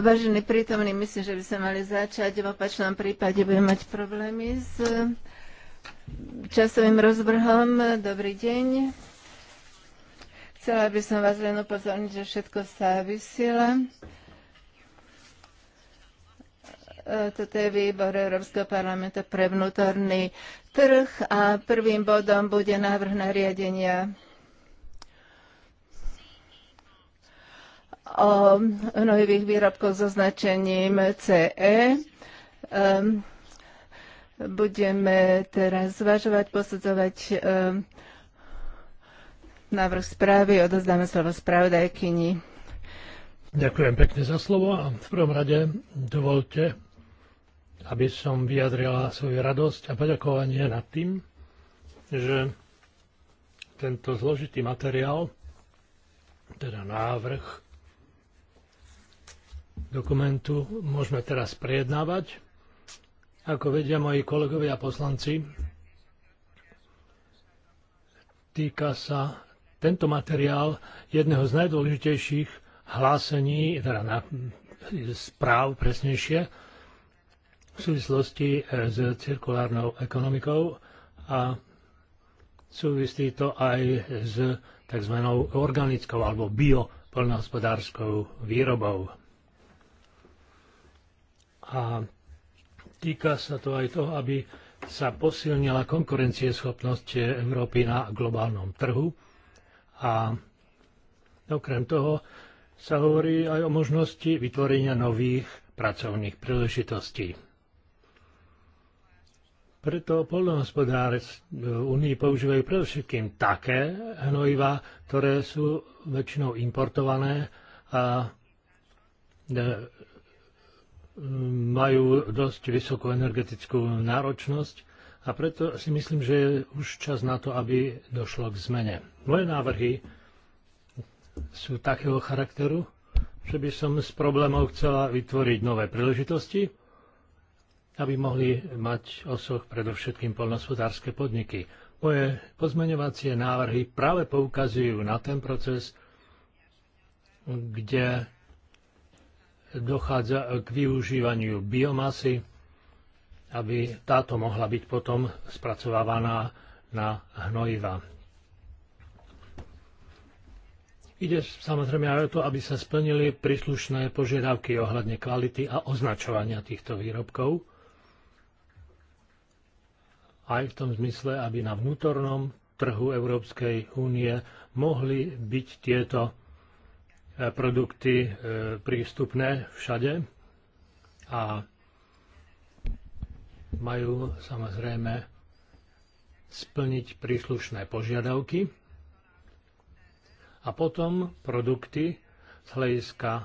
Vážení prítomní, myslím, že by sme mali začať. V opačnom prípade budem mať problémy s časovým rozvrhom. Dobrý deň. Chcela by som vás len upozorniť, že všetko sa vysiela. Toto je výbor Európskeho parlamentu pre vnútorný trh a prvým bodom bude návrh nariadenia o hnojivých výrobkoch so značením CE. Budeme teraz zvažovať, posudzovať návrh správy. Odozdáme slovo spravodajkyni. Ďakujem pekne za slovo a v prvom rade dovolte, aby som vyjadrila svoju radosť a poďakovanie nad tým, že tento zložitý materiál, teda návrh dokumentu môžeme teraz prejednávať. Ako vedia moji kolegovia poslanci, týka sa tento materiál jedného z najdôležitejších hlásení, teda na, správ presnejšie, v súvislosti eh, s cirkulárnou ekonomikou a súvisí to aj s tzv. organickou alebo bioplnohospodárskou výrobou a týka sa to aj toho, aby sa posilnila konkurencieschopnosť Európy na globálnom trhu. A okrem toho sa hovorí aj o možnosti vytvorenia nových pracovných príležitostí. Preto polnohospodári v Unii používajú predovšetkým také hnojiva, ktoré sú väčšinou importované a e, majú dosť vysokú energetickú náročnosť a preto si myslím, že je už čas na to, aby došlo k zmene. Moje návrhy sú takého charakteru, že by som s problémov chcela vytvoriť nové príležitosti, aby mohli mať osoch predovšetkým polnospodárske podniky. Moje pozmeňovacie návrhy práve poukazujú na ten proces, kde dochádza k využívaniu biomasy, aby táto mohla byť potom spracovávaná na hnojiva. Ide samozrejme aj o to, aby sa splnili príslušné požiadavky ohľadne kvality a označovania týchto výrobkov. Aj v tom zmysle, aby na vnútornom trhu Európskej únie mohli byť tieto produkty e, prístupné všade a majú samozrejme splniť príslušné požiadavky a potom produkty z hľadiska e,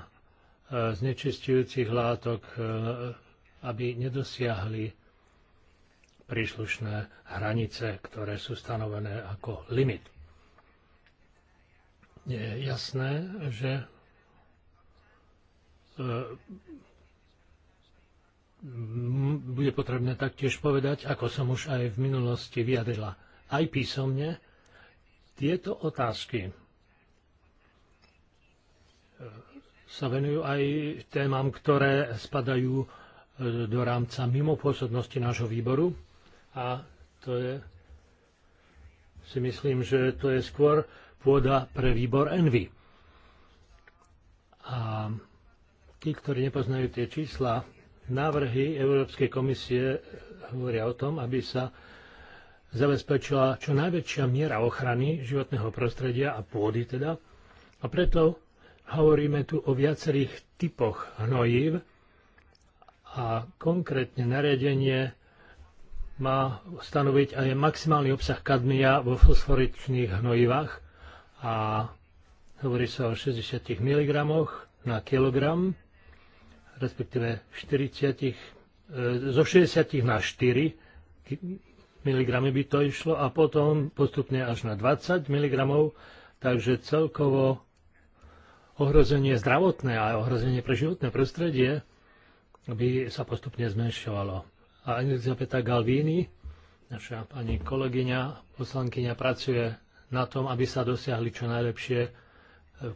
znečistujúcich látok, e, aby nedosiahli príslušné hranice, ktoré sú stanovené ako limit je jasné, že e, bude potrebné taktiež povedať, ako som už aj v minulosti vyjadrila, aj písomne, tieto otázky e, sa venujú aj témam, ktoré spadajú e, do rámca mimo pôsobnosti nášho výboru a to je si myslím, že to je skôr pôda pre výbor Envy. A tí, ktorí nepoznajú tie čísla, návrhy Európskej komisie hovoria o tom, aby sa zabezpečila čo najväčšia miera ochrany životného prostredia a pôdy teda. A preto hovoríme tu o viacerých typoch hnojív a konkrétne nariadenie má stanoviť aj maximálny obsah kadmia vo fosforičných hnojivách a hovorí sa o 60 mg na kilogram, respektíve 40, e, zo 60 na 4 mg by to išlo a potom postupne až na 20 mg, takže celkovo ohrozenie zdravotné a ohrozenie pre životné prostredie by sa postupne zmenšovalo. A Elizabeta Galvini, naša pani kolegyňa, poslankyňa, pracuje na tom, aby sa dosiahli čo najlepšie eh,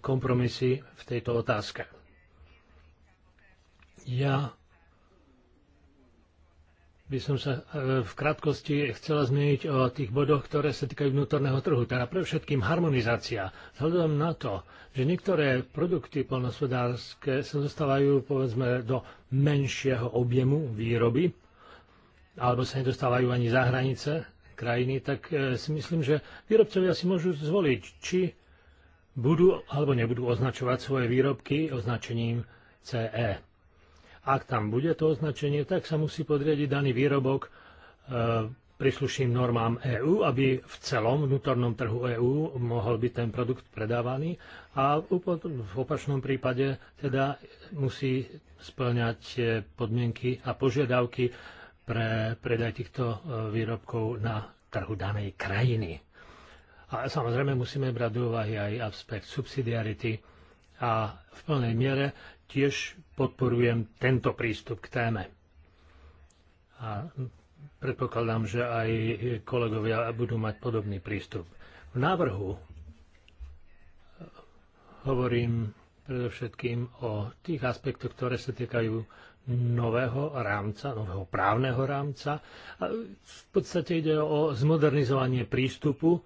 kompromisy v tejto otázke. Ja by som sa eh, v krátkosti chcela zmieniť o tých bodoch, ktoré sa týkajú vnútorného trhu. Teda pre všetkým harmonizácia. Vzhľadom na to, že niektoré produkty polnospodárske sa dostávajú povedzme do menšieho objemu výroby, alebo sa nedostávajú ani za hranice krajiny, tak e, si myslím, že výrobcovia si môžu zvoliť, či budú alebo nebudú označovať svoje výrobky označením CE. Ak tam bude to označenie, tak sa musí podriadiť daný výrobok e, príslušným normám EÚ, aby v celom vnútornom trhu EÚ mohol byť ten produkt predávaný a v opačnom prípade teda musí splňať e, podmienky a požiadavky pre predaj týchto e, výrobkov na trhu danej krajiny. A samozrejme musíme brať do úvahy aj aspekt subsidiarity a v plnej miere tiež podporujem tento prístup k téme. A predpokladám, že aj kolegovia budú mať podobný prístup. V návrhu e, hovorím predovšetkým o tých aspektoch, ktoré sa týkajú nového rámca, nového právneho rámca. A v podstate ide o zmodernizovanie prístupu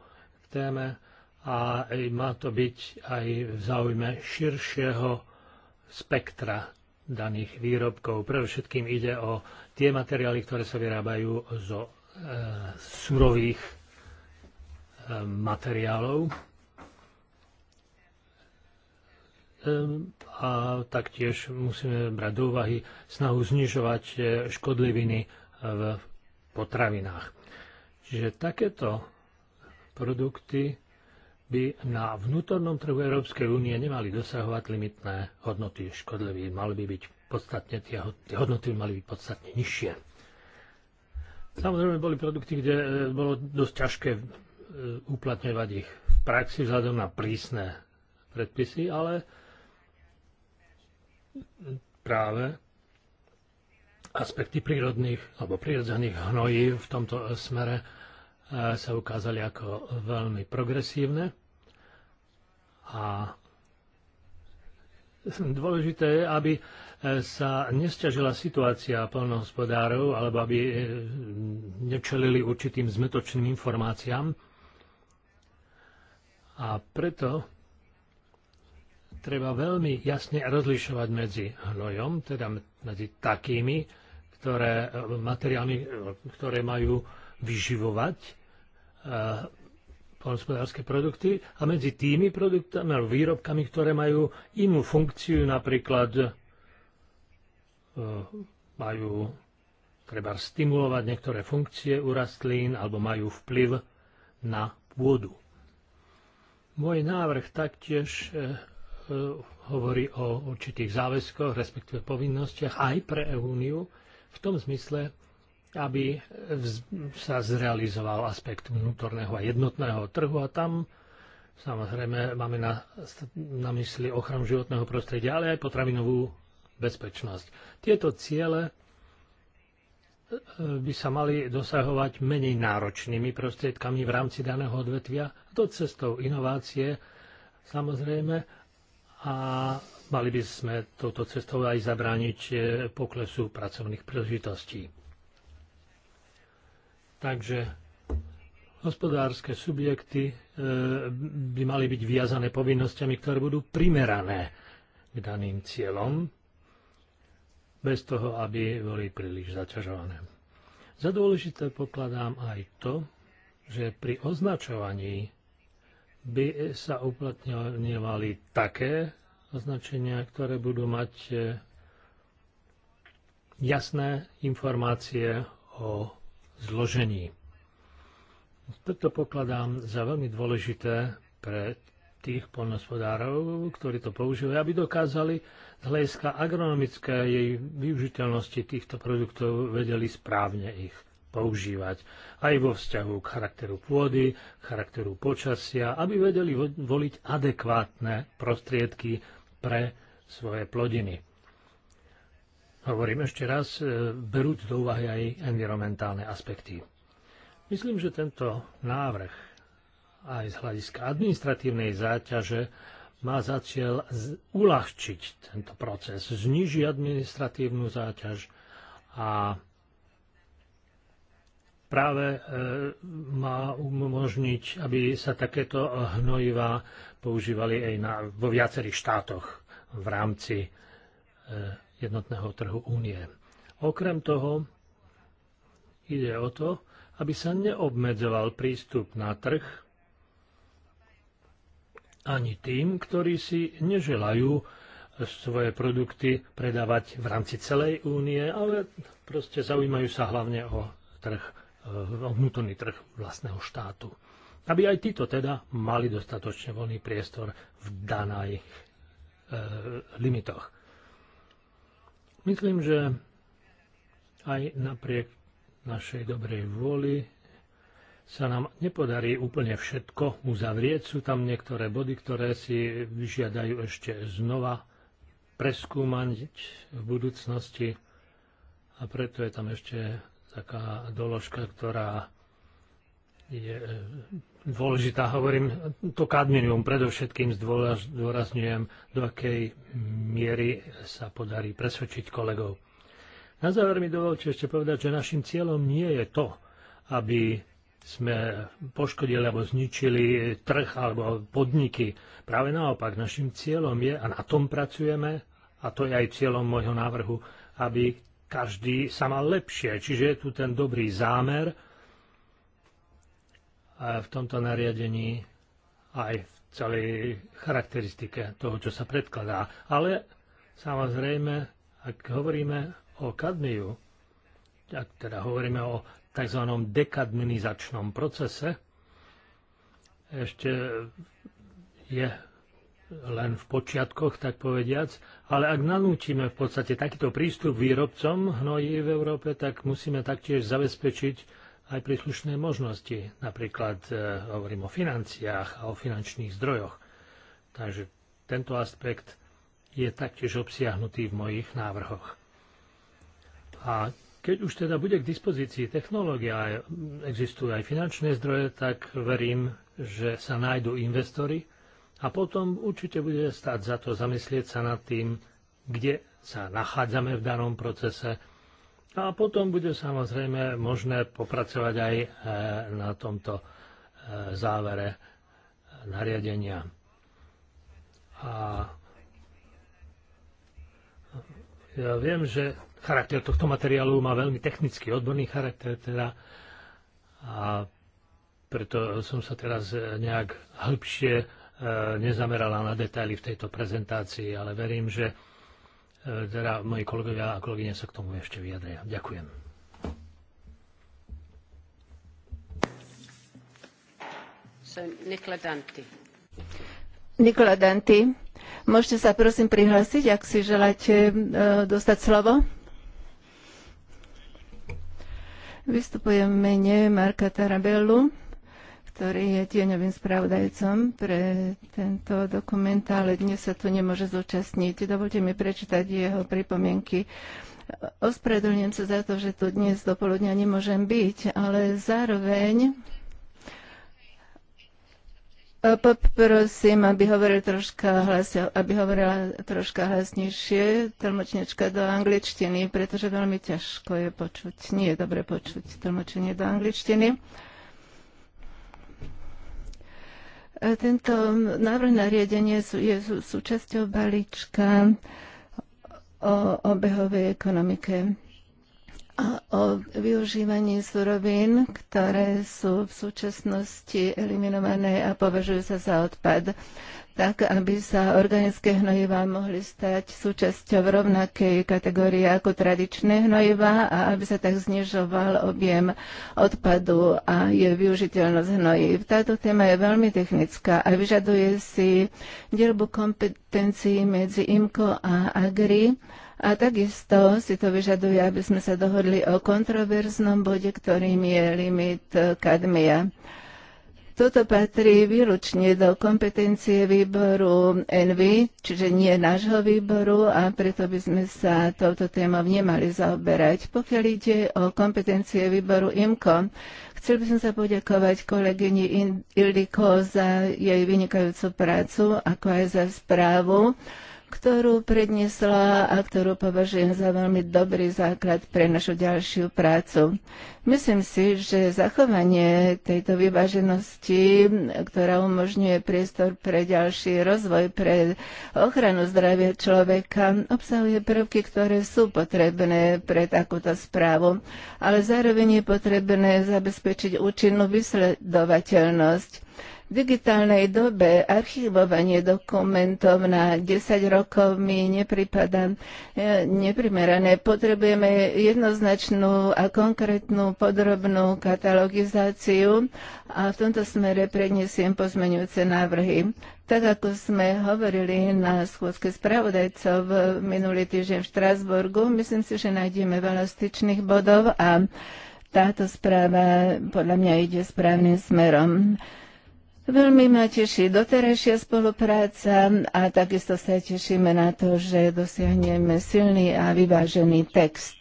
k téme a má to byť aj v záujme širšieho spektra daných výrobkov. všetkým ide o tie materiály, ktoré sa vyrábajú zo e, surových e, materiálov a taktiež musíme brať do úvahy snahu znižovať e, škodliviny e, v potravinách. Čiže takéto produkty by na vnútornom trhu Európskej únie nemali dosahovať limitné hodnoty škodliví. Mali by byť podstatne, tie hodnoty mali byť podstatne nižšie. Samozrejme boli produkty, kde e, bolo dosť ťažké uplatňovať ich v praxi vzhľadom na prísne predpisy, ale práve aspekty prírodných alebo prírodzených hnojí v tomto smere e, sa ukázali ako veľmi progresívne a dôležité je, aby e, sa nestiažila situácia plnohospodárov alebo aby e, nečelili určitým zmetočným informáciám. A preto treba veľmi jasne rozlišovať medzi hnojom, teda medzi takými ktoré, e, materiálmi, e, ktoré majú vyživovať e, poľnospodárske produkty a medzi tými produktami alebo výrobkami, ktoré majú inú funkciu, napríklad majú treba stimulovať niektoré funkcie u rastlín alebo majú vplyv na pôdu. Môj návrh taktiež E, hovorí o určitých záväzkoch, respektíve povinnostiach aj pre Úniu v tom zmysle, aby sa zrealizoval aspekt vnútorného a jednotného trhu a tam samozrejme máme na, na mysli ochranu životného prostredia, ale aj potravinovú bezpečnosť. Tieto ciele e, by sa mali dosahovať menej náročnými prostriedkami v rámci daného odvetvia, to cestou inovácie samozrejme a mali by sme touto cestou aj zabrániť eh, poklesu pracovných príležitostí. Takže hospodárske subjekty eh, by mali byť viazané povinnosťami, ktoré budú primerané k daným cieľom, bez toho, aby boli príliš zaťažované. Za dôležité pokladám aj to, že pri označovaní by sa uplatňovali také označenia, ktoré budú mať e, jasné informácie o zložení. Toto pokladám za veľmi dôležité pre tých polnospodárov, ktorí to používajú, aby dokázali z hľadiska agronomické jej využiteľnosti týchto produktov vedeli správne ich používať aj vo vzťahu k charakteru pôdy, k charakteru počasia, aby vedeli voliť adekvátne prostriedky pre svoje plodiny. Hovorím ešte raz, e, berúť do úvahy aj environmentálne aspekty. Myslím, že tento návrh aj z hľadiska administratívnej záťaže má za cieľ uľahčiť tento proces, zniží administratívnu záťaž a práve e, má umožniť, aby sa takéto hnojivá používali aj na, vo viacerých štátoch v rámci e, jednotného trhu únie. Okrem toho ide o to, aby sa neobmedzoval prístup na trh ani tým, ktorí si neželajú e, svoje produkty predávať v rámci celej únie, ale proste zaujímajú sa hlavne o trh o eh, vnútorný trh vlastného štátu. Aby aj títo teda mali dostatočne voľný priestor v daných eh, e, limitoch. Myslím, že aj napriek našej dobrej vôli sa nám nepodarí úplne všetko uzavrieť. Sú tam niektoré body, ktoré si vyžiadajú ešte znova preskúmať v budúcnosti a preto je tam ešte taká doložka, ktorá je e, dôležitá. Hovorím to kadminium, predovšetkým zdôrazňujem, do akej miery sa podarí presvedčiť kolegov. Na záver mi dovolte ešte povedať, že našim cieľom nie je to, aby sme poškodili alebo zničili trh alebo podniky. Práve naopak, našim cieľom je, a na tom pracujeme, a to je aj cieľom môjho návrhu, aby každý sa mal lepšie. Čiže je tu ten dobrý zámer v tomto nariadení aj v celej charakteristike toho, čo sa predkladá. Ale samozrejme, ak hovoríme o kadmiu, ak teda hovoríme o tzv. dekadminizačnom procese, ešte je len v počiatkoch, tak povediac, ale ak nanúčime v podstate takýto prístup výrobcom hnojí v Európe, tak musíme taktiež zabezpečiť aj príslušné možnosti. Napríklad e, hovorím o financiách a o finančných zdrojoch. Takže tento aspekt je taktiež obsiahnutý v mojich návrhoch. A keď už teda bude k dispozícii technológia a existujú aj finančné zdroje, tak verím, že sa nájdú investory, a potom určite bude stáť za to zamyslieť sa nad tým, kde sa nachádzame v danom procese. A potom bude samozrejme možné popracovať aj e, na tomto e, závere e, nariadenia. A ja viem, že charakter tohto materiálu má veľmi technický, odborný charakter teda. A preto som sa teraz nejak hĺbšie nezamerala na detaily v tejto prezentácii, ale verím, že e, teda moji kolegovia a kolegyne sa k tomu ešte vyjadria. Ďakujem. Nikola Danti. Nikola Danti, môžete sa prosím prihlásiť, ak si želáte e, dostať slovo. Vystupujem v mene Marka Tarabellu ktorý je tieňovým spravodajcom pre tento dokument, ale dnes sa tu nemôže zúčastniť. Dovolte mi prečítať jeho pripomienky. Ospravedlňujem sa za to, že tu dnes do poludnia nemôžem byť, ale zároveň Poprosím, aby, hovorila troška hlas, aby hovorila troška hlasnejšie tlmočnečka do angličtiny, pretože veľmi ťažko je počuť. Nie je dobre počuť tlmočenie do angličtiny. E, tento návrh nariadenie je súčasťou balíčka o obehovej ekonomike a o využívaní surovín, ktoré sú v súčasnosti eliminované a považujú sa za odpad tak aby sa organické hnojivá mohli stať súčasťou v rovnakej kategórii ako tradičné hnojivá a aby sa tak znižoval objem odpadu a je využiteľnosť hnojiv. Táto téma je veľmi technická a vyžaduje si dielbu kompetencií medzi IMCO a AGRI a takisto si to vyžaduje, aby sme sa dohodli o kontroverznom bode, ktorým je limit kadmia. Toto patrí výlučne do kompetencie výboru NV, čiže nie nášho výboru a preto by sme sa touto témou nemali zaoberať. Pokiaľ ide o kompetencie výboru IMCO, chcel by som sa poďakovať kolegyni Ildiko za jej vynikajúcu prácu, ako aj za správu ktorú predniesla a ktorú považujem za veľmi dobrý základ pre našu ďalšiu prácu. Myslím si, že zachovanie tejto vyváženosti, ktorá umožňuje priestor pre ďalší rozvoj, pre ochranu zdravia človeka, obsahuje prvky, ktoré sú potrebné pre takúto správu, ale zároveň je potrebné zabezpečiť účinnú vysledovateľnosť. V digitálnej dobe archívovanie dokumentov na 10 rokov mi nepripada e, neprimerané. Potrebujeme jednoznačnú a konkrétnu podrobnú katalogizáciu a v tomto smere predniesiem pozmeňujúce návrhy. Tak ako sme hovorili na schôdzke spravodajcov minulý týždeň v Štrásburgu, myslím si, že nájdeme veľa styčných bodov a táto správa podľa mňa ide správnym smerom. Veľmi ma teší doterajšia spolupráca a takisto sa tešíme na to, že dosiahneme silný a vyvážený text.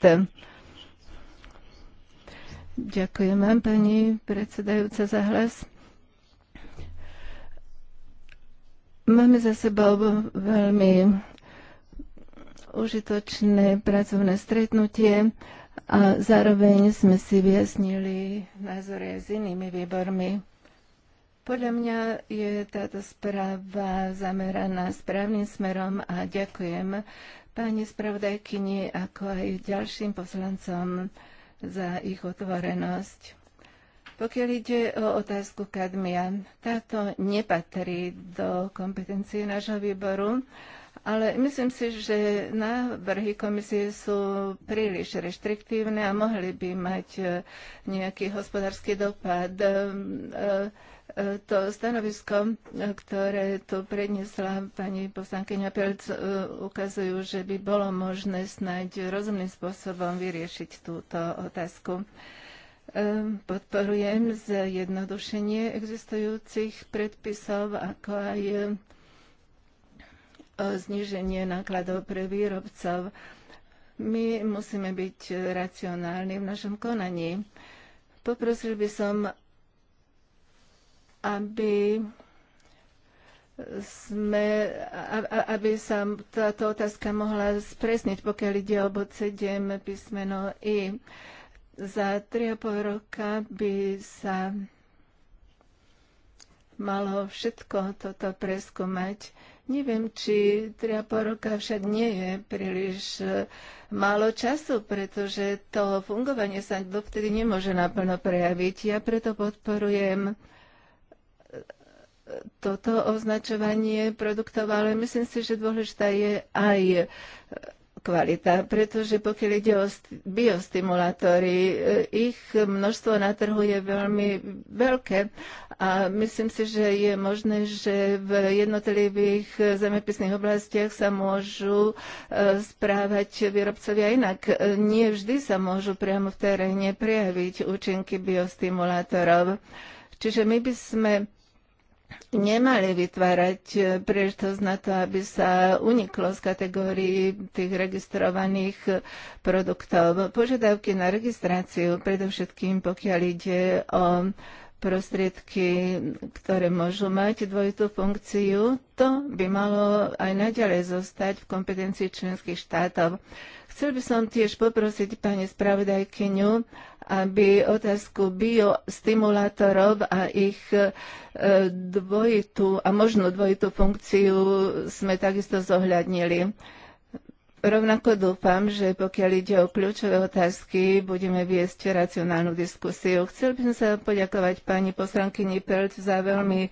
Ďakujem vám, pani predsedajúca, za hlas. Máme za sebou veľmi užitočné pracovné stretnutie a zároveň sme si vyjasnili názory s inými výbormi. Podľa mňa je táto správa zameraná správnym smerom a ďakujem pani spravodajkyni ako aj ďalším poslancom za ich otvorenosť. Pokiaľ ide o otázku kadmia, táto nepatrí do kompetencie nášho výboru, ale myslím si, že návrhy komisie sú príliš reštriktívne a mohli by mať nejaký hospodársky dopad. E, e, E, to stanovisko, e, ktoré tu prednesla pani poslankyňa Pelc, e, ukazujú, že by bolo možné snáď rozumným spôsobom vyriešiť túto otázku. Podporujem zjednodušenie existujúcich predpisov, ako aj zniženie nákladov pre výrobcov. My musíme byť racionálni v našom konaní. Poprosil by som aby sme, aby sa táto otázka mohla spresniť, pokiaľ ide o bod 7 písmeno I. Za 3,5 roka by sa malo všetko toto preskúmať. Neviem, či 3,5 roka však nie je príliš eh, málo času, pretože to fungovanie sa dovtedy nemôže naplno prejaviť. Ja preto podporujem toto označovanie produktov, ale myslím si, že dôležitá je aj kvalita, pretože pokiaľ ide o biostimulátory, e, ich množstvo na trhu je veľmi veľké a myslím si, že je možné, že v jednotlivých zemepisných oblastiach sa môžu e, správať výrobcovia inak. E, nie vždy sa môžu priamo v teréne prejaviť účinky biostimulátorov. Čiže my by sme nemali vytvárať e, príležitosť na to, aby sa uniklo z kategórií tých registrovaných e, produktov. Požiadavky na registráciu, predovšetkým pokiaľ ide o prostriedky, ktoré môžu mať dvojitú funkciu, to by malo aj naďalej zostať v kompetencii členských štátov. Chcel by som tiež poprosiť pani spravodajkyňu, aby otázku biostimulátorov a ich e, dvojitú a možno dvojitú funkciu sme takisto zohľadnili. Rovnako dúfam, že pokiaľ ide o kľúčové otázky, budeme viesť racionálnu diskusiu. Chcel by som sa poďakovať pani poslankyni Pelt za veľmi e,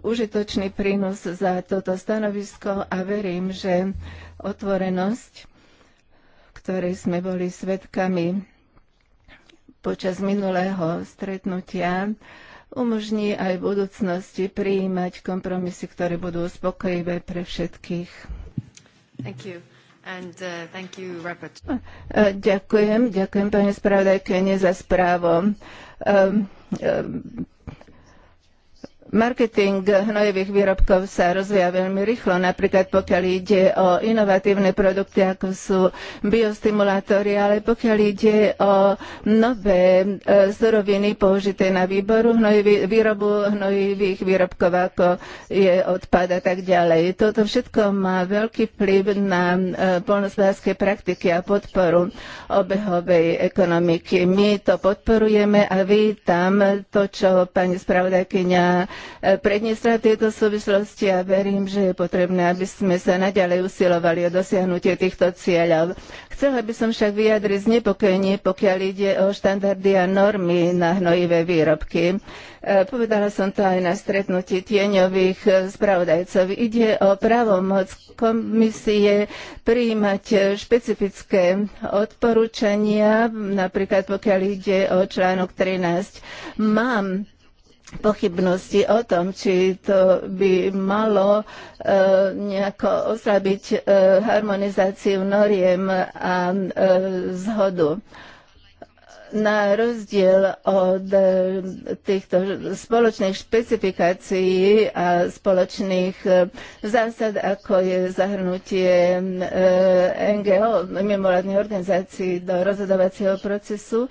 užitočný prínos za toto stanovisko a verím, že otvorenosť, ktorej sme boli svedkami počas minulého stretnutia, umožní aj v budúcnosti prijímať kompromisy, ktoré budú uspokojivé pre všetkých. Thank you. Uh, uh, ďakujem, ďakujem pani spravodajkyne za správu. Um, um, Marketing hnojových výrobkov sa rozvíja veľmi rýchlo, napríklad pokiaľ ide o inovatívne produkty, ako sú biostimulátory, ale pokiaľ ide o nové e, suroviny použité na výboru výrobu hnojivých výrobkov, ako je odpad a tak ďalej. Toto všetko má veľký vplyv na e, polnospodárske praktiky a podporu obehovej ekonomiky. My to podporujeme a vítam to, čo pani spravodajkyňa predniesla tieto súvislosti a verím, že je potrebné, aby sme sa naďalej usilovali o dosiahnutie týchto cieľov. Chcela by som však vyjadriť znepokojenie, pokiaľ ide o štandardy a normy na hnojivé výrobky. E, povedala som to aj na stretnutí tieňových spravodajcov. Ide o právomoc komisie prijímať špecifické odporúčania, napríklad pokiaľ ide o článok 13. Mám pochybnosti o tom, či to by malo e, nejako oslabiť e, harmonizáciu noriem a e, zhodu. E, na rozdiel od e, týchto spoločných špecifikácií a spoločných e, zásad, ako je zahrnutie e, NGO, mimovládnych organizácií do rozhodovacieho procesu,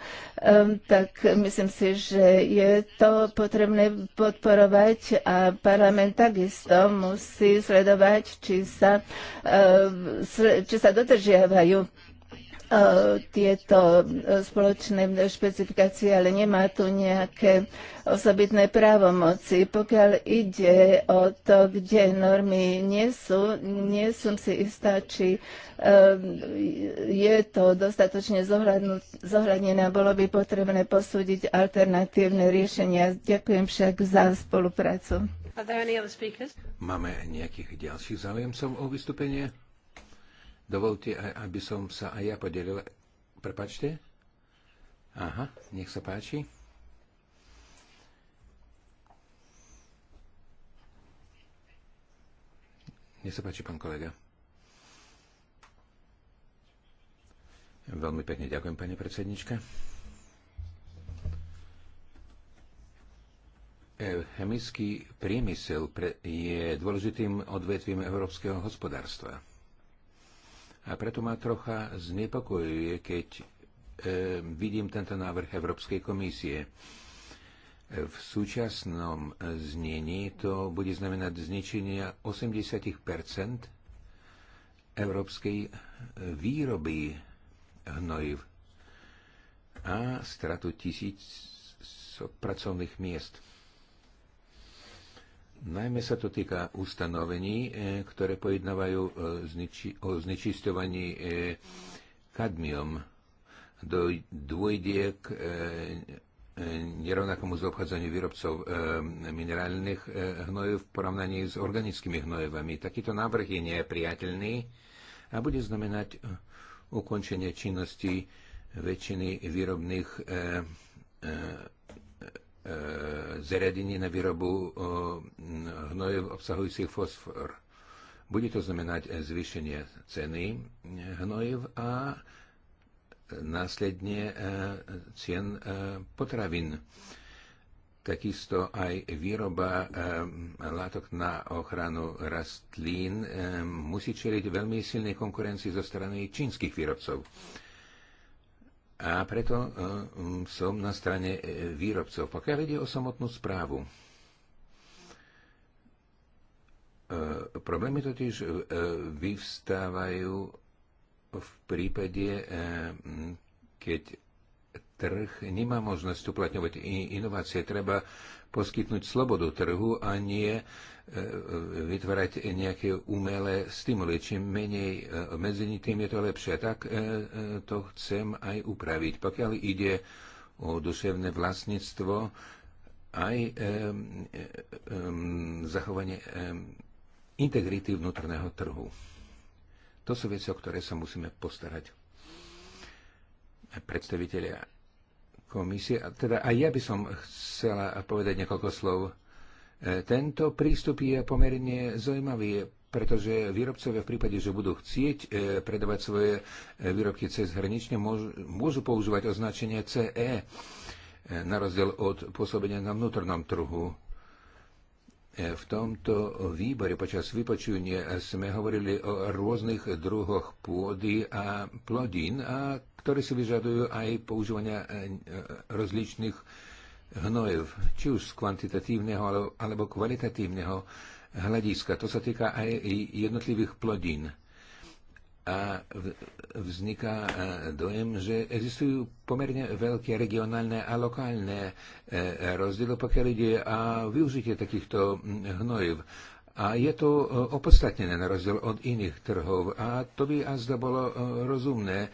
tak myslím si, že je to potrebné podporovať a parlament takisto musí sledovať, či sa, či sa dodržiavajú E, tieto e, spoločné špecifikácie, ale nemá tu nejaké osobitné právomoci. Pokiaľ ide o to, kde normy nie sú, nie som si istá, či e, je to dostatočne zohľadnené. Bolo by potrebné posúdiť alternatívne riešenia. Ďakujem však za spoluprácu. Máme nejakých ďalších záujemcov o vystúpenie? Dovolte, aby som sa aj ja podelil. Prepačte? Aha, nech sa páči. Nech sa páči, pán kolega. Veľmi pekne ďakujem, pani predsednička. E, chemický priemysel je dôležitým odvetvím európskeho hospodárstva. A preto ma trocha znepokojuje, keď e, vidím tento návrh Európskej komisie. E, v súčasnom e, znení to bude znamenať zničenie 80 európskej e, výroby hnojiv a stratu tisíc pracovných miest. Najmä sa to týka ustanovení, e, ktoré pojednávajú e, o znečisťovaní e, kadmiom. do dvojdiek nerovnakomu zaobchádzaniu výrobcov minerálnych hnojev v porovnaní s organickými hnojevami. Takýto návrh je nepriateľný a bude znamenať ukončenie činnosti väčšiny výrobných E, zariadenie na výrobu e, hnojov obsahujúcich fosfor. Bude to znamenať e, zvýšenie ceny hnojov a následne cien potravín. Takisto aj výroba látok na ochranu rastlín musí čeliť veľmi silnej konkurencii zo strany čínskych výrobcov. A preto e, som na strane e, výrobcov. Pokiaľ ide o samotnú správu, e, problémy totiž vyvstávajú v prípade, keď trh nemá možnosť uplatňovať inovácie. Treba poskytnúť slobodu trhu a nie E, e, vytvárať nejaké umelé stimuly. Čím menej obmedzení, e, tým je to lepšie. Tak to chcem aj upraviť. Pokiaľ ide o duševné vlastníctvo, aj zachovanie integrity vnútorného trhu. To sú veci, o ktoré sa musíme postarať. Predstaviteľia komisie, teda aj ja by som chcela povedať niekoľko slov tento prístup je pomerne zaujímavý, pretože výrobcovia v prípade, že budú chcieť e, predávať svoje e, výrobky cez hranične, môžu, používať označenie CE e, na rozdiel od pôsobenia na vnútornom trhu. V tomto výbore počas vypočúvania sme hovorili o rôznych druhoch pôdy a plodín, a ktoré si vyžadujú aj používania rozličných hnojev, či už z kvantitatívneho alebo kvalitatívneho hľadiska. To sa týka aj jednotlivých plodín. A vzniká e, dojem, že existujú pomerne veľké regionálne a lokálne e, rozdiely, pokiaľ ide o využitie takýchto hnojiv. A je to e, opodstatnené na rozdiel od iných trhov. A to by azda bolo rozumné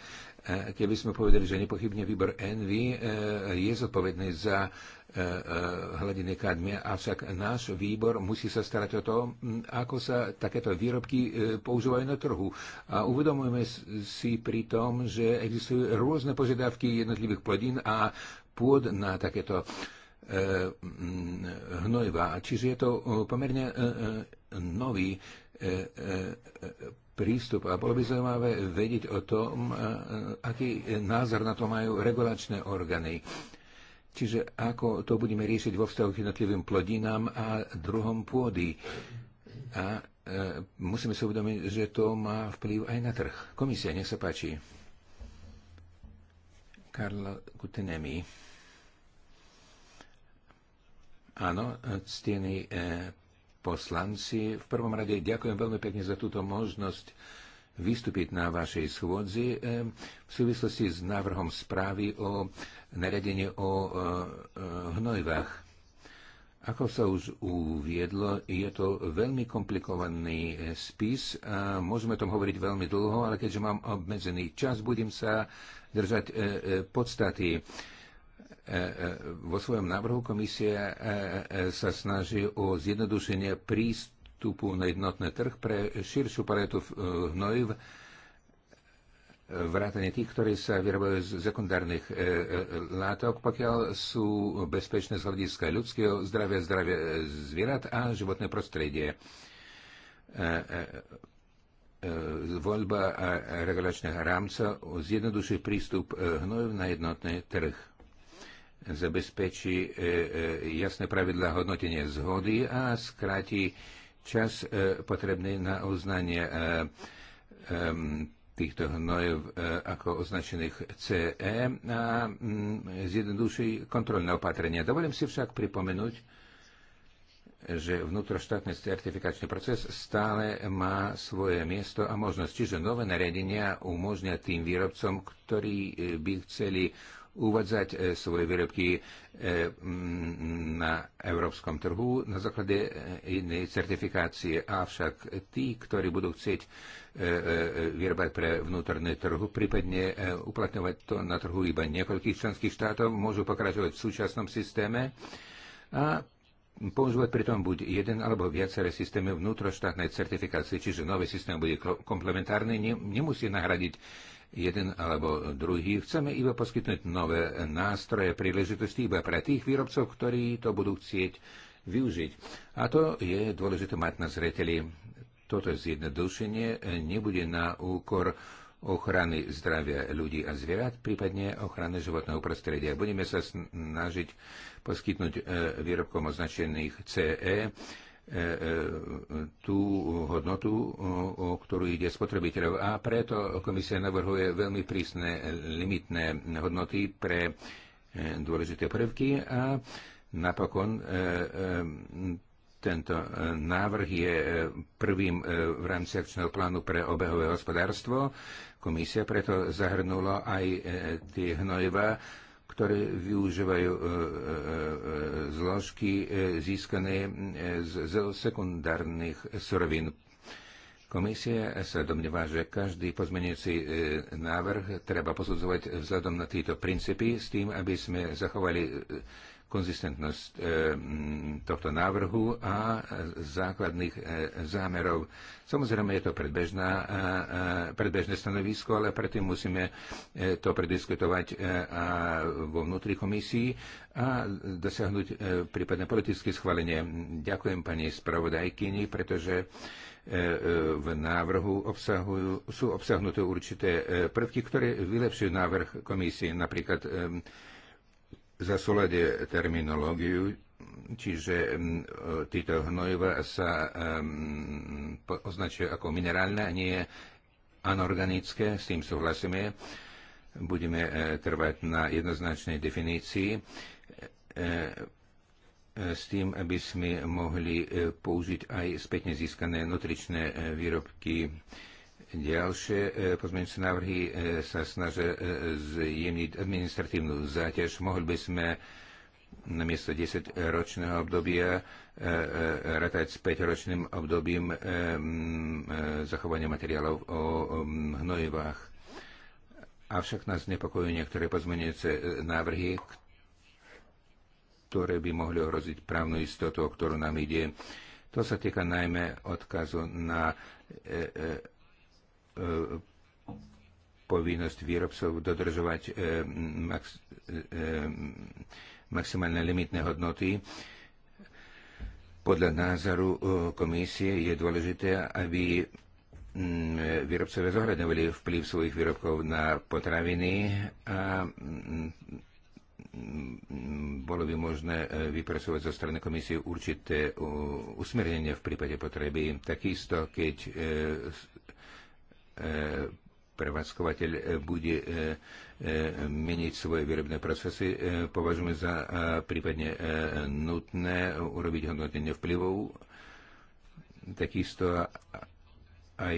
Keby sme povedali, že nepochybne výbor Envy je zodpovedný za e, e, hladiny kadmia, avšak náš výbor musí sa starať o to, ako sa takéto výrobky e, používajú na trhu. A uvedomujeme si pri tom, že existujú rôzne požiadavky jednotlivých plodín a pôd na takéto hnojva. Čiže je to pomerne nový prístup. A bolo by zaujímavé vedieť o tom, e, e, aký názor na to majú regulačné orgány. Čiže ako to budeme riešiť vo vzťahu k jednotlivým plodinám a druhom pôdy. A e, musíme si uvedomiť, že to má vplyv aj na trh. Komisia, nech sa páči. Karla Kutenemi. Áno, ctený e, poslanci. V prvom rade ďakujem veľmi pekne za túto možnosť vystúpiť na vašej schôdzi eh, v súvislosti s návrhom správy o naredenie o eh, hnojvách. Ako sa už uviedlo, je to veľmi komplikovaný eh, spis. A môžeme o tom hovoriť veľmi dlho, ale keďže mám obmedzený čas, budem sa držať podstaty. E, e, vo svojom návrhu komisie e, sa snaží o zjednodušenie prístupu na jednotný trh pre širšiu paletu hnojiv, vrátane tých, ktorí sa vyrábajú z sekundárnych e, e, látok, pokiaľ sú bezpečné z hľadiska ľudského zdravia, zdravia zvierat a životné prostredie. E, e, e, voľba regulačných rámca zjednoduší prístup hnojov na jednotný trh zabezpečí e, e, jasné pravidla hodnotenia zhody a skráti čas e, potrebný na uznanie týchto hnojov ako označených CE a mm, zjednoduší kontrolné opatrenia. Dovolím si však pripomenúť, že vnútroštátny certifikačný proces stále má svoje miesto a možnosť. Čiže nové nariadenia umožňa tým výrobcom, ktorí by chceli uvádzať e, svoje výrobky e, na európskom trhu na základe e, inej certifikácie. Avšak tí, ktorí budú chcieť vyrobať pre vnútorné trhu, prípadne uplatňovať to na trhu iba niekoľkých členských štátov, môžu pokračovať v súčasnom systéme a používať pritom buď jeden alebo viaceré systémy vnútroštátnej certifikácie, čiže nový systém bude komplementárny, nemusí nahradiť jeden alebo druhý. Chceme iba poskytnúť nové nástroje, príležitosti iba pre tých výrobcov, ktorí to budú chcieť využiť. A to je dôležité mať na zreteli. Toto zjednodušenie nebude na úkor ochrany zdravia ľudí a zvierat, prípadne ochrany životného prostredia. Budeme sa snažiť poskytnúť e, výrobkom označených CE E, e, tú hodnotu, o ktorú ide spotrebiteľov. A preto komisia navrhuje veľmi prísne limitné hodnoty pre e, dôležité prvky a napokon tento návrh je prvým v rámci akčného plánu pre obehové hospodárstvo. Komisia preto zahrnula aj tie hnojeva, ktoré využívajú e, e, e, zložky získané z sekundárnych surovín. Komisia sa domnieva, že každý pozmenujúci návrh treba posudzovať vzhľadom na tieto princípy s tým, aby sme zachovali konzistentnosť e, tohto návrhu a základných e, zámerov. Samozrejme, je to predbežná, e, predbežné stanovisko, ale predtým musíme to prediskutovať vo vnútri komisii a dosiahnuť prípadne politické schválenie. Ďakujem pani spravodajkyni, pretože v návrhu obsahujú, sú obsahnuté určité prvky, ktoré vylepšujú návrh komisie, napríklad zasúlade terminológiu, čiže mm, e, títo hnojiva sa mm, označuje ako minerálne a nie anorganické, s tým súhlasíme. Budeme e, trvať na jednoznačnej definícii e, s tým, aby sme mohli použiť aj spätne získané nutričné výrobky Ďalšie e, pozmeňujúce návrhy e, sa snažia e, zjemniť administratívnu záťaž. Mohli by sme na miesto 10-ročného obdobia ratať s 5-ročným obdobím zachovania materiálov o hnojivách. Avšak nás nepokojujú niektoré pozmeňujúce návrhy, ktoré by mohli ohroziť právnu istotu, o ktorú nám ide. To sa týka najmä odkazu na e, e, E, povinnosť výrobcov dodržovať e, max, e, maximálne limitné hodnoty. Podľa názoru komisie je dôležité, aby výrobcovia zohľadňovali vplyv svojich výrobkov na potraviny a bolo by možné vypracovať zo strany komisie určité usmernenie v prípade potreby. Takisto, keď prevádzkovateľ e, bude e, e, meniť svoje výrobné procesy, považujeme za prípadne nutné urobiť hodnotenie vplyvov, takisto aj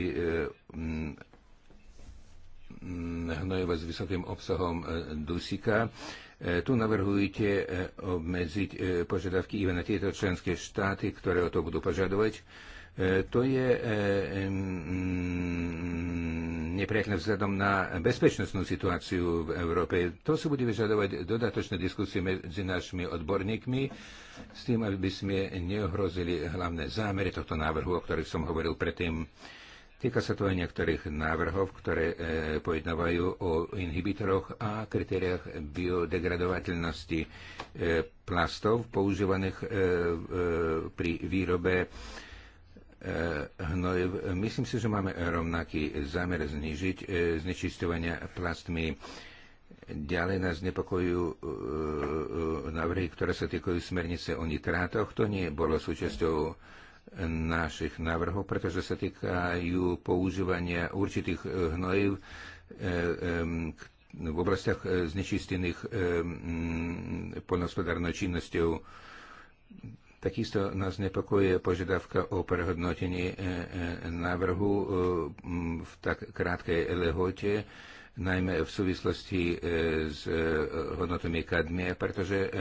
hnojeva s vysokým obsahom dusika. Tu navrhujete obmedziť požiadavky iba na tieto členské štáty, ktoré o to budú požadovať E, to je e, mm, nepriateľné vzhľadom na bezpečnostnú situáciu v Európe. To si bude vyžadovať dodatočné diskusie medzi našimi odborníkmi s tým, aby sme neohrozili hlavné zámery tohto návrhu, o ktorých som hovoril predtým. Týka sa to aj niektorých návrhov, ktoré e, pojednávajú o inhibitoroch a kritériách biodegradovateľnosti e, plastov používaných e, e, pri výrobe e, hnojiv. E, e, myslím si, že máme rovnaký zámer znižiť e, znečistovania plastmi. Ďalej nás nepokojujú návrhy, ktoré sa týkajú smernice o nitrátoch. To nie bolo súčasťou našich návrhov, pretože sa týkajú používania určitých hnojiv v oblastiach znečistených polnohospodárnou činnosťou Takisto nás nepokojuje požiadavka o prehodnotenie e, e, návrhu e, v tak krátkej lehote, najmä v súvislosti s hodnotami kadmie, pretože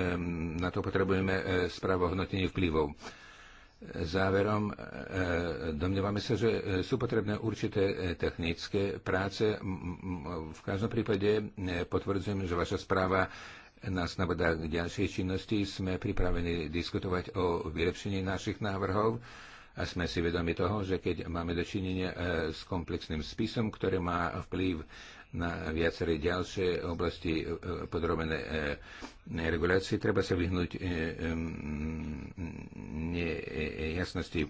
na to potrebujeme správu o hodnotení vplyvov. Záverom, domnievame sa, že sú potrebné určité technické práce. V každom prípade potvrdzujem, že vaša správa na snabodách ďalšej činnosti. Sme pripravení diskutovať o vylepšení našich návrhov a sme si vedomi toho, že keď máme dočinenie e, s komplexným spisom, ktorý má vplyv na viaceré ďalšie oblasti e, podrobené e, regulácii. Treba sa vyhnúť nejasnosti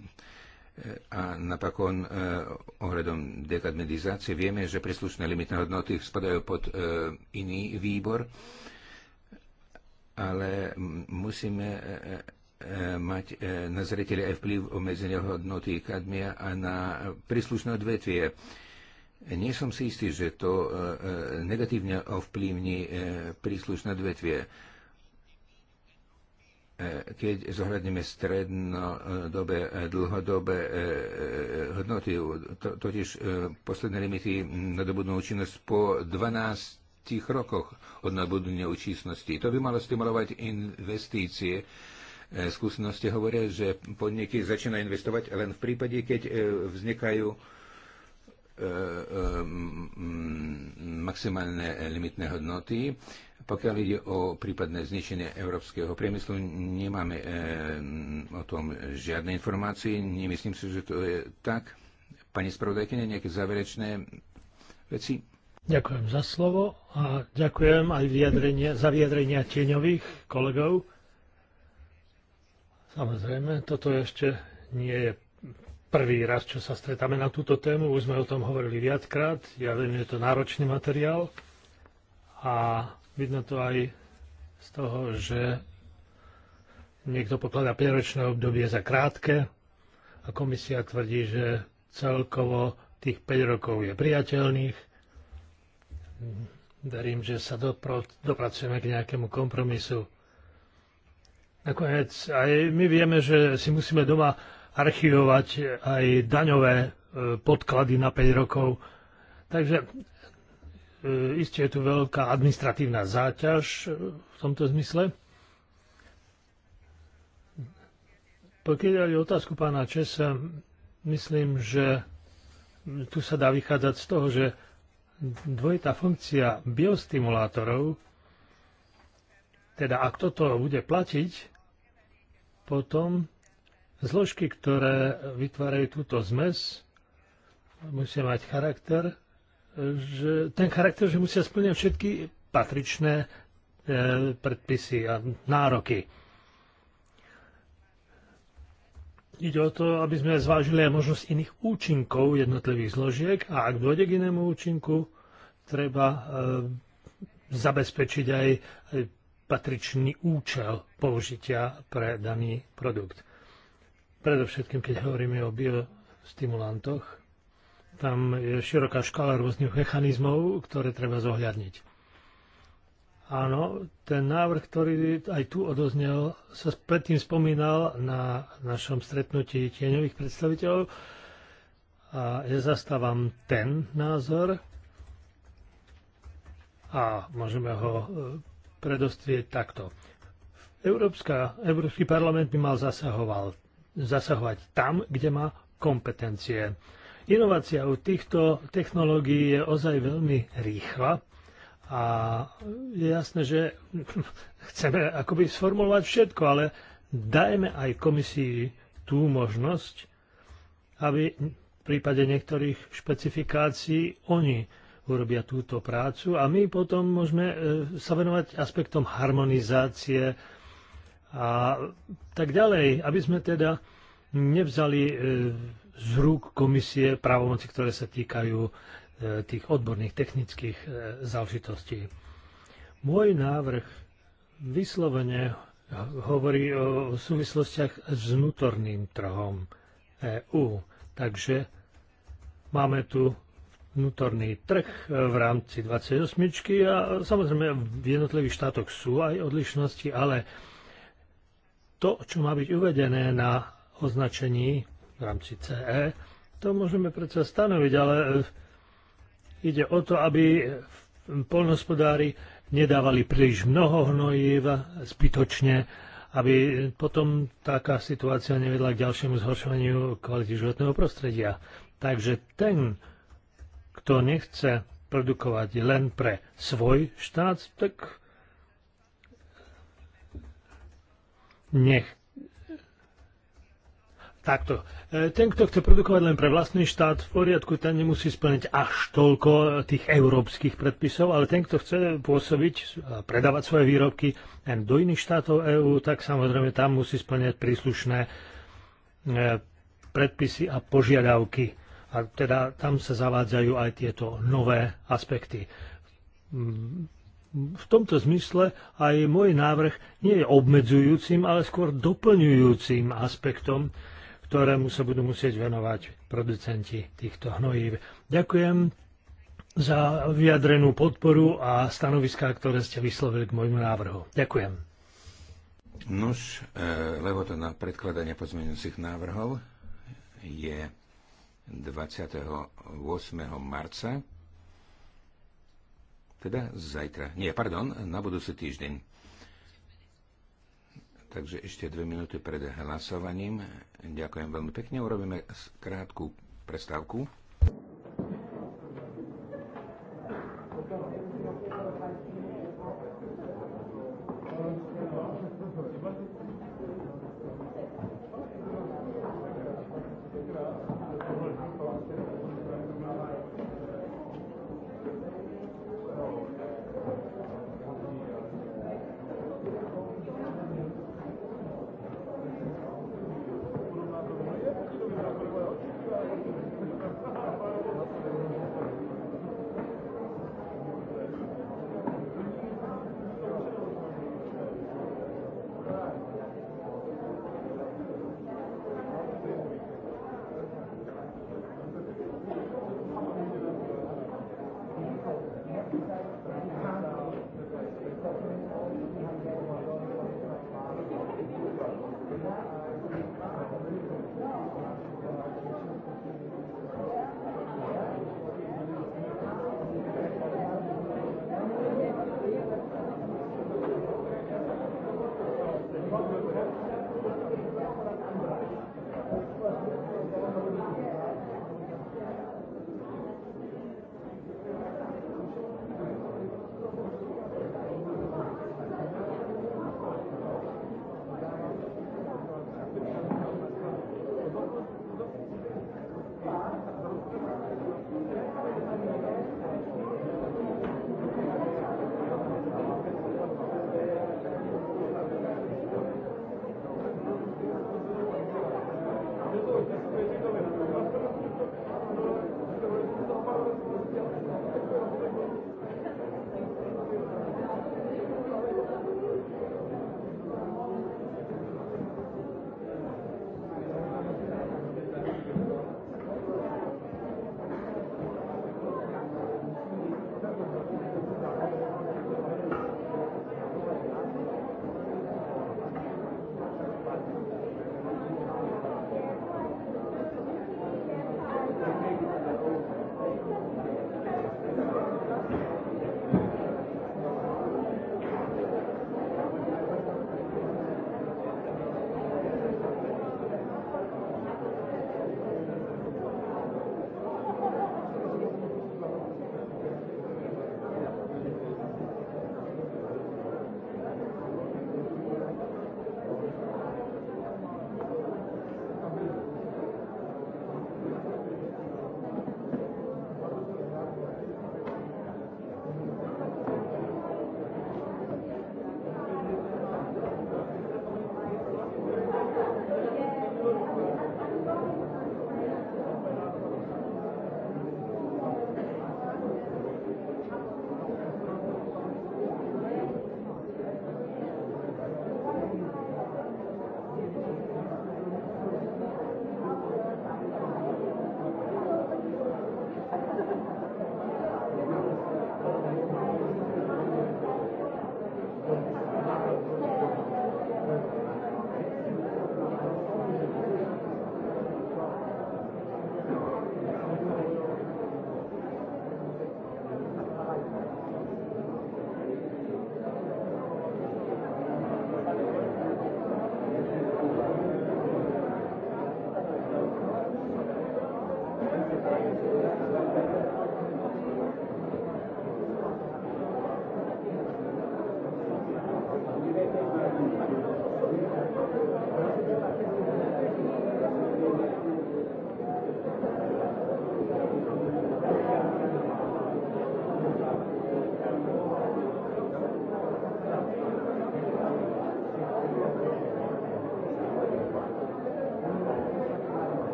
a napokon ohľadom dekadmedizácie vieme, že príslušné limitné hodnoty spadajú pod iný výbor ale musíme e, e, e, mať na zreteli aj vplyv obmedzenia hodnoty kadmia a na príslušné odvetvie. Nie som si istý, že to negatívne ovplyvní príslušné odvetvie. Keď zohľadneme strednodobé, dlhodobé hodnoty, totiž posledné limity nadobudnú účinnosť po 12 rokoch od nabudenia účinnosti. To by malo stimulovať investície. E, skúsenosti hovoria, že podniky začínajú investovať len v prípade, keď e, vznikajú e, maximálne limitné hodnoty. Pokiaľ ide o prípadné zničenie európskeho priemyslu, nemáme o tom žiadne informácie. Nemyslím si, že to je tak. Pani spravodajkyne, nejaké záverečné veci? Ďakujem za slovo a ďakujem aj vyjadrenia, za vyjadrenia tieňových kolegov. Samozrejme, toto ešte nie je prvý raz, čo sa stretáme na túto tému. Už sme o tom hovorili viackrát. Ja viem, že je to náročný materiál a vidno to aj z toho, že niekto pokladá 5 obdobie za krátke a komisia tvrdí, že celkovo tých 5 rokov je priateľných verím, že sa dopr- dopracujeme k nejakému kompromisu. Nakoniec aj my vieme, že si musíme doma archivovať aj daňové e, podklady na 5 rokov. Takže e, Isté je tu veľká administratívna záťaž e, v tomto zmysle. Pokiaľ je otázku pána Česa, myslím, že tu sa dá vychádzať z toho, že dvojitá funkcia biostimulátorov, teda ak toto bude platiť, potom zložky, ktoré vytvárajú túto zmes, musia mať charakter, že, ten charakter, že musia splňať všetky patričné e, predpisy a nároky. ide o to, aby sme zvážili aj možnosť iných účinkov jednotlivých zložiek a ak dôjde k inému účinku, treba e, zabezpečiť aj eh, patričný účel použitia pre daný produkt. Predovšetkým, keď hovoríme o biostimulantoch, tam je široká škála rôznych mechanizmov, ktoré treba zohľadniť. Áno, ten návrh, ktorý aj tu odoznel, sa predtým spomínal na našom stretnutí tieňových predstaviteľov a ja zastávam ten názor a môžeme ho e, predostrieť takto. Európska, Európsky parlament by mal zasahoval, zasahovať tam, kde má kompetencie. Inovácia u týchto technológií je ozaj veľmi rýchla a je jasné, že chceme akoby sformulovať všetko, ale dajme aj komisii tú možnosť, aby v prípade niektorých špecifikácií oni urobia túto prácu a my potom môžeme e, sa venovať aspektom harmonizácie a tak ďalej, aby sme teda nevzali e, z rúk komisie právomoci, ktoré sa týkajú tých odborných technických e, záležitostí. Môj návrh vyslovene hovorí o súvislostiach s vnútorným trhom EÚ. Takže máme tu vnútorný trh e, v rámci 28 a samozrejme v jednotlivých štátoch sú aj odlišnosti, ale to, čo má byť uvedené na označení v rámci CE, to môžeme predsa stanoviť, ale Ide o to, aby polnospodári nedávali príliš mnoho hnojív zbytočne, aby potom taká situácia nevedla k ďalšiemu zhoršovaniu kvality životného prostredia. Takže ten, kto nechce produkovať len pre svoj štát, tak nech Takto. E, ten, kto chce produkovať len pre vlastný štát, v poriadku, ten nemusí splniť až toľko e, tých európskych predpisov, ale ten, kto chce pôsobiť a predávať svoje výrobky len do iných štátov EÚ, tak samozrejme tam musí splňať príslušné e, predpisy a požiadavky. A teda tam sa zavádzajú aj tieto nové aspekty. Mm, v tomto zmysle aj môj návrh nie je obmedzujúcim, ale skôr doplňujúcim aspektom, ktorému sa budú musieť venovať producenti týchto hnojív. Ďakujem za vyjadrenú podporu a stanoviská, ktoré ste vyslovili k môjmu návrhu. Ďakujem. Nuž, e, to na predkladanie pozmeňujúcich návrhov je 28. marca, teda zajtra, nie, pardon, na budúci týždeň. Takže ešte dve minúty pred hlasovaním. Ďakujem veľmi pekne. Urobíme krátku prestávku.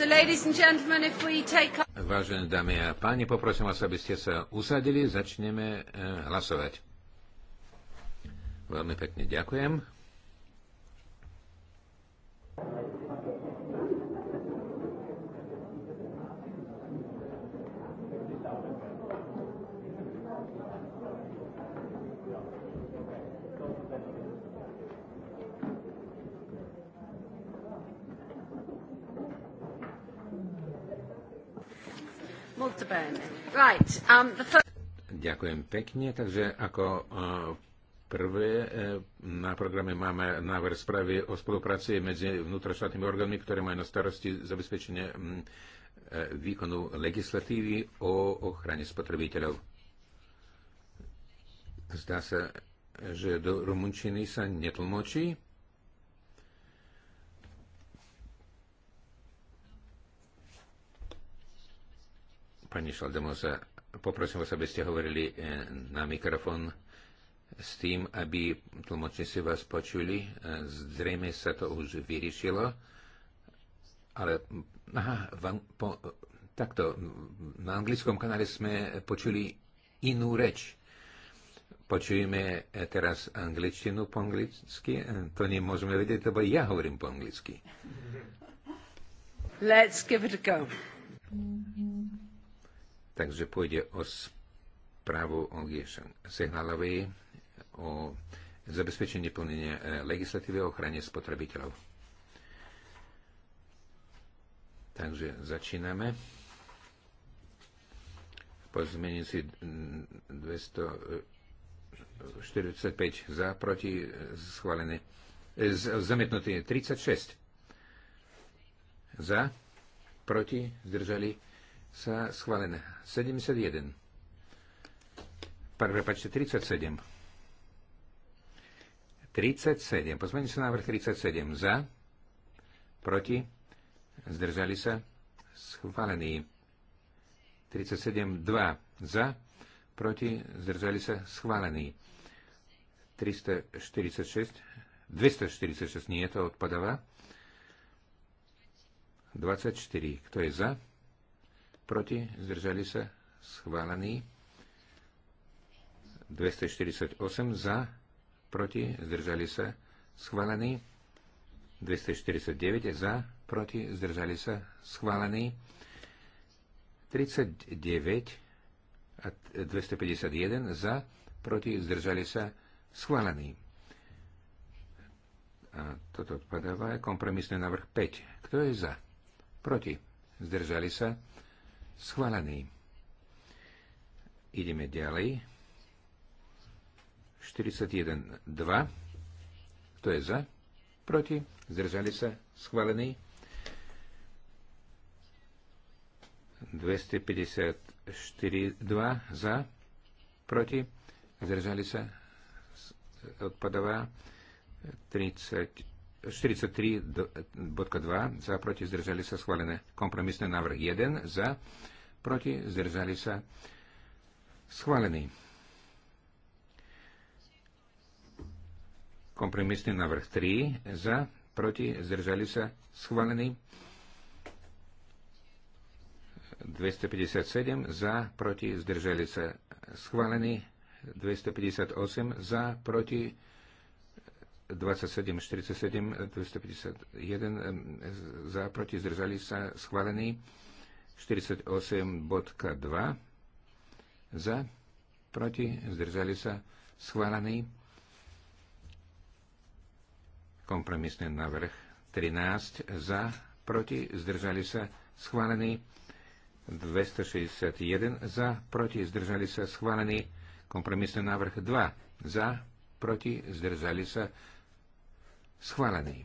So, take... Vážené dámy a páni, poprosím vás, aby ste sa usadili. Začneme eh, hlasovať. Veľmi pekne ďakujem. Um, Ďakujem pekne. Takže ako prvé e, na programe máme návrh správy o spolupráci medzi vnútroštátnymi orgánmi, ktoré majú na starosti zabezpečenie e, výkonu legislatívy o ochrane spotrebiteľov. Zdá sa, že do rumunčiny sa netlmočí. Pani Šaldemosa, Poprosím vás, aby ste hovorili eh, na mikrofón s tým, aby tlmočníci vás počuli. Eh, zrejme sa to už vyriešilo, ale aha, vám, po, takto, na anglickom kanále sme počuli inú reč. Počujeme eh, teraz angličtinu po anglicky, to nemôžeme vedieť, lebo ja hovorím po anglicky. Let's give it a go. Mm-hmm. Takže pôjde o správu Sehnalovej o zabezpečenie plnenia e, legislatívy o ochrane spotrebiteľov. Takže začíname. Pozmením si 245 mm, e, za, proti, e, schválené. Zamietnutý 36 za, proti, zdržali sa schválené. 71. Prepačte, 37. 37. Pozmeňte sa návrh 37. Za. Proti. Zdržali sa. Schválený. 37. 2. Za. Proti. Zdržali sa. Schválený. 346. 246. Nie, je to odpadáva. 24. Kto je za? proti, zdržali sa, schválený. 248 za, proti, zdržali sa, schválený. 249 za, proti, zdržali sa, schválený. 39 a 251 za, proti, zdržali sa, schválený. A toto odpadáva kompromisný návrh 5. Kto je za? Proti. Zdržali sa. Schválený. Ideme ďalej. 41.2. Kto je za? Proti? Zdržali sa? Schválený. 254.2. Za? Proti? Zdržali sa? Odpadová. 30 43.2 za, proti, zdržali sa schválené. Kompromisný návrh 1 za, proti, zdržali sa schválený. Kompromisný návrh 3 za, proti, zdržali sa schválený. 257 za, proti, zdržali sa schválený. 258 za, proti, 27, 47, 251 za, proti, zdržali sa, schválený. 48.2 za, proti, zdržali sa, schválený. Kompromisný návrh 13 za, proti, zdržali sa, schválený. 261 za, proti, zdržali sa, schválený. Kompromisný návrh 2 za, proti, zdržali sa, Schválený.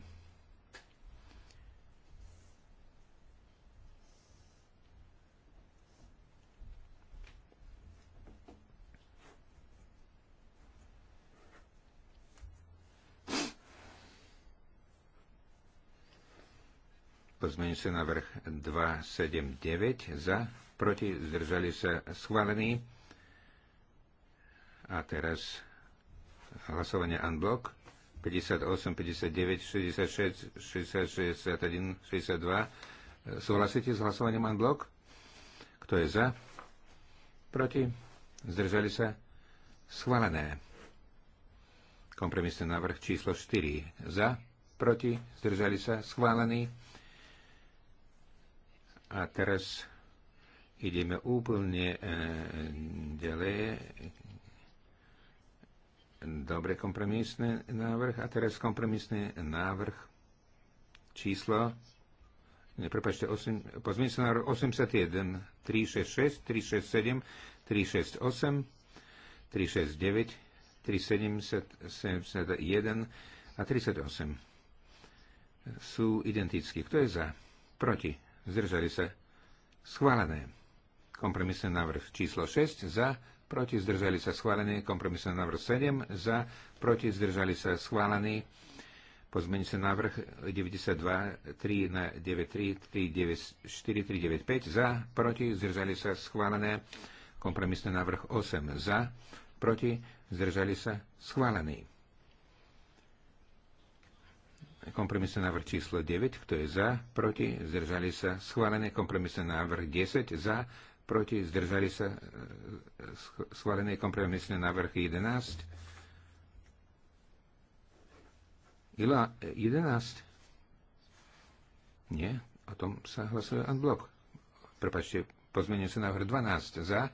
Pozmeň sa na vrch 279 za, proti zdržali sa schválený. A teraz hlasovanie unblock. 58, 59, 66, 61, 62. Súhlasíte s hlasovaním en blok? Kto je za? Proti? Zdržali sa? Schválené. Kompromisný návrh číslo 4. Za? Proti? Zdržali sa? Schválený. A teraz ideme úplne e, ďalej Dobre, kompromisný návrh. A teraz kompromisný návrh číslo ne, prepáčte, 8, návrh sa 81, 366, 367, 368, 369, 371 a 38 sú identické. Kto je za? Proti. Zdržali sa. Schválené. Kompromisný návrh číslo 6 za proti zdržali sa schválený, kompromisný návrh 7, za, proti zdržali sa schválený, pozmeniť sa návrh 92, 3 na 93, 9, 5. za, proti zdržali sa schválené, kompromisný návrh 8, za, proti zdržali sa schválený. Kompromisný návrh číslo 9, kto je za, proti, zdržali sa, schválené. kompromisný návrh 10, za, proti, zdržali sa schválený kompromisný návrh 11. Ila 11? Nie, o tom sa hlasuje blok. Prepačte, pozmenil sa návrh 12 za,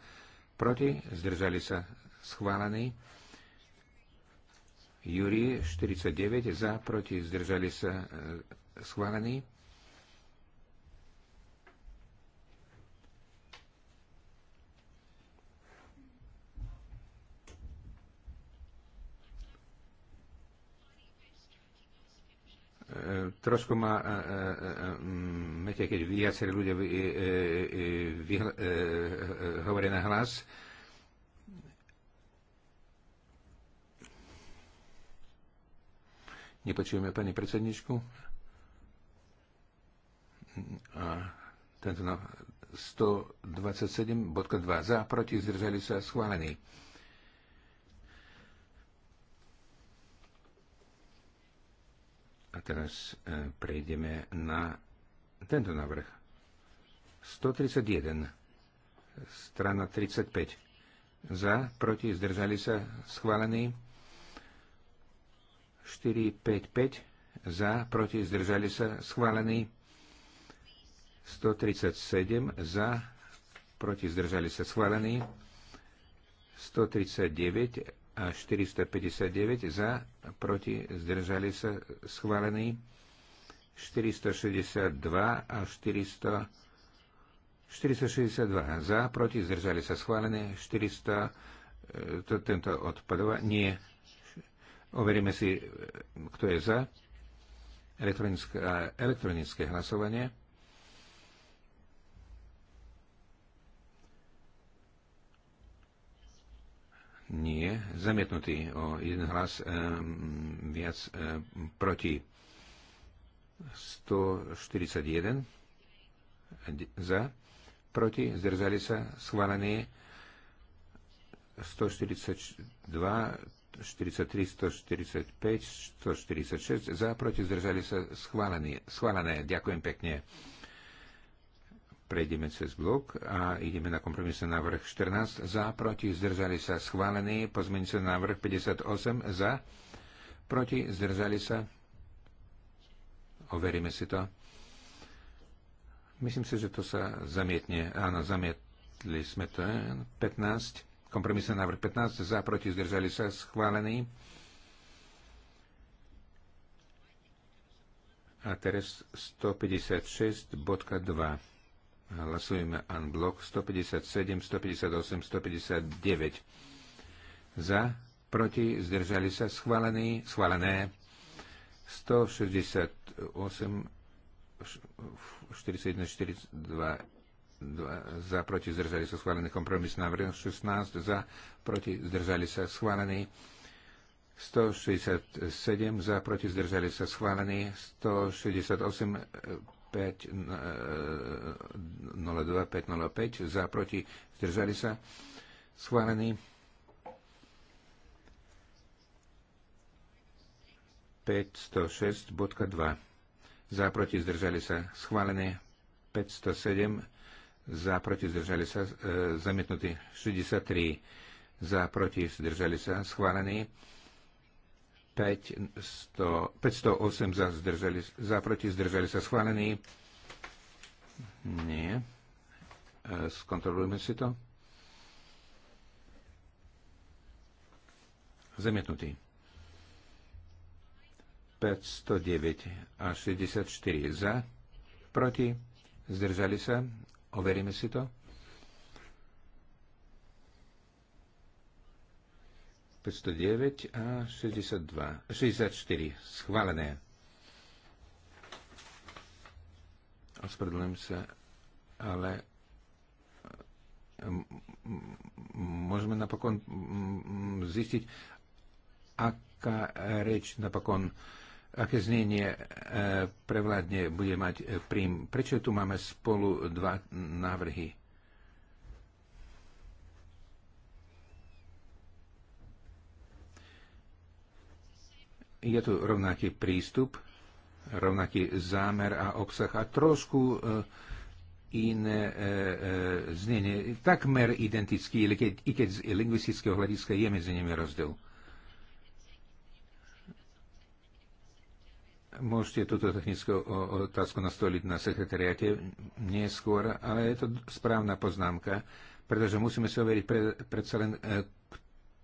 proti, zdržali sa schválený. Júri 49 za, proti, zdržali sa schválený. Trošku ma e, e, e, mete, mm, keď viacerí ľudia hovoria na hlas. Nepočujeme pani predsedničku? A tento na 127.2 za, proti, zdržali sa, schválený. A teraz e, prejdeme na tento návrh. 131, strana 35. Za, proti, zdržali sa, schválený. 455, za, proti, zdržali sa, schválený. 137, za, proti, zdržali sa, schválený. 139, a 459 za, proti, zdržali sa schválení 462 a 400, 462 za, proti, zdržali sa schválení 400, e, to, tento odpadova nie, overíme si, e, kto je za, elektronické, elektronické hlasovanie. Nie. Zamietnutý o jeden hlas eh, viac eh, proti. 141 za, proti, zdržali sa, schválené 142, 43, 145, 146, za, proti, zdržali sa, schválené. Schválené, ďakujem pekne prejdeme cez blok a ideme na kompromisný návrh 14 za, proti, zdržali sa schválený, pozmeňujúci návrh 58 za, proti, zdržali sa. Overíme si to. Myslím si, že to sa zamietne. Áno, zamietli sme to. 15, kompromisný návrh 15 za, proti, zdržali sa schválený. A teraz 156.2 Hlasujeme blok 157, 158, 159. Za, proti, zdržali sa, schválený, schválené. 168, 41, 42, 2, za, proti, zdržali sa, schválený. Kompromis návrh 16, za, proti, zdržali sa, schválený. 167, za, proti, zdržali sa, schválený. 168, 502, 505 e, e, no, no, za, proti, zdržali sa, schválený 506.2 za, proti, zdržali sa, schválený 507 za, proti, zdržali sa, e, zamietnutý 63 za, proti, zdržali sa, schválený 508 za, zdržali, za proti, zdržali sa schválení. Nie. E, skontrolujme si to. Zamietnutý. 509 a 64 za, proti, zdržali sa, overíme si to. 509 a 62, 64. Schválené. Ospravedlňujem sa, ale môžeme napokon zistiť, aká reč napokon, aké znenie e, prevládne bude mať príjm. Prečo tu máme spolu dva návrhy? je tu rovnaký prístup, rovnaký zámer a obsah a trošku e, iné e, e, znenie, takmer identický, i keď, i keď z lingvistického hľadiska je medzi nimi rozdiel. Môžete túto technickú otázku nastoliť na sekretariate neskôr, ale je to správna poznámka, pretože musíme si overiť pre, predsa len,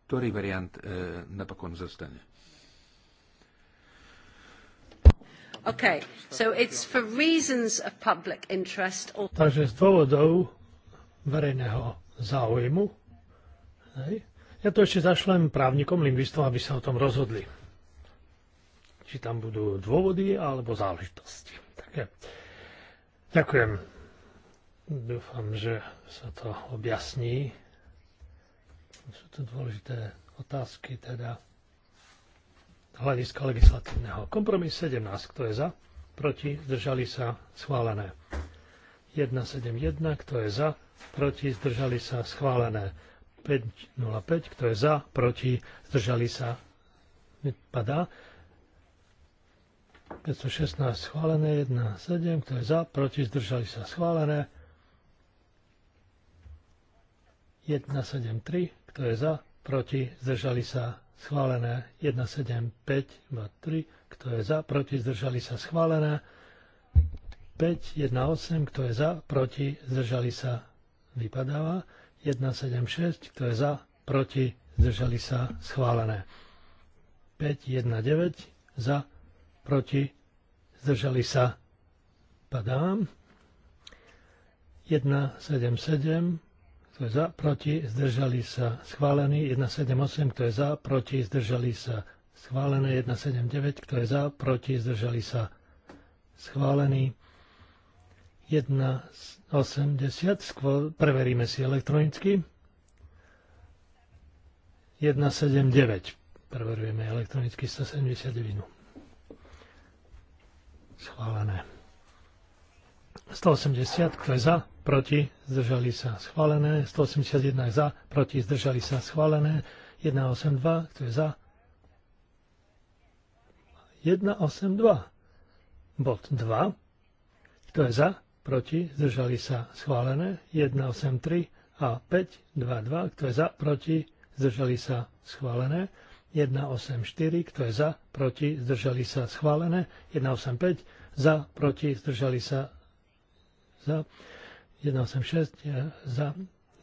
ktorý variant napokon zostane. Okay. So it's for reasons of public interest or... Takže z dôvodov verejného záujmu. Hej. Ja to ešte zašlem právnikom, lingvistom, aby sa o tom rozhodli. Či tam budú dôvody alebo záležitosti. Také. Ďakujem. Dúfam, že sa to objasní. Sú to dôležité otázky teda hľadiska legislatívneho. Kompromis 17, kto je za, proti, zdržali sa, schválené. 171, kto je za, proti, zdržali sa, schválené. 505, kto je za, proti, zdržali sa, padá. 516 schválené, 1,7, kto je za, proti, zdržali sa schválené. 1,73, kto je za, proti, zdržali sa schválené 175, 2, 3, kto je za, proti, zdržali sa schválené 5, 1, 8, kto je za, proti, zdržali sa vypadáva 176, kto je za, proti, zdržali sa schválené 5, 1, 9, za, proti, zdržali sa padám 1, 7, 7, kto je za, proti, zdržali sa, schválený 178, kto je za, proti, zdržali sa, schválené 179, kto je za, proti, zdržali sa, schválený 180, skôr preveríme si elektronicky. 179, preverujeme elektronicky 179. Schválené. 180, kto je za, proti, zdržali sa schválené, 181 za, proti, zdržali sa schválené, 182, kto je za, 182, bod 2, kto je za, proti, zdržali sa schválené, 183 a 522, kto je za, proti, zdržali sa schválené, 184, kto je za, proti, zdržali sa schválené, 185, za, proti, zdržali sa za 186 za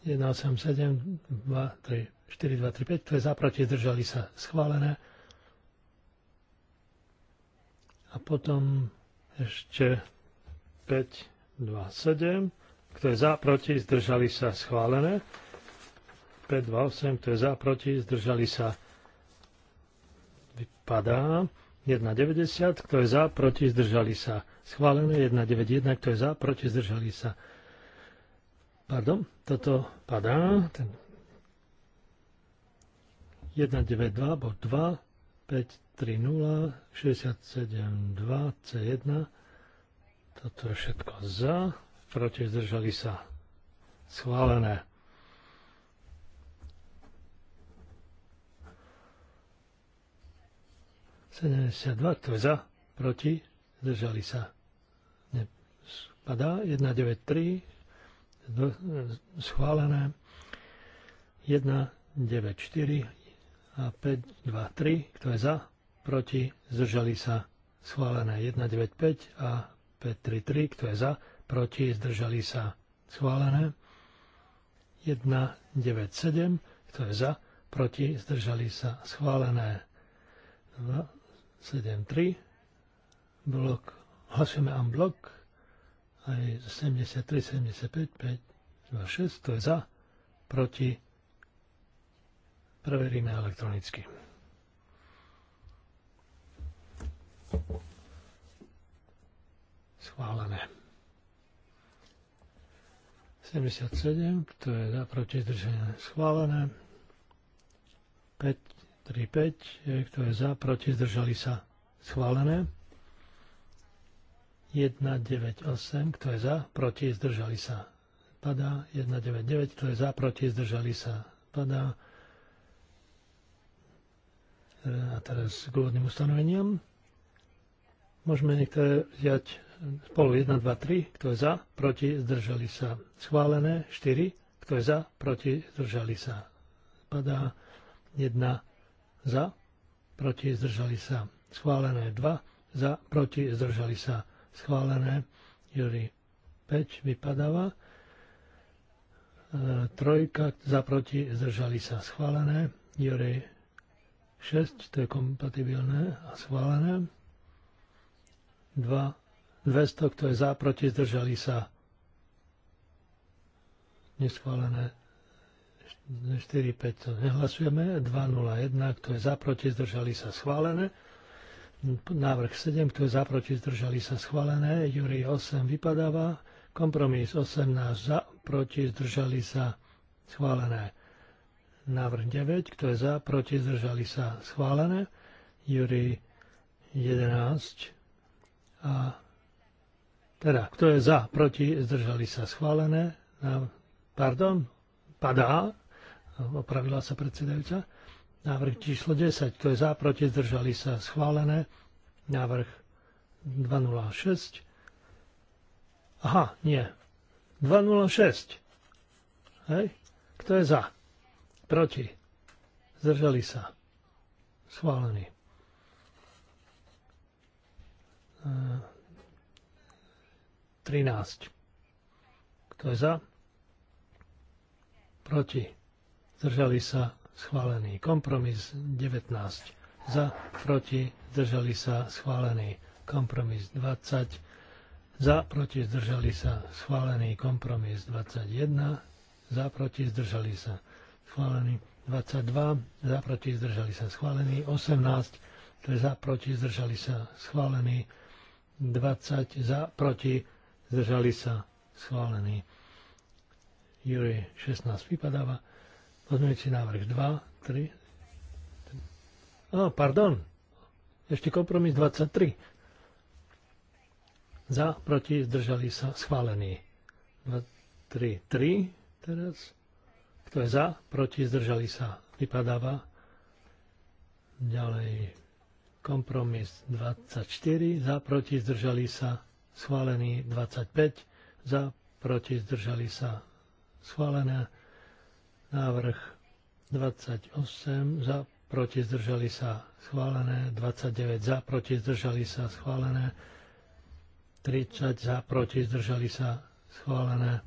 187 2, 3, 4, 2, 3, 5, to je za, proti, zdržali sa schválené. A potom ešte 5, 2, 7, kto je za, proti, zdržali sa schválené. 5, 2, 8, kto je za, proti, zdržali sa vypadá. 1, 90, kto je za, proti, zdržali sa. Schválené 1, 9, 1, kto je za, proti, zdržali sa. schválené. Pardon, toto padá. Ten 2, bod 2 0, 67 2 C1 toto je všetko za proti zdržali sa schválené to je za, proti, zdržali sa. Ne, padá, 193, schválené 1, 9, 4 a 5, 2, 3, kto je za, proti, zdržali sa schválené 1, 9, 5 a 5, 3, 3, kto je za, proti, zdržali sa schválené 1, 9, 7, kto je za, proti, zdržali sa schválené 2, 7, 3, blok, hlasujeme en blok, aj 73, 75, 5, 2, 6, to je za, proti, preveríme elektronicky. Schválené. 77, to je za, proti, zdrženie, schválené. 5, 3, 5, kto je za, proti, zdržali sa, schválené. 198, kto je za, proti, zdržali sa. Padá 199, kto je za, proti, zdržali sa. Padá. A teraz k úvodným ustanoveniam. Môžeme niektoré vziať spolu 1, 2, 3, kto je za, proti, zdržali sa. Schválené 4, kto je za, proti, zdržali sa. Padá 1 za, proti, zdržali sa. Schválené 2, za, proti, zdržali sa schválené. Juri 5 vypadáva. E, trojka zaproti, zdržali sa schválené. Juri 6, to je kompatibilné a schválené. 2, 200, kto je za proti zdržali sa neschválené. 4, 5 to nehlasujeme. 2, 0, 1, kto je za proti zdržali sa schválené. Návrh 7, kto je za, proti, zdržali sa schválené. Júri 8 vypadáva. Kompromis 18 za, proti, zdržali sa schválené. Návrh 9, kto je za, proti, zdržali sa schválené. Júri 11 a teda, kto je za, proti, zdržali sa schválené. Pardon, padá, opravila sa predsedajúca. Návrh číslo 10, kto je za, proti, zdržali sa, schválené. Návrh 206. Aha, nie. 206. Hej. Kto je za? Proti. Zdržali sa. Schválený. E, 13. Kto je za? Proti. Zdržali sa schválený. Kompromis 19 za, proti, zdržali sa, schválený. Kompromis 20 za, proti, zdržali sa, schválený. Kompromis 21 za, proti, zdržali sa, schválený. 22 za, proti, zdržali sa, schválený. 18 to je za, proti, zdržali sa, schválený. 20 za, proti, zdržali sa, schválený. Juri 16 vypadáva. Pozmeňujúci návrh 2, 3. oh, pardon. Ešte kompromis 23. Za, proti, zdržali sa, schválený. 3, 3 teraz. Kto je za, proti, zdržali sa, vypadáva. Ďalej kompromis 24, za, proti, zdržali sa, schválený 25, za, proti, zdržali sa, schválené Návrh 28 za, proti zdržali sa schválené. 29 za, proti zdržali sa schválené. 30 za, proti zdržali sa schválené.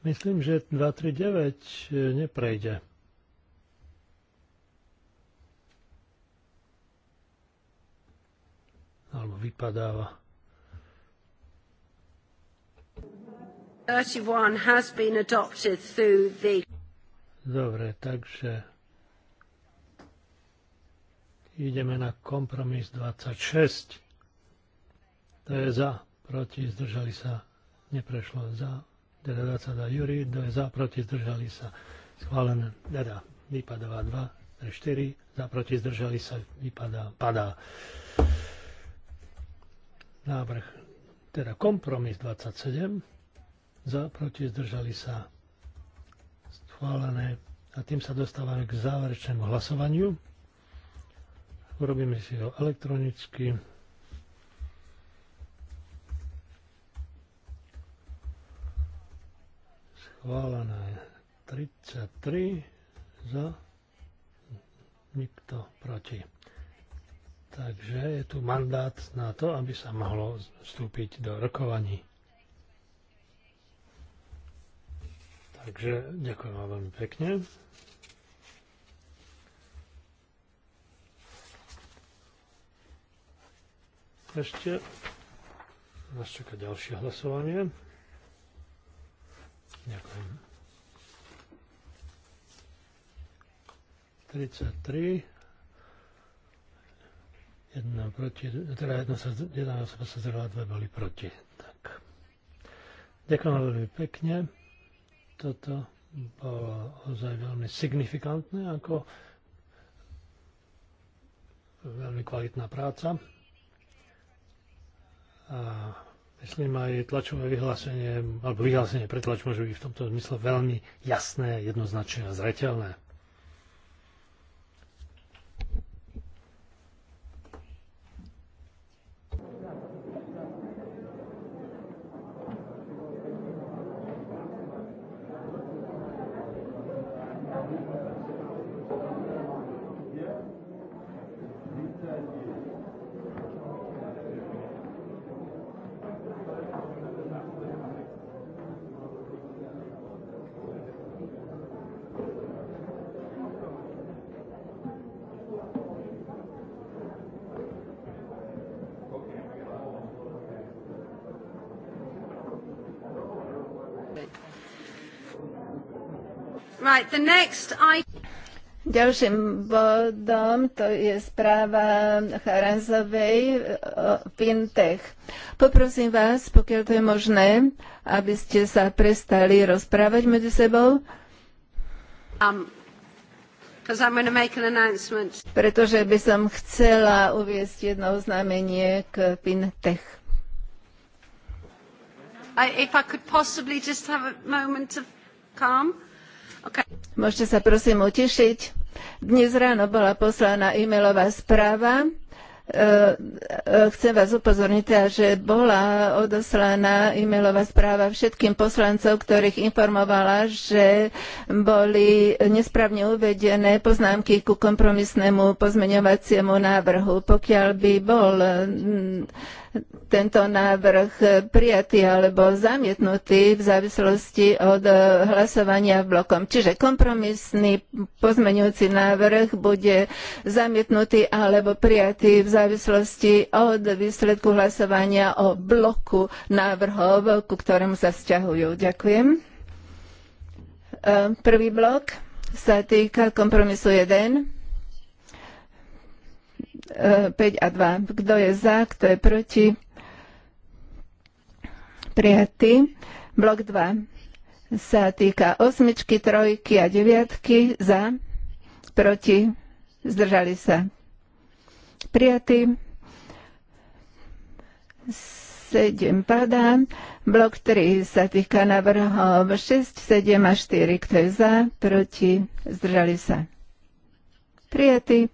Myslím, že 239 eh, neprejde. alebo vypadáva. Dobre, takže ideme na kompromis 26. To je za, proti, zdržali sa, neprešlo za, teda 22 Jury, to je za, proti, zdržali sa, schválené, teda vypadáva 2, 3, 4, za, proti, zdržali sa, vypadá, padá. Návrh, teda kompromis 27, za, proti, zdržali sa schválené. A tým sa dostávame k záverečnému hlasovaniu. Urobíme si ho elektronicky. Schválené 33 za, nikto proti. Takže je tu mandát na to, aby sa mohlo vstúpiť do rokovaní. Takže ďakujem vám veľmi pekne. Ešte nás čaká ďalšie hlasovanie. Ďakujem. 33 Jedna proti, teda jedna, sa, jedna osoba sa zrela, dve boli proti. Tak. Ďakujem veľmi pekne. Toto bolo ozaj veľmi signifikantné, ako veľmi kvalitná práca. A myslím aj tlačové vyhlásenie, alebo vyhlásenie pre tlač môže byť v tomto zmysle veľmi jasné, jednoznačné a zreteľné. Ďalším bodom to je správa Charanzovej e, Fintech. Poprosím vás, pokiaľ to je možné, aby ste sa prestali rozprávať medzi sebou. Um, an Pretože by som chcela uviesť jedno oznámenie k Fintech. I, if I could possibly just have a moment of calm. Môžete sa prosím utešiť. Dnes ráno bola poslaná e-mailová správa e, e, chcem vás upozorniť, že bola odoslaná e-mailová správa všetkým poslancov, ktorých informovala, že boli nesprávne uvedené poznámky ku kompromisnému pozmeňovaciemu návrhu. Pokiaľ by bol tento návrh prijatý alebo zamietnutý v závislosti od e, hlasovania v blokom. Čiže kompromisný pozmeňujúci návrh bude zamietnutý alebo prijatý v závislosti od výsledku hlasovania o bloku návrhov, ku ktorému sa vzťahujú. Ďakujem. E, prvý blok sa týka kompromisu 1 5 a 2. Kto je za, kto je proti? Prijatý. Blok 2 sa týka osmičky, trojky a deviatky. Za, proti, zdržali sa. Prijatý. 7 padá. Blok 3 sa týka navrhov 6, 7 a 4. Kto je za, proti, zdržali sa. Prijatý.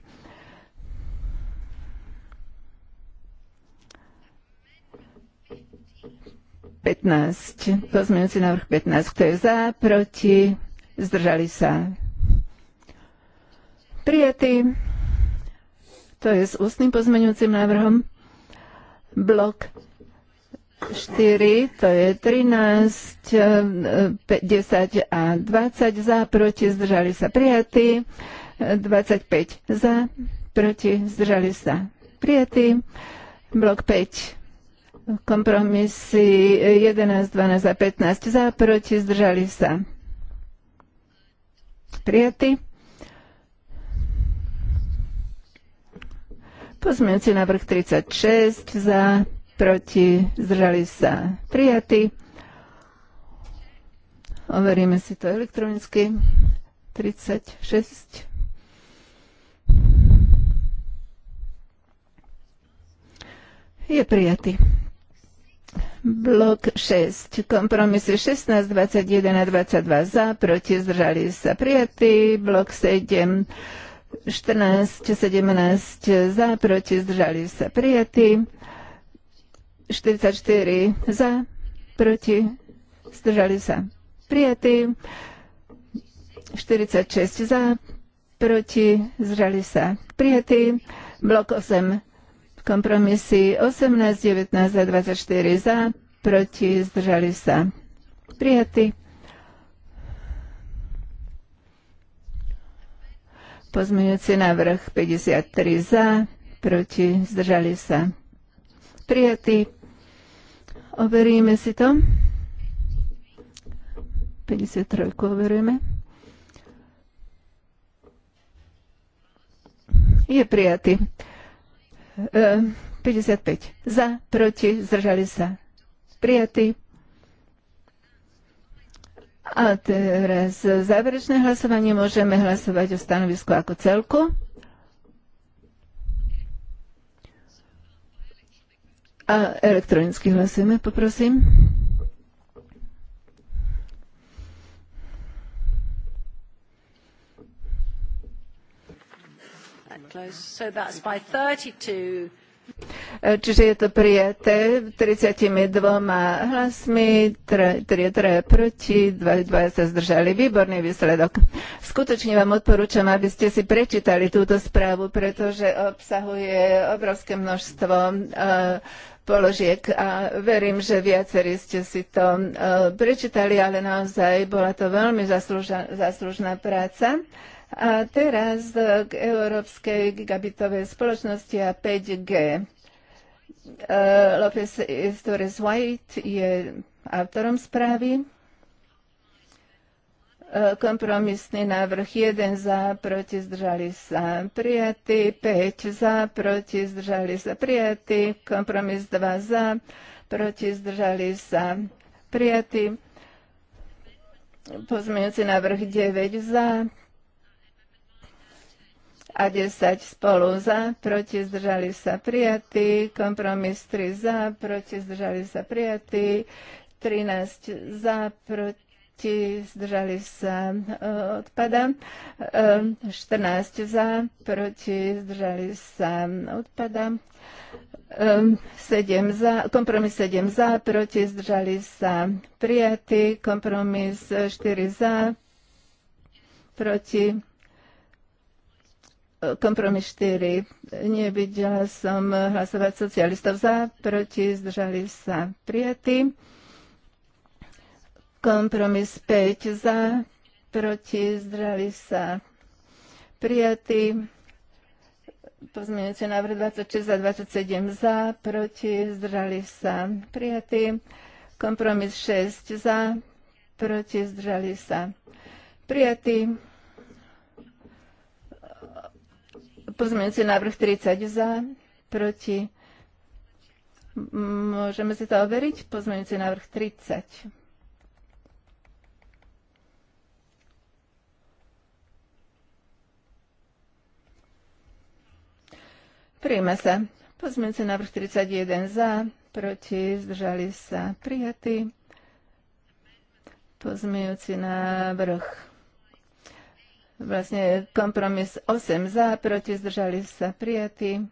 15. Pozmeňujúci návrh 15. Kto je za, proti, zdržali sa. Prijatý. To je s ústnym pozmeňujúcim návrhom. Blok 4, to je 13, 10 e, a 20 za, proti, zdržali sa prijatí, 25 za, proti, zdržali sa prijatí, blok 5 kompromisy 11, 12 a 15 za, proti, zdržali sa. Prijatý. na návrh 36 za, proti, zdržali sa. Prijatý. Overíme si to elektronicky. 36. Je prijatý. Blok 6, kompromisy 16, 21 a 22 za, proti zdržali sa prijatí. Blok 7, 14, 17 za, proti zdržali sa prijatí. 44 za, proti zdržali sa prijatí. 46 za, proti zdržali sa prijatí. Blok 8, Kompromisy 18, 19 a 24 za, proti, zdržali sa. Prijatý. Pozmeňujúci návrh 53 za, proti, zdržali sa. Prijatý. Overíme si to. 53 overujeme. Je prijatý. 55 za, proti, zdržali sa. Prijatý. A teraz záverečné hlasovanie môžeme hlasovať o stanovisku ako celku. A elektronicky hlasujeme, poprosím. Čiže je to prijaté 32 hlasmi, 3, 3 proti, 2, 2 sa zdržali. Výborný výsledok. Skutočne vám odporúčam, aby ste si prečítali túto správu, pretože obsahuje obrovské množstvo uh, položiek a verím, že viacerí ste si to uh, prečítali, ale naozaj bola to veľmi zaslúža, zaslúžna práca. Uh, a teraz k Európskej gigabitovej spoločnosti a 5G. E, López Torres White je autorom správy. E, kompromisný návrh 1 za, proti, zdržali sa prijatý. 5 za, proti, zdržali sa prijatý. kompromis 2 za, proti, zdržali sa prijatý. pozmeňujúci návrh 9 za, a 10 spolu za, proti zdržali sa prijatí, kompromis 3 za, proti zdržali sa prijatí, 13 e, e, za, proti zdržali sa odpada, 14 e, za, proti zdržali sa odpada, 7 za, kompromis 7 za, proti zdržali sa prijatý, kompromis 4 za, proti Kompromis 4. Nevidela som hlasovať socialistov za, proti, zdržali sa prijatí. Kompromis 5 za, proti, zdržali sa prijatí. Pozmienujúci návrh 26 a 27 za, proti, zdržali sa prijatí. Kompromis 6 za, proti, zdržali sa prijatí. Pozmeňujúci návrh 30 za, proti. Môžeme si to overiť. Pozmeňujúci návrh 30. Príjme sa. Pozmeňujúci návrh 31 za, proti, zdržali sa prijatí. Pozmeňujúci návrh vlastne kompromis 8 za, proti zdržali sa prijatí.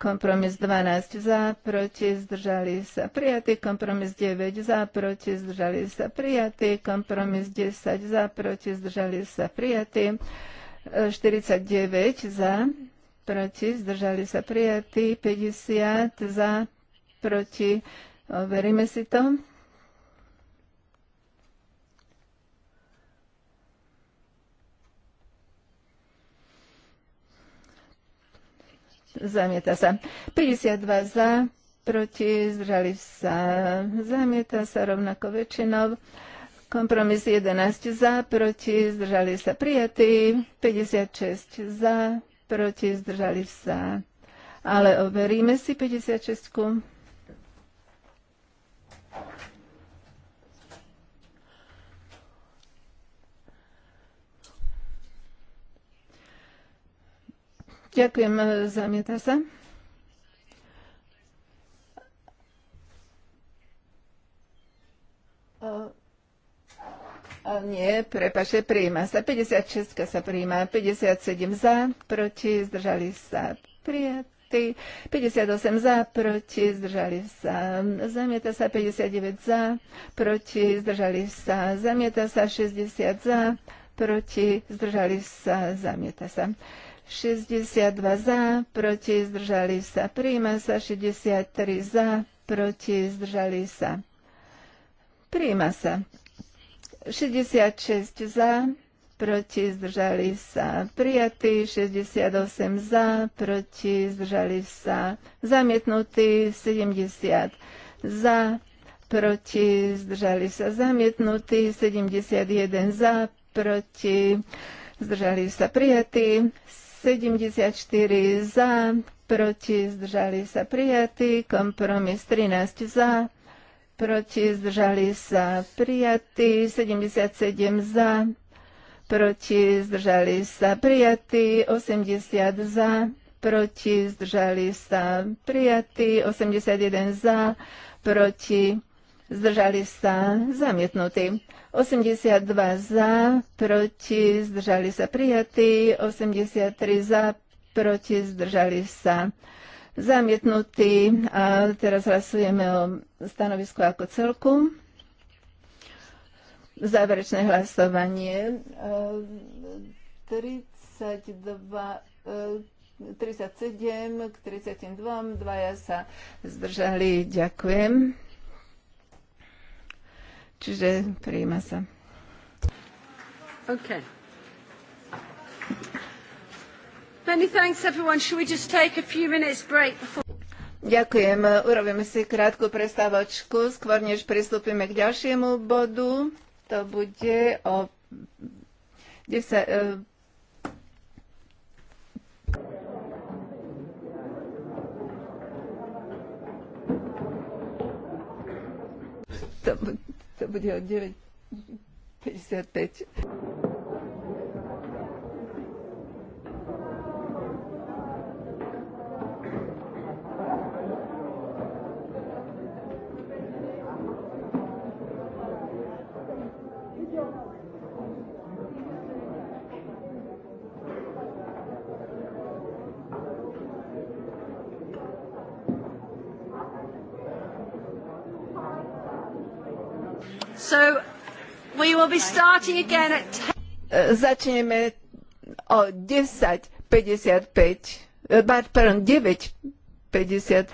Kompromis 12 za, proti zdržali sa prijatí. Kompromis 9 za, proti zdržali sa prijatí. Kompromis 10 za, proti zdržali sa prijatí. 49 za, proti zdržali sa prijatí. 50 za, proti, overíme si to. Zamieta sa. 52 za, proti, zdržali sa. Zamieta sa rovnako väčšinou. Kompromis 11 za, proti, zdržali sa prijatí. 56 za, proti, zdržali sa. Ale overíme si 56. -ku. Ďakujem, e, zamieta sa. nie, prepaše, prijíma sa. 56 sa prijíma, 57 za, proti, zdržali sa prijatí, 58 za, proti, zdržali sa, zamieta sa 59 za, proti, zdržali sa, zamieta sa 60 za, proti, zdržali sa, zamieta sa. 62 za, proti zdržali sa. Príjma sa 63 za, proti zdržali sa. Príjma sa. 66 za, proti zdržali sa. Prijatý 68 za, proti zdržali sa. Zamietnutý 70 za, proti zdržali sa. Zamietnutý 71 za, proti zdržali sa. Prijatý 74 za, proti zdržali sa prijatí, kompromis 13 za, proti zdržali sa prijatí, 77 za, proti zdržali sa prijatí, 80 za, proti zdržali sa prijatí, 81 za, proti zdržali sa zamietnutí. 82 za, proti, zdržali sa prijatí. 83 za, proti, zdržali sa zamietnutí. A teraz hlasujeme o stanovisku ako celku. Záverečné hlasovanie. 32 e, 37 e, k 32, dvaja sa zdržali. Ďakujem. Čiže prijíma sa. OK. Many thanks everyone. Should we just take a few minutes break before... Ďakujem. Urobíme si krátku prestávočku, skôr než pristúpime k ďalšiemu bodu. To bude o Kde 10, e, to, to bude o 9.55. will be starting again at... Začneme o 10.55, eh, pardon, 9.55.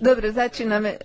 Dobre, začíname.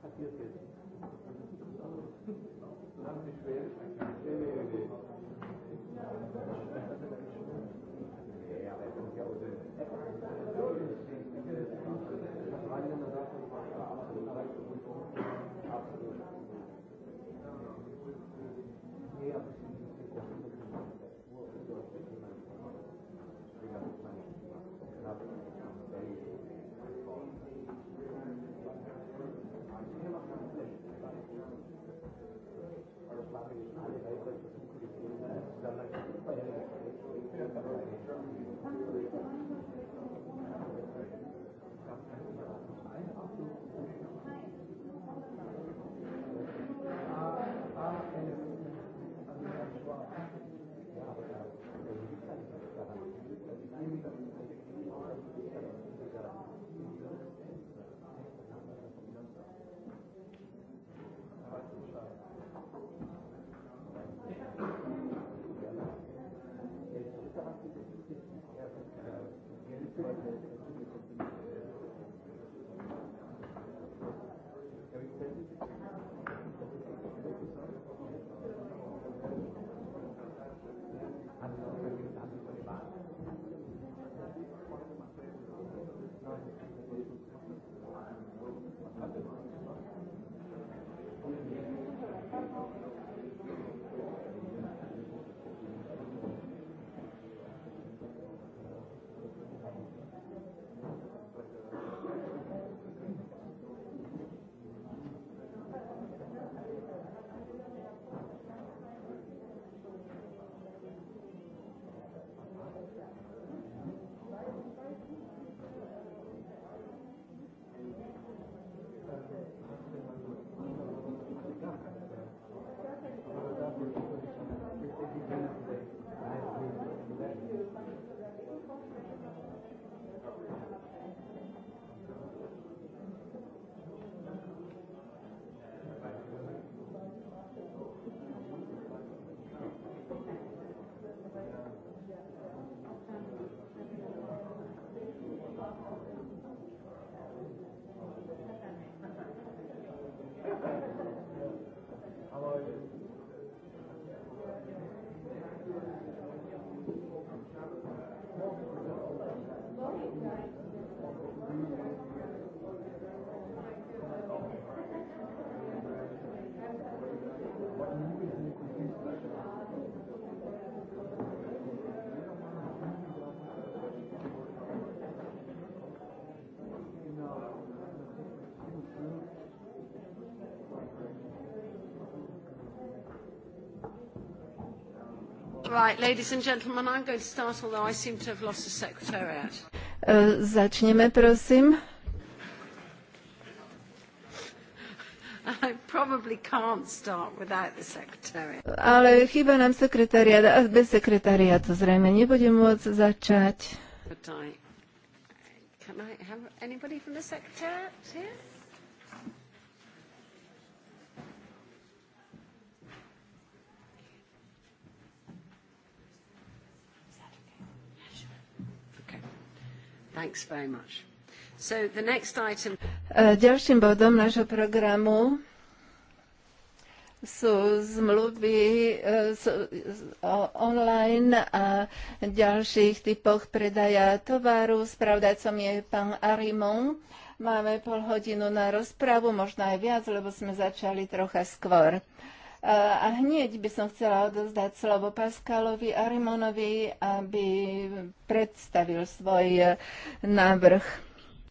passiert jetzt? Das haben Sie schwer. Nee, nee, nee. Ja, aber das E, začneme, prosím. I probably can't start without the secretariat. Ale chýba nám sekretariat a bez sekretariatu zrejme nebudem môcť začať. Thanks very much. So the next item... E, ďalším bodom nášho programu sú zmluvy e, online a ďalších typoch predaja tovaru. Spravdacom je pán Arimon. Máme pol hodinu na rozpravu, možno aj viac, lebo sme začali trocha skôr. Uh, a hneď by som chcela odozdať slovo Paskalovi Arimonovi, aby predstavil svoj e, návrh.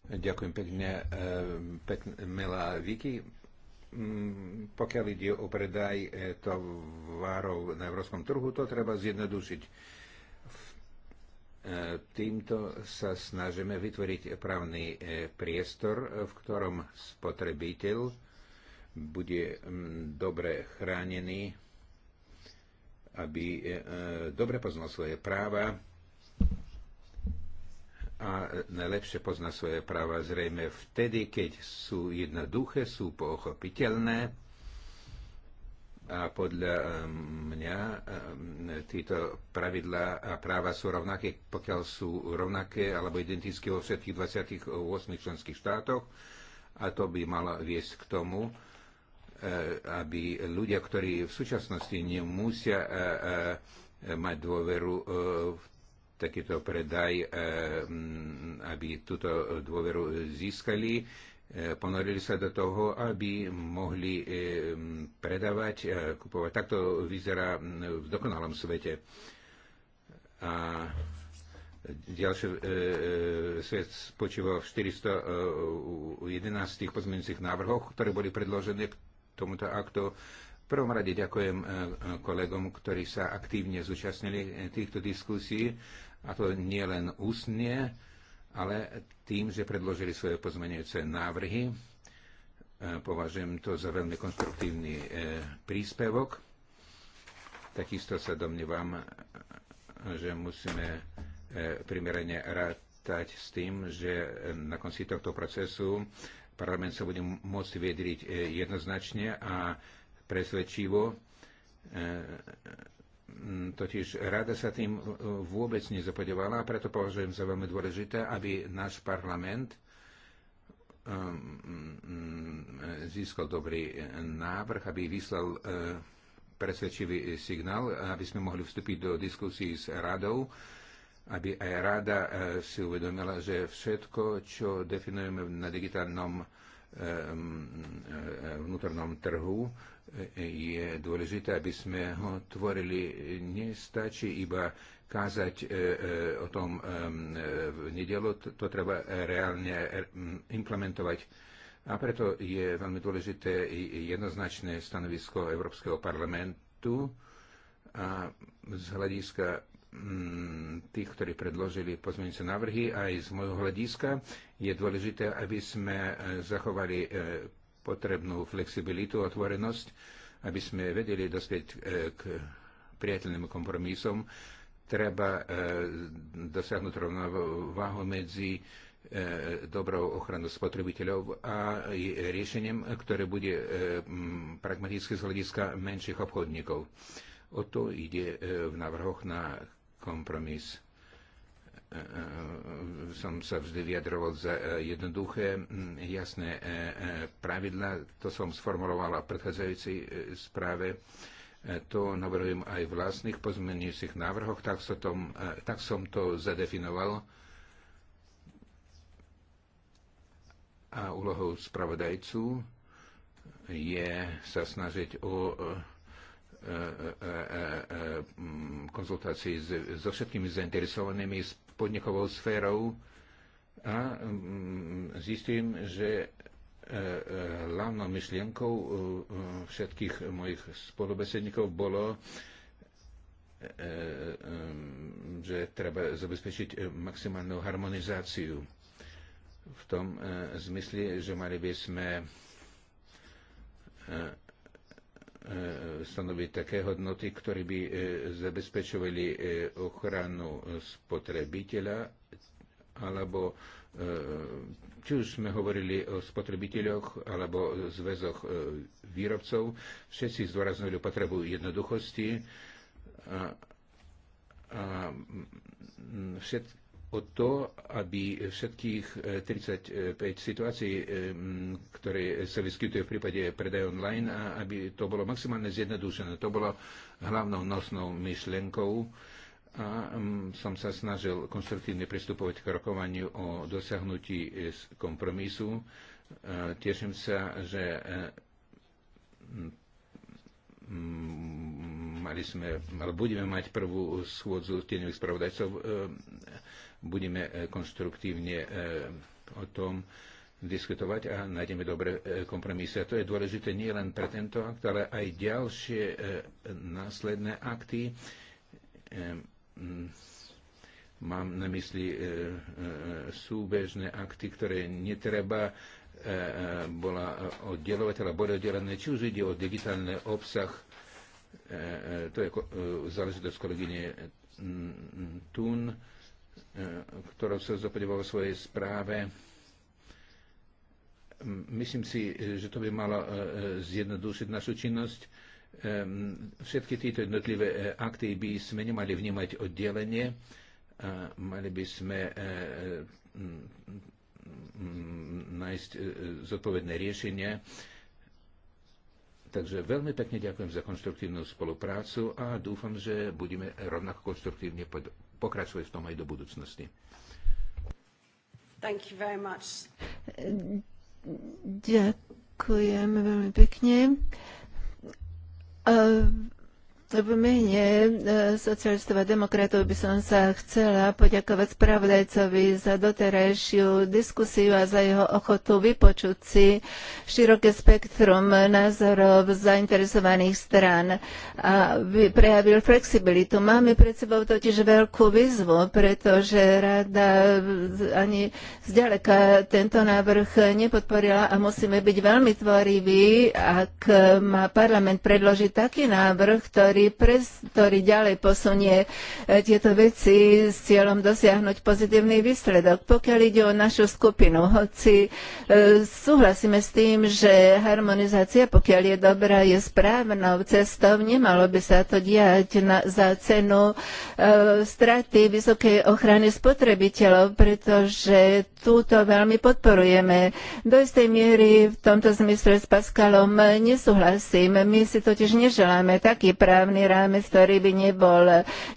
Ďakujem pekne, e, pekne milá Viki. Mm, pokiaľ ide o predaj e, tovarov na európskom trhu, to treba zjednodušiť. Týmto sa snažíme vytvoriť právny priestor, v ktorom spotrebiteľ bude mm, dobre chránený, aby e, e, dobre poznal svoje práva a najlepšie pozná svoje práva zrejme vtedy, keď sú jednoduché, sú pochopiteľné a podľa e, mňa títo pravidlá a práva sú rovnaké, pokiaľ sú rovnaké alebo identické vo všetkých 28 členských štátoch a to by malo viesť k tomu, Eh, aby ľudia, ktorí v súčasnosti nemusia eh, eh, mať dôveru v takýto predaj, aby túto dôveru získali, ponorili sa do toho, aby mohli predávať, kupovať. Takto vyzerá v dokonalom svete. A ďalší e, svet spočíval v 411 pozmeňujúcich návrhoch, ktoré boli predložené, tomuto aktu. V prvom rade ďakujem e, e, kolegom, ktorí sa aktívne zúčastnili e, týchto diskusí, a to nie len ústne, ale tým, že predložili svoje pozmenujúce návrhy. Považujem to za veľmi konstruktívny príspevok. Takisto sa domnievam, že musíme primerane rátať s tým, že na konci tohto procesu parlament sa bude môcť vedriť e, jednoznačne a presvedčivo. E, totiž rada sa tým vôbec nezapodevala a preto považujem za veľmi dôležité, aby náš parlament e, získal dobrý návrh, aby vyslal presvedčivý signál, aby sme mohli vstúpiť do diskusí s radou aby aj rada eh, si uvedomila, že všetko, čo definujeme na digitálnom eh, eh, vnútornom trhu, je dôležité, aby sme ho tvorili. Nestačí iba kázať o tom v nedelu, to treba reálne implementovať. A preto je veľmi dôležité jednoznačné stanovisko Európskeho parlamentu a z hľadiska Mm, tých, ktorí predložili pozmeňujúce návrhy, aj z môjho hľadiska je dôležité, aby sme e, zachovali e, potrebnú flexibilitu, otvorenosť, aby sme vedeli dospieť e, k priateľným kompromisom. Treba dosiahnuť rovnováhu medzi dobrou ochranu spotrebiteľov a riešením, ktoré bude pragmatické z hľadiska menších obchodníkov. O to ide v návrhoch na kompromis. E, e, som sa vždy vyjadroval za e, jednoduché, jasné pravidla. To som sformulovala v predchádzajúcej správe. To navrhujem aj v vlastných pozmenujúcich návrhoch, tak, som, tom, tak som to zadefinoval. A úlohou spravodajcu je sa snažiť o E, e, e, konzultácií so všetkými zainteresovanými s podnikovou sférou a mm, zistím, že hlavnou myšlienkou všetkých mojich spolubesedníkov bolo, že treba zabezpečiť maximálnu harmonizáciu v tom zmysle, že mali by sme E, stanoviť také hodnoty, ktoré by e, zabezpečovali e, ochranu spotrebiteľa, alebo či už sme hovorili o spotrebiteľoch alebo zväzoch výrobcov, všetci zdôraznili potrebu jednoduchosti a, a všet, o to, aby všetkých 35 e, situácií, e, ktoré sa vyskytujú v prípade predaj online, a aby to bolo maximálne zjednodušené. To bolo hlavnou nosnou myšlienkou a som sa snažil konstruktívne pristupovať k rokovaniu o dosiahnutí e, kompromisu. Teším sa, že mali sme, ale budeme mať prvú schôdzu tieňových spravodajcov budeme e, konstruktívne e, o tom diskutovať a nájdeme dobré e, kompromisy. A to je dôležité nie len pre tento akt, ale aj ďalšie následné akty. Mám na mysli súbežné akty, ktoré netreba bola oddelovať, ale boli oddelené, či už ide o digitálny obsah, to je záležitosť kolegyne Tun, E, ktorou sa zapodíva vo svojej správe. Myslím si, že to by malo e, zjednodušiť našu činnosť. E, všetky tieto jednotlivé akty by sme nemali vnímať oddelenie, mali by sme nájsť zodpovedné riešenie. Takže veľmi pekne ďakujem za konstruktívnu spoluprácu a dúfam, že budeme rovnako konstruktívne pokračuje v tom aj do budúcnosti. Thank you very much. Ďakujem veľmi pekne. Uh v mene e, socialistov a demokratov by som sa chcela poďakovať spravodajcovi za doterajšiu diskusiu a za jeho ochotu vypočuť si široké spektrum názorov zainteresovaných strán a prejavil flexibilitu. Máme pred sebou totiž veľkú výzvu, pretože rada ani zďaleka tento návrh nepodporila a musíme byť veľmi tvoriví, ak má parlament predložiť taký návrh, ktorý ktorý, pres, ktorý ďalej posunie e, tieto veci s cieľom dosiahnuť pozitívny výsledok. Pokiaľ ide o našu skupinu, hoci e, súhlasíme s tým, že harmonizácia, pokiaľ je dobrá, je správnou cestou, nemalo by sa to diať na, za cenu e, straty vysokej ochrany spotrebiteľov, pretože túto veľmi podporujeme. Do istej miery v tomto zmysle s Paskalom, e, nesúhlasím. My si totiž neželáme taký právny právny rámec, ktorý by nebol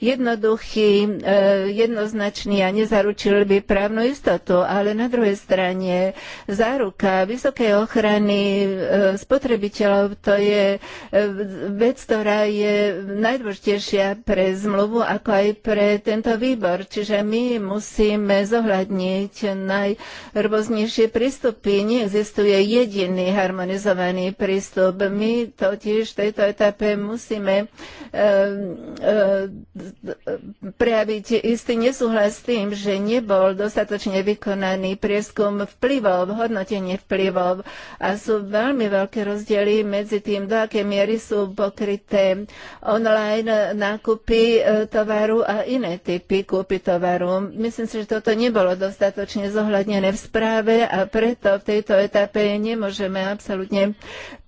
jednoduchý, e, jednoznačný a nezaručil by právnu istotu. Ale na druhej strane záruka vysokej ochrany e, spotrebiteľov to je e, vec, ktorá je najdôležitejšia pre zmluvu, ako aj pre tento výbor. Čiže my musíme zohľadniť najrôznejšie prístupy. Neexistuje jediný harmonizovaný prístup. My totiž v tejto etape musíme Ehm, ehm, prejaviť istý nesúhlas s tým, že nebol dostatočne vykonaný prieskum vplyvov, hodnotenie vplyvov a sú veľmi veľké rozdiely medzi tým, do aké miery sú pokryté online nákupy e, tovaru a iné typy kúpy tovaru. Myslím si, že toto nebolo dostatočne zohľadnené v správe a preto v tejto etape nemôžeme absolútne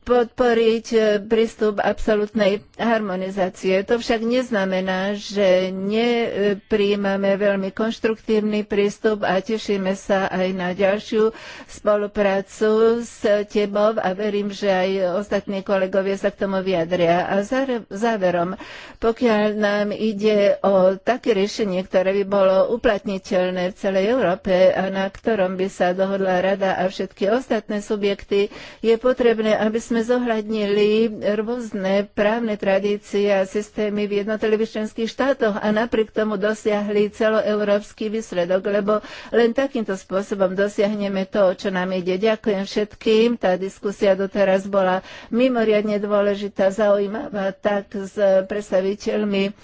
podporiť e, prístup absolútnej harmonizácie. To však neznamená, že nepríjmame veľmi konštruktívny prístup a tešíme sa aj na ďalšiu spoluprácu s tebou a verím, že aj ostatní kolegovia sa k tomu vyjadria. A záverom, pokiaľ nám ide o také riešenie, ktoré by bolo uplatniteľné v celej Európe a na ktorom by sa dohodla rada a všetky ostatné subjekty, je potrebné, aby sme sme zohľadnili rôzne právne tradície a systémy v jednotlivých členských štátoch a napriek tomu dosiahli celoeurópsky výsledok, lebo len takýmto spôsobom dosiahneme to, čo nám ide. Ďakujem všetkým. Tá diskusia doteraz bola mimoriadne dôležitá, zaujímavá tak s predstaviteľmi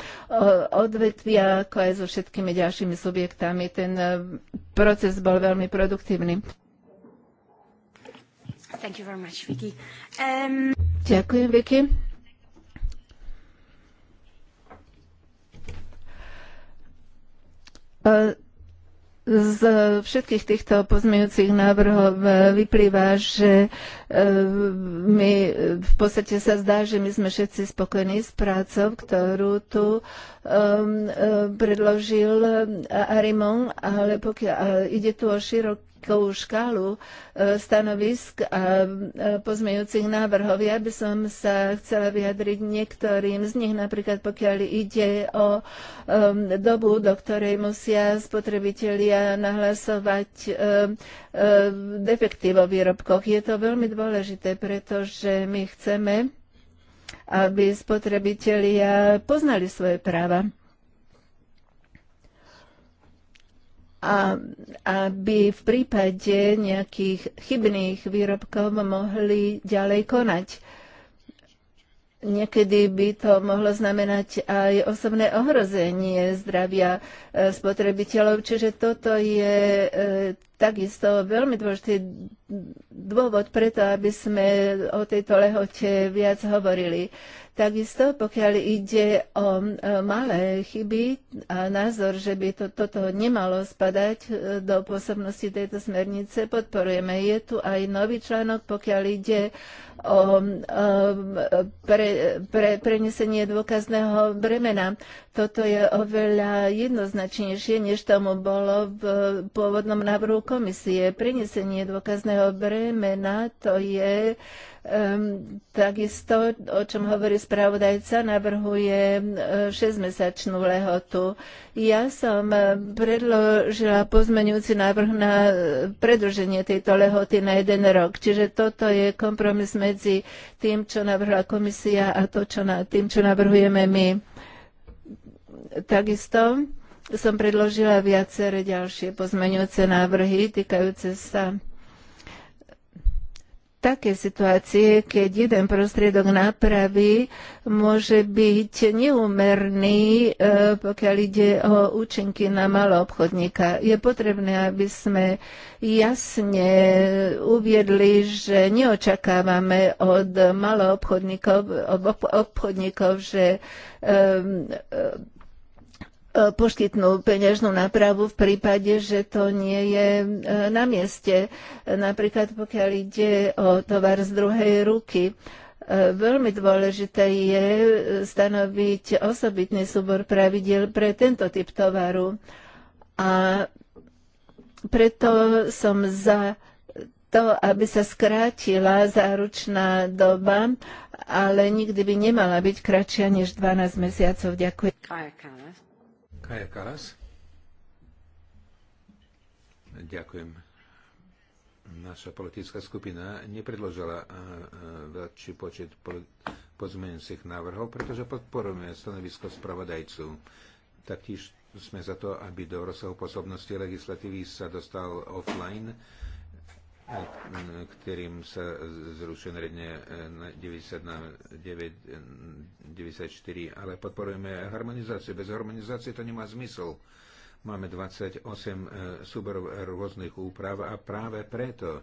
odvetvia, ako aj so všetkými ďalšími subjektami. Ten e, proces bol veľmi produktívny. Thank you very much, Vicky. Um... Ďakujem, Vicky. E, z všetkých týchto pozmeňujúcich návrhov e, vyplýva, že e, my v podstate sa zdá, že my sme všetci spokojní s prácou, ktorú tu Um, um, predložil uh, Arimon, ale pokiaľ uh, ide tu o širokú škálu uh, stanovisk a pozmejúcich návrhov. Ja by som sa chcela vyjadriť niektorým z nich, napríklad pokiaľ ide o um, dobu, do ktorej musia spotrebitelia nahlasovať defekty vo výrobkoch. Je to veľmi dôležité, pretože my chceme aby spotrebitelia poznali svoje práva. a aby v prípade nejakých chybných výrobkov mohli ďalej konať. Niekedy by to mohlo znamenať aj osobné ohrozenie zdravia e, spotrebiteľov, čiže toto je e, takisto veľmi dôležitý dôvod preto, aby sme o tejto lehote viac hovorili. Takisto, pokiaľ ide o e, malé chyby a názor, že by to, toto nemalo spadať e, do pôsobnosti tejto smernice, podporujeme. Je tu aj nový článok, pokiaľ ide o, e, pre, pre, prenesenie dôkazného bremena. Toto je oveľa jednoznačnejšie, než tomu bolo v pôvodnom návrhu komisie. Prenesenie dôkazného bremena to je Ehm, takisto, o čom hovorí spravodajca, navrhuje 6-mesačnú e, lehotu. Ja som e, predložila pozmeňujúci návrh na e, predlženie tejto lehoty na jeden rok. Čiže toto je kompromis medzi tým, čo navrhla komisia a to, čo na, tým, čo navrhujeme my. Takisto som predložila viaceré ďalšie pozmeňujúce návrhy týkajúce sa také situácie, keď jeden prostriedok nápravy môže byť neumerný, e, pokiaľ ide o účinky na maloobchodníka. Je potrebné, aby sme jasne uviedli, že neočakávame od maloobchodníkov, obchodníkov, že e, e, E, poskytnú peňažnú nápravu v prípade, že to nie je e, na mieste. E, napríklad pokiaľ ide o tovar z druhej ruky, Veľmi dôležité je stanoviť osobitný súbor pravidel pre tento typ tovaru. A preto som za to, aby sa skrátila záručná doba, ale nikdy by nemala byť kratšia než 12 mesiacov. Ďakujem. Kaja Kalas. Kaja Karas. Ďakujem. Naša politická skupina nepredložila eh, eh, väčší počet pozmeňujúcich návrhov, pretože podporujeme stanovisko spravodajcu. Taktiež sme za to, aby do rozsahu pôsobnosti legislatívy sa dostal offline ktorým sa zrušuje nariadenie 94, e, ale podporujeme harmonizáciu. Bez harmonizácie to nemá zmysel. Máme 28 e, súborov rôznych úprav a práve preto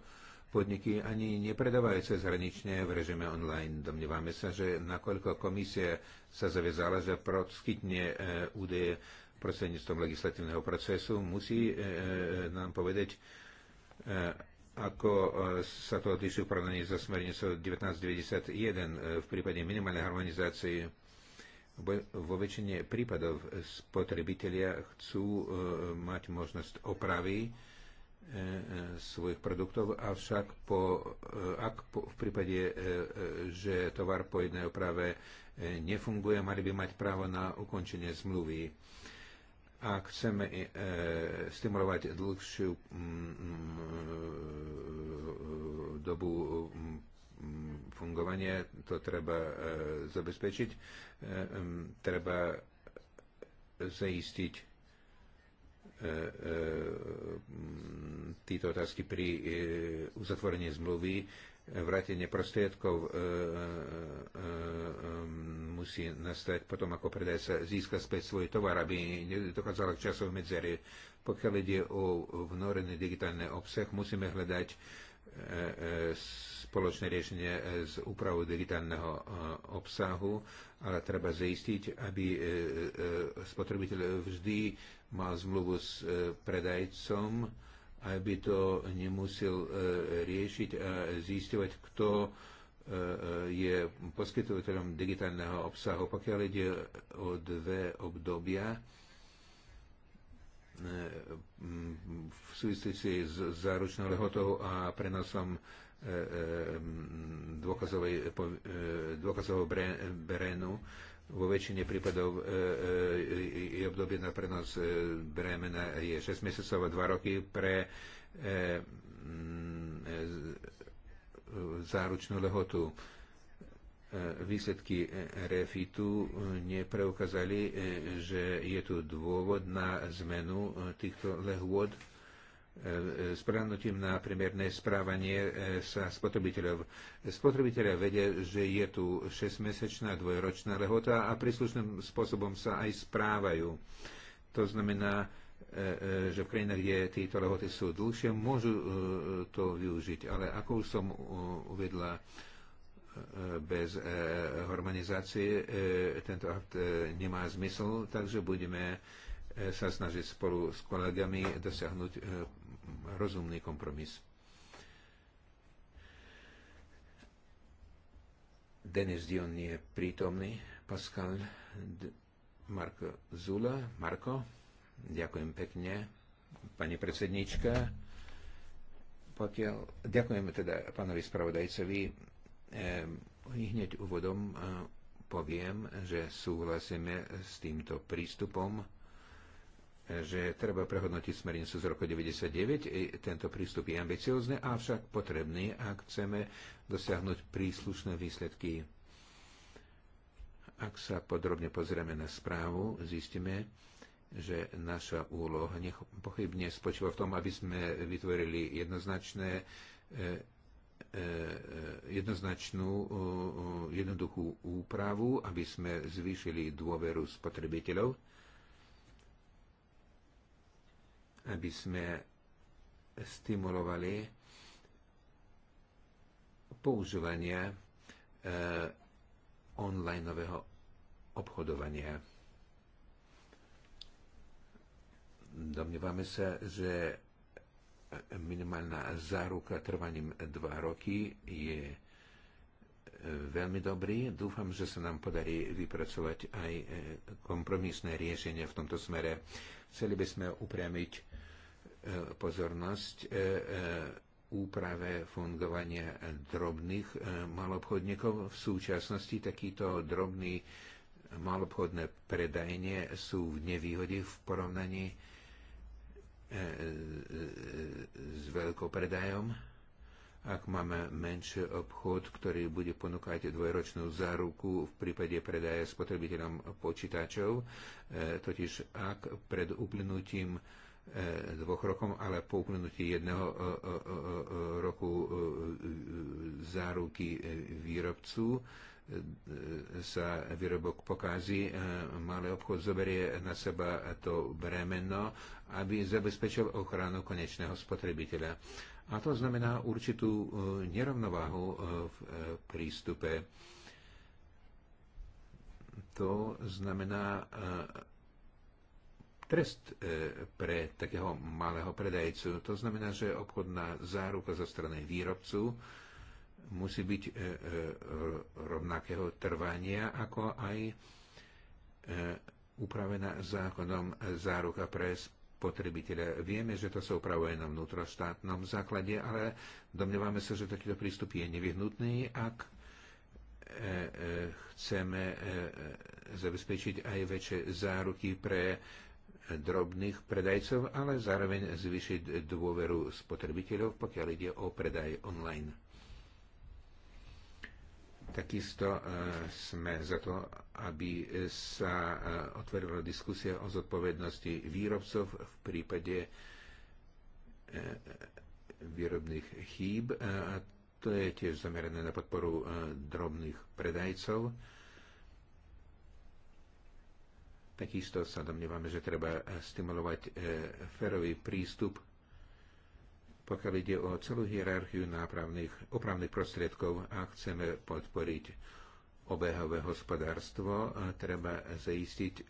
podniky ani nepredávajú hranične v režime online. Domnievame sa, že nakoľko komisia sa zaviazala, že proskytne e, údaje prostredníctvom legislatívneho procesu, musí nám povedať, ako e, sa to odlišuje v porovnaní so smernicou 1991 e, v prípade minimálnej harmonizácie. Vo väčšine prípadov spotrebitelia chcú e, mať možnosť opravy svojich produktov, avšak po, ak po, v prípade, že tovar po jednej oprave nefunguje, mali by mať právo na ukončenie zmluvy a chceme e, e, stimulovať dlhšiu mm, mm, dobu mm, fungovania, to treba e, zabezpečiť, treba zaistiť tieto otázky pri uzatvorení zmluvy vrátenie prostriedkov e, e, e, musí nastať potom, ako predajca získa späť svoj tovar, aby nedokázala k časov medzery. Pokiaľ ide o vnorený digitálny obsah, musíme hľadať spoločné riešenie z úpravou digitálneho obsahu, ale treba zaistiť, aby spotrebiteľ vždy mal zmluvu s predajcom, aby to nemusel e, riešiť a zistovať, kto e, e, je poskytovateľom digitálneho obsahu. Pokiaľ ide o dve obdobia, v súvislosti s záručnou lehotou a prenosom dôkazovej, dôkazového brenu vo väčšine prípadov e, e, e, je obdobie na prenos bremena je 6 mesiacov a 2 roky pre mm, záručnú lehotu. Výsledky refitu nepreukázali, že je tu dôvod na zmenu týchto lehôd E, spranutím na primerné správanie e, sa spotrebiteľov. Spotrebiteľa vedia, že je tu 6-mesečná dvojročná lehota a príslušným spôsobom sa aj správajú. To znamená, e, že v krajinách, kde tieto lehoty sú dlhšie, môžu to využiť. Ale ako už som uvedla, bez harmonizácie tento akt nemá zmysel, takže budeme sa snažiť spolu s kolegami dosiahnuť rozumný kompromis. Denis Dion je prítomný, Pascal Marko Zula. Marko, ďakujem pekne, pani predsednička. Pokiaľ, ďakujem teda pánovi spravodajcovi. E, hneď úvodom eh, poviem, že súhlasíme s týmto prístupom že treba prehodnotiť smernicu z roku 99. Tento prístup je ambiciózny, avšak potrebný, ak chceme dosiahnuť príslušné výsledky. Ak sa podrobne pozrieme na správu, zistíme, že naša úloha nepochybne spočíva v tom, aby sme vytvorili jednoznačné e, e, e, jednoznačnú, jednoduchú úpravu, aby sme zvýšili dôveru spotrebiteľov aby sme stimulovali používania e, onlineového obchodovania. Domnievame sa, že minimálna záruka trvaním 2 roky je e, veľmi dobrý. Dúfam, že sa nám podarí vypracovať aj e, kompromisné riešenie v tomto smere. Chceli by sme upriamiť pozornosť e, e, úprave fungovania drobných e, malobchodníkov. V súčasnosti takýto drobný malobchodné predajne sú v nevýhode v porovnaní s veľkopredajom. Ak máme menší obchod, ktorý bude ponúkať dvojročnú záruku v prípade predaja spotrebiteľom počítačov, totiž ak pred uplynutím E, dvoch rokom, ale po uplynutí jedného e, e, roku záruky výrobcu sa výrobok pokází. malý obchod zoberie na seba to bremeno, aby zabezpečil ochranu konečného spotrebiteľa. A to znamená určitú nerovnováhu v prístupe. To znamená trest e, pre takého malého predajcu. To znamená, že obchodná záruka zo strany výrobcu musí byť e, e, rovnakého trvania, ako aj upravená zákonom záruka pre spotrebiteľa. Vieme, že to sa upravuje na vnútroštátnom základe, ale domnievame sa, že takýto prístup je nevyhnutný, ak chceme zabezpečiť aj väčšie záruky pre drobných predajcov, ale zároveň zvýšiť dôveru spotrebiteľov, pokiaľ ide o predaj online. Takisto e, sme za to, aby sa e, otvorila diskusia o zodpovednosti výrobcov v prípade e, výrobných chýb. A to je tiež zamerané na podporu drobných predajcov Takisto sa domnievame, že treba eh, stimulovať eh, férový prístup, pokiaľ ide o celú hierarchiu nápravných, opravných prostriedkov a chceme podporiť obehové hospodárstvo, treba zaistiť eh,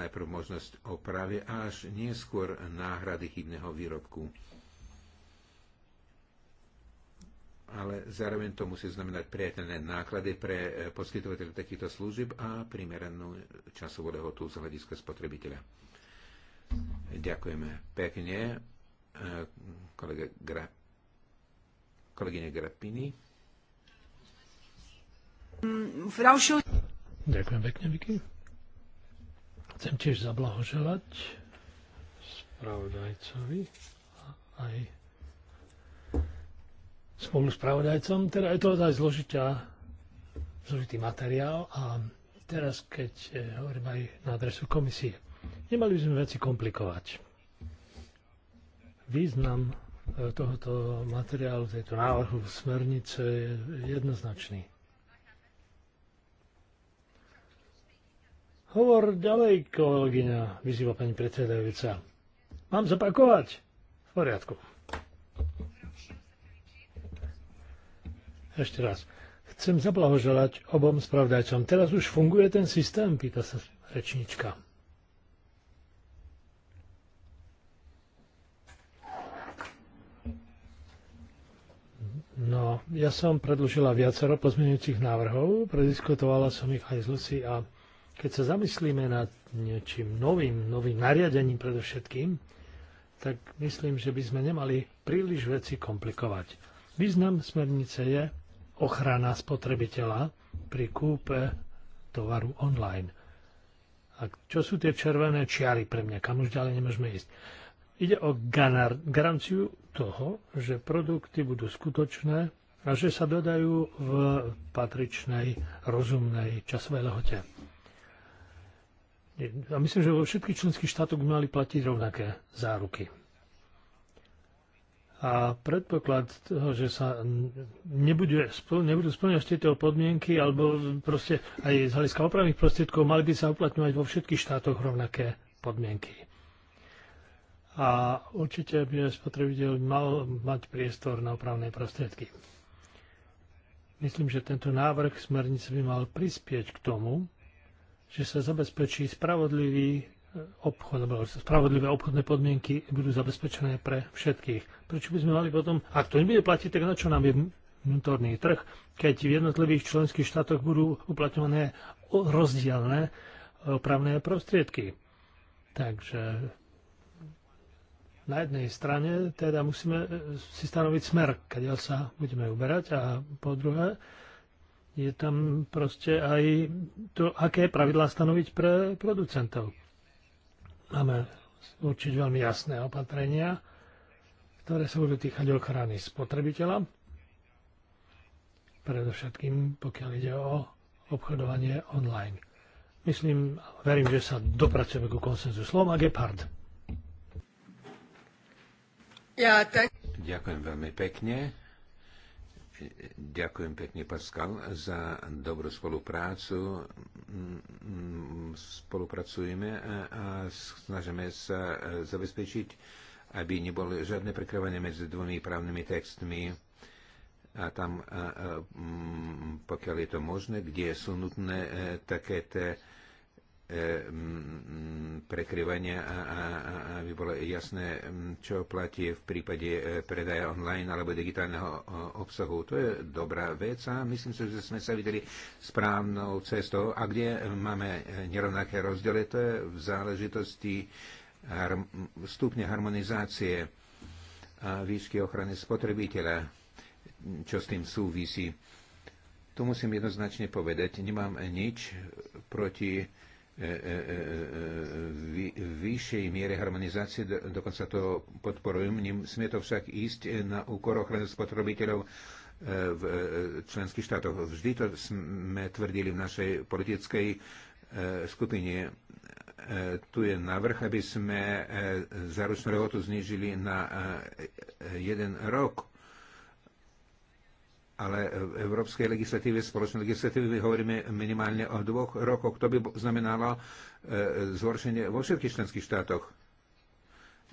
najprv možnosť opravy a až neskôr náhrady chybného výrobku. ale zároveň to musí znamenať priateľné náklady pre e, poskytovateľov takýchto služieb a primeranú časovú lehotu z hľadiska spotrebiteľa. Ďakujeme pekne. E, kolega Gra... Kolegyne Grappini. Ďakujem pekne, Vicky. Chcem tiež zablahoželať spravodajcovi a aj spoluspravodajcom. Teda je to aj zložitá, zložitý materiál a teraz, keď eh, hovorím aj na adresu komisie, nemali by sme veci komplikovať. Význam eh, tohoto materiálu, tejto návrhu smernice je jednoznačný. Hovor ďalej, kolegyňa, vyzýva pani predsedajúca. Mám zapakovať? V poriadku. Ešte raz. Chcem zablahoželať obom spravdajcom. Teraz už funguje ten systém? Pýta sa rečnička. No, ja som predložila viacero pozmeňujúcich návrhov, prediskutovala som ich aj z Lucy a keď sa zamyslíme nad niečím novým, novým nariadením predovšetkým, tak myslím, že by sme nemali príliš veci komplikovať. Význam smernice je ochrana spotrebiteľa pri kúpe tovaru online. A čo sú tie červené čiary pre mňa? Kam už ďalej nemôžeme ísť? Ide o garanciu toho, že produkty budú skutočné a že sa dodajú v patričnej, rozumnej časovej lehote. A myslím, že vo všetkých členských štátoch by mali platiť rovnaké záruky a predpoklad toho, že sa nebude, nebudú splňať tieto podmienky, alebo proste aj z hľadiska opravných prostriedkov mali by sa uplatňovať vo všetkých štátoch rovnaké podmienky. A určite by spotrebiteľ mal mať priestor na opravné prostriedky. Myslím, že tento návrh smernice by mal prispieť k tomu, že sa zabezpečí spravodlivý obchod, alebo spravodlivé obchodné podmienky budú zabezpečené pre všetkých. Prečo by sme mali potom, ak to nebude platiť, tak na čo nám je vnútorný trh, keď v jednotlivých členských štátoch budú uplatňované rozdielne e, opravné prostriedky. Takže na jednej strane teda musíme e, si stanoviť smer, kde sa budeme uberať a po druhé je tam proste aj to, aké pravidlá stanoviť pre producentov. Máme určite veľmi jasné opatrenia, ktoré sa budú týkať ochrany spotrebiteľa, predovšetkým pokiaľ ide o obchodovanie online. Myslím, verím, že sa dopracujeme ku konsenzu. má Gepard. Ja, tak... Ďakujem veľmi pekne Ďakujem pekne, Pascal, za dobrú spoluprácu. Spolupracujeme a snažíme sa zabezpečiť, aby neboli žiadne prekrývanie medzi dvomi právnymi textmi a tam, pokiaľ je to možné, kde sú nutné e, také E, prekryvania, aby bolo jasné, čo platí v prípade e, predaja online alebo digitálneho obsahu. To je dobrá vec a myslím si, že sme sa videli správnou cestou. A kde máme e, nerovnaké rozdiely, to je v záležitosti stupne harmonizácie a výšky ochrany spotrebiteľa, čo s tým súvisí. Tu musím jednoznačne povedať, nemám nič proti E, e, e, vyššej miere harmonizácie, dokonca to podporujem, nesmie to však ísť na úkor ochrany spotrebiteľov v členských štátoch. Vždy to sme tvrdili v našej politickej skupine. Tu je navrh, aby sme záručnú lehotu znižili na jeden rok ale v európskej legislatíve, spoločnej legislatíve hovoríme minimálne o dvoch rokoch. To by znamenalo e, zhoršenie vo všetkých členských štátoch.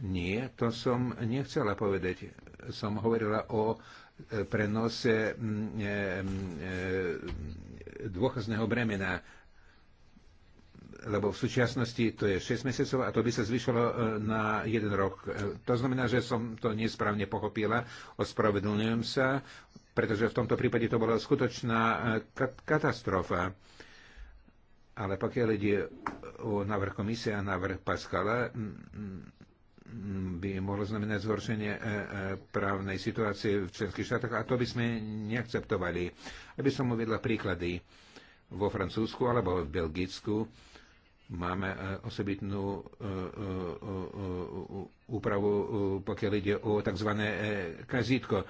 Nie, to som nechcela povedať. Som hovorila o e, prenose e, dôkazného bremena lebo v súčasnosti to je 6 mesiacov a to by sa zvyšilo na 1 rok. To znamená, že som to nesprávne pochopila, ospravedlňujem sa, pretože v tomto prípade to bola skutočná eh, katastrofa. Ale pokiaľ ide o návrh komisie a návrh Pascala, by mohlo znamenať zhoršenie eh, eh, právnej situácie v členských štátoch a to by sme neakceptovali. Aby som uvedla príklady, vo Francúzsku alebo v Belgicku máme osobitnú úpravu, pokiaľ ide o tzv. kazítko.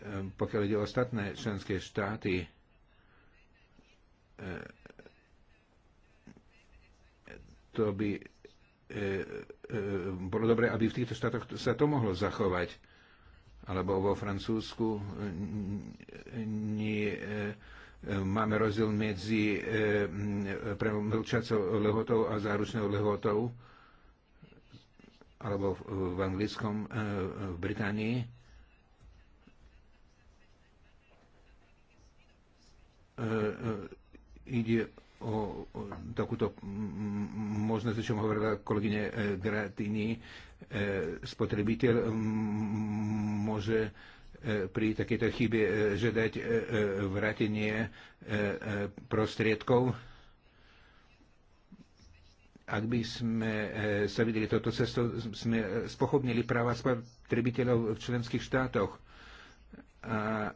Ehm, pokiaľ ide o ostatné členské štáty, ehm, to by ehm, bolo dobré, aby v týchto štátoch sa to mohlo zachovať. Alebo vo Francúzsku nie, máme rozdiel medzi premlčacou lehotou a záručnou lehotou. Alebo v anglickom, v Británii E, e, ide o takúto možnosť, o čom hovorila kolegyne e, Gratini, spotrebiteľ môže pri takejto chybe žiadať vrátenie prostriedkov. Ak by sme sa videli toto cesto, sme spochopnili práva spotrebiteľov v členských štátoch. A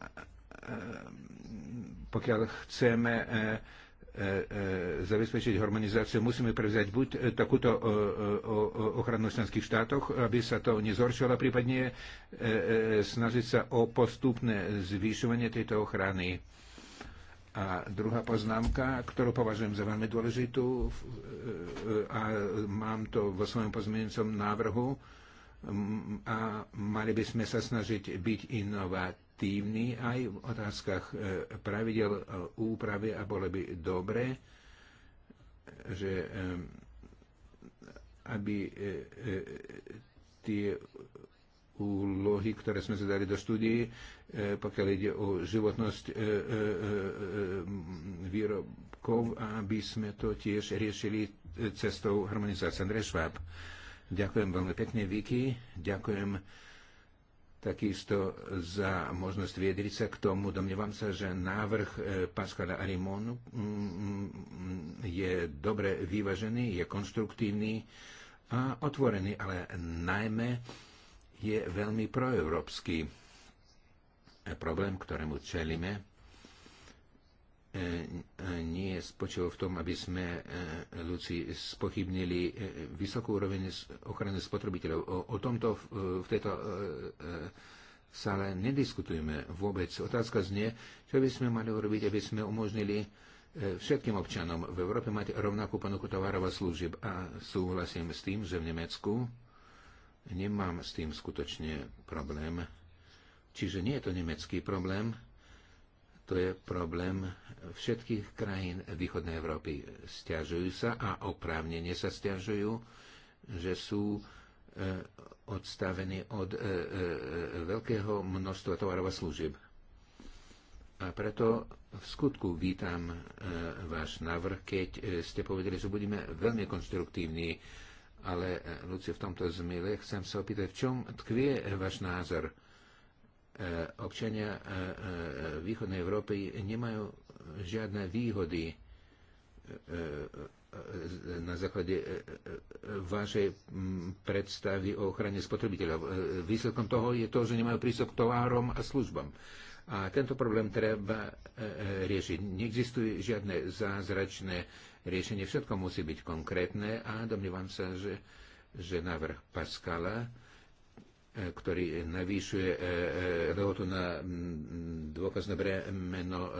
pokiaľ chceme e, e, e, zabezpečiť harmonizáciu, musíme prevziať buď takúto ochranu v členských štátoch, aby sa to nezhoršilo, prípadne snažiť sa o postupné zvýšovanie tejto ochrany. A druhá poznámka, ktorú považujem za veľmi dôležitú a mám to vo svojom pozmeňujúcom návrhu, a mali by sme sa snažiť byť inovat aktívny aj v otázkach e, pravidel e, úpravy a bolo by dobré, že e, aby tie úlohy, ktoré sme zadali do štúdie, pokiaľ ide o životnosť výrobkov, aby sme to tiež riešili cestou harmonizácie. Andrej Šváb. Ďakujem veľmi pekne, Viki. Ďakujem takisto za možnosť viedriť sa k tomu. Domnievam sa, že návrh e, Pascala Arimonu mm, mm, je dobre vyvažený, je konstruktívny a otvorený, ale najmä je veľmi proeurópsky. E, problém, ktorému čelíme, E, nie spočíval v tom, aby sme ľudí e, spochybnili e, vysokú úroveň ochrany spotrebiteľov. O, o tomto v tejto sále nediskutujeme vôbec. Otázka znie, čo by sme mali urobiť, aby sme umožnili všetkým občanom v Európe mať rovnakú ponuku tovarov a služieb. A súhlasím s tým, že v Nemecku nemám s tým skutočne problém. Čiže nie je to nemecký problém, to je problém všetkých krajín východnej Európy. Sťažujú sa a oprávnene sa sťažujú, že sú eh, odstavení od eh, eh, veľkého množstva tovarov a služieb. A preto v skutku vítam váš návrh, keď ste povedali, že budeme veľmi konstruktívni, ale Lucie, v tomto zmyle chcem sa opýtať, v čom tkvie váš názor? E, občania e, e, východnej Európy nemajú žiadne výhody na základe vašej predstavy o ochrane spotrebiteľov. Výsledkom toho je to, že nemajú prístup k továrom a službám. A tento problém treba riešiť. Neexistuje žiadne zázračné riešenie. Všetko musí byť konkrétne a domnievam sa, že, že návrh Pascala E, ktorý navýšuje lehotu e, na dôkazné bremeno e,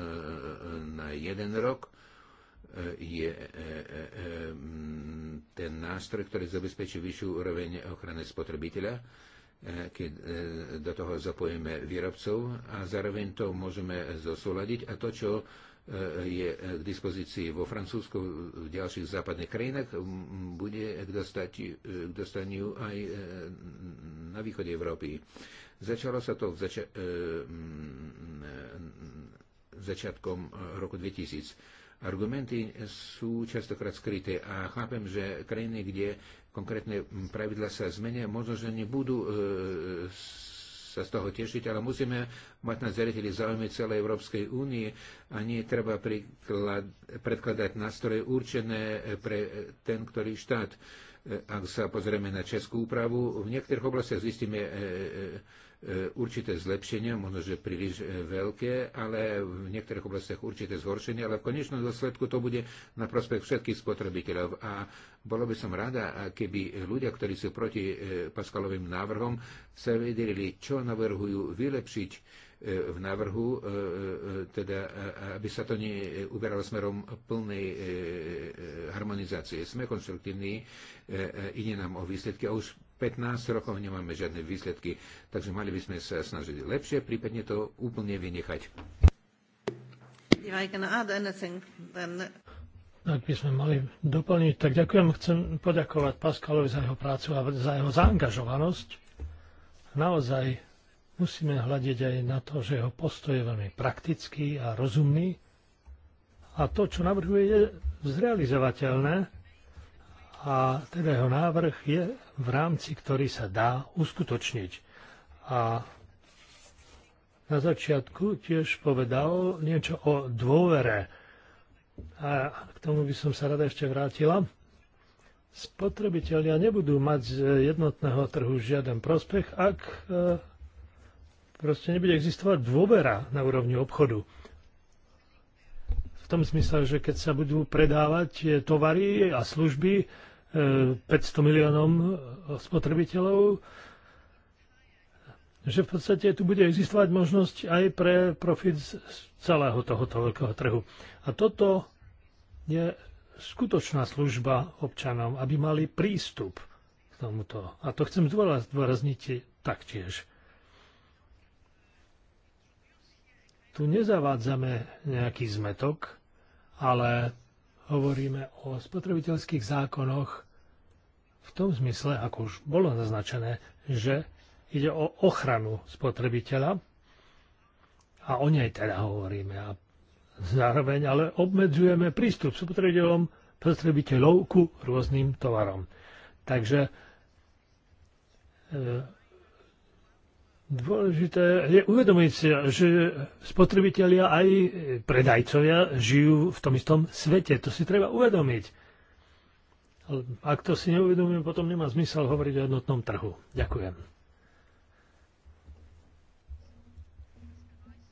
na jeden rok, je ten nástroj, ktorý zabezpečí vyššiu úroveň ochrany spotrebiteľa, keď do toho zapojíme výrobcov a zároveň to môžeme zosúľadiť a to, čo je k dispozícii vo Francúzsku, v ďalších západných krajinách, bude k, dostať, k dostaniu aj e, na východe Európy. Začalo sa to v zača- e, začiatkom roku 2000. Argumenty sú častokrát skryté a chápem, že krajiny, kde konkrétne pravidla sa zmenia, možno, že nebudú e, sa z toho tešiť, ale musíme mať na zreteli záujmy celej Európskej únie a nie treba priklad, predkladať nástroje určené pre ten, ktorý štát. E, ak sa pozrieme na Českú úpravu, v niektorých oblastiach zistíme e, e, E, určité zlepšenia, možno že príliš e, veľké, ale v niektorých oblastiach určité zhoršenie, ale v konečnom dôsledku to bude na prospech všetkých spotrebiteľov. A bolo by som rada, keby ľudia, ktorí sú proti e, Paskalovým návrhom, sa vedeli, čo navrhujú vylepšiť v návrhu, teda aby sa to neuberalo smerom plnej harmonizácie. Sme konstruktívni, ide nám o výsledky a už 15 rokov nemáme žiadne výsledky, takže mali by sme sa snažiť lepšie, prípadne to úplne vynechať. Ak by sme mali doplniť, tak ďakujem, chcem poďakovať Paskalovi za jeho prácu a za jeho zaangažovanosť. Naozaj musíme hľadiť aj na to, že jeho postoj je veľmi praktický a rozumný a to, čo navrhuje, je zrealizovateľné a teda jeho návrh je v rámci, ktorý sa dá uskutočniť. A na začiatku tiež povedal niečo o dôvere. A k tomu by som sa rada ešte vrátila. Spotrebitelia nebudú mať z jednotného trhu žiaden prospech, ak e, proste nebude existovať dôvera na úrovni obchodu. V tom smysle, že keď sa budú predávať e, tovary a služby 500 miliónom e, spotrebiteľov, že v podstate tu bude existovať možnosť aj pre profit z celého tohoto veľkého trhu. A toto je skutočná služba občanom, aby mali prístup k tomuto. A to chcem zdôrazniť taktiež. Tu nezavádzame nejaký zmetok, ale hovoríme o spotrebiteľských zákonoch v tom zmysle, ako už bolo naznačené, že ide o ochranu spotrebiteľa a o nej teda hovoríme a zároveň ale obmedzujeme prístup spotrebiteľom spotrebiteľov ku rôznym tovarom. Takže e, Dôležité je uvedomiť si, že spotrebitelia aj predajcovia žijú v tom istom svete. To si treba uvedomiť. Ak to si neuvedomím, potom nemá zmysel hovoriť o jednotnom trhu. Ďakujem.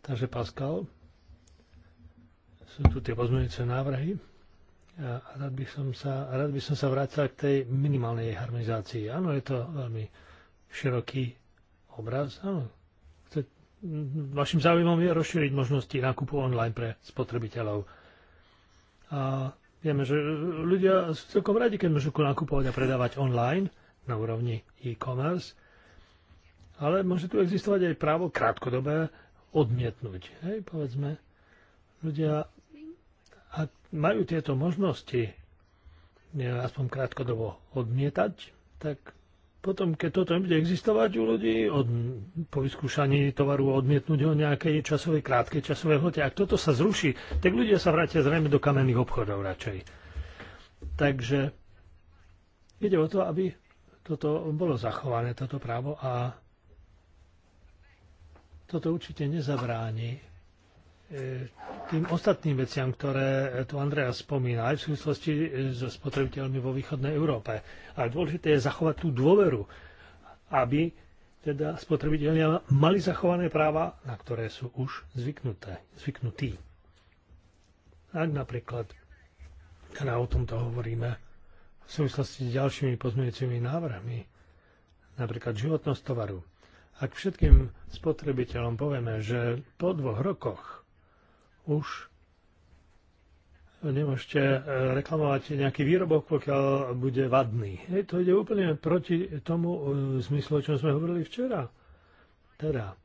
Takže Pascal, sú tu tie pozmeňujúce návrhy. A rád by, som sa, rád by som sa vrátil k tej minimálnej harmonizácii. Áno, je to veľmi široký obraz. Áno. Vašim záujmom je rozšíriť možnosti nákupu online pre spotrebiteľov. A vieme, že ľudia sú celkom radi, keď môžu nakupovať a predávať online na úrovni e-commerce. Ale môže tu existovať aj právo krátkodobé odmietnúť. Hej, povedzme, ľudia ak majú tieto možnosti aspoň krátkodobo odmietať, tak potom, keď toto nebude existovať u ľudí, od, po vyskúšaní tovaru odmietnúť ho nejakej časovej, krátkej časovej hlote, ak toto sa zruší, tak ľudia sa vrátia zrejme do kamenných obchodov radšej. Takže ide o to, aby toto bolo zachované, toto právo a toto určite nezabráni E, tým ostatným veciam, ktoré tu Andrea spomína aj v súvislosti so spotrebiteľmi vo východnej Európe. A dôležité je zachovať tú dôveru, aby teda spotrebitelia mali zachované práva, na ktoré sú už zvyknuté, zvyknutí. Ak napríklad, teda o tomto hovoríme v súvislosti s ďalšími pozmeňujúcimi návrhmi, napríklad životnosť tovaru, ak všetkým spotrebiteľom povieme, že po dvoch rokoch už nemôžete e, reklamovať nejaký výrobok, pokiaľ bude vadný. Hej, to ide úplne proti tomu e, zmyslu, o čom sme hovorili včera. Teda,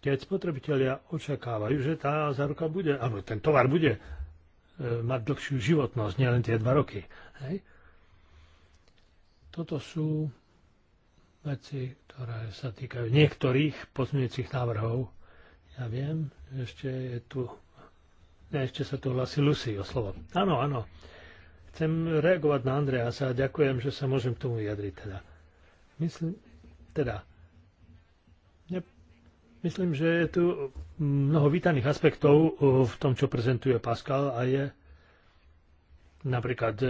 keď spotrebitelia očakávajú, že tá záruka bude, alebo ten tovar bude e, mať dlhšiu životnosť, nielen tie dva roky. Hej. Toto sú veci, ktoré sa týkajú niektorých pozmeňujúcich návrhov. Ja viem, ešte je tu ešte sa tu hlasí Lucy o slovo. Áno, áno. Chcem reagovať na Andreasa a ďakujem, že sa môžem k tomu vyjadriť. Teda. Myslím, teda, ja myslím, že je tu mnoho vítaných aspektov v tom, čo prezentuje Pascal a je napríklad e,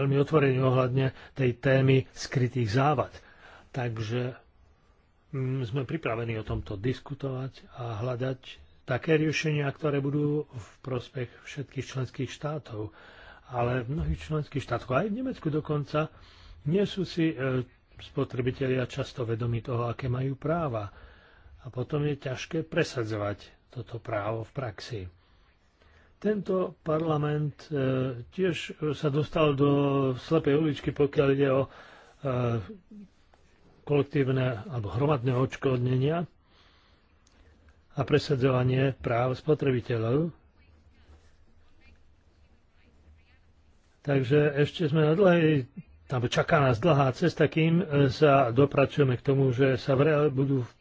veľmi otvorený ohľadne tej témy skrytých závad. Takže mm, sme pripravení o tomto diskutovať a hľadať také riešenia, ktoré budú v prospech všetkých členských štátov. Ale v mnohých členských štátoch, aj v Nemecku dokonca, nie sú si e, spotrebitelia často vedomi toho, aké majú práva. A potom je ťažké presadzovať toto právo v praxi. Tento parlament e, tiež sa dostal do slepej uličky, pokiaľ ide o e, kolektívne alebo hromadné odškodnenia a presadzovanie práv spotrebiteľov. Takže ešte sme na dlhej, tam čaká nás dlhá cesta, kým e, sa dopracujeme k tomu, že sa v reali- budú v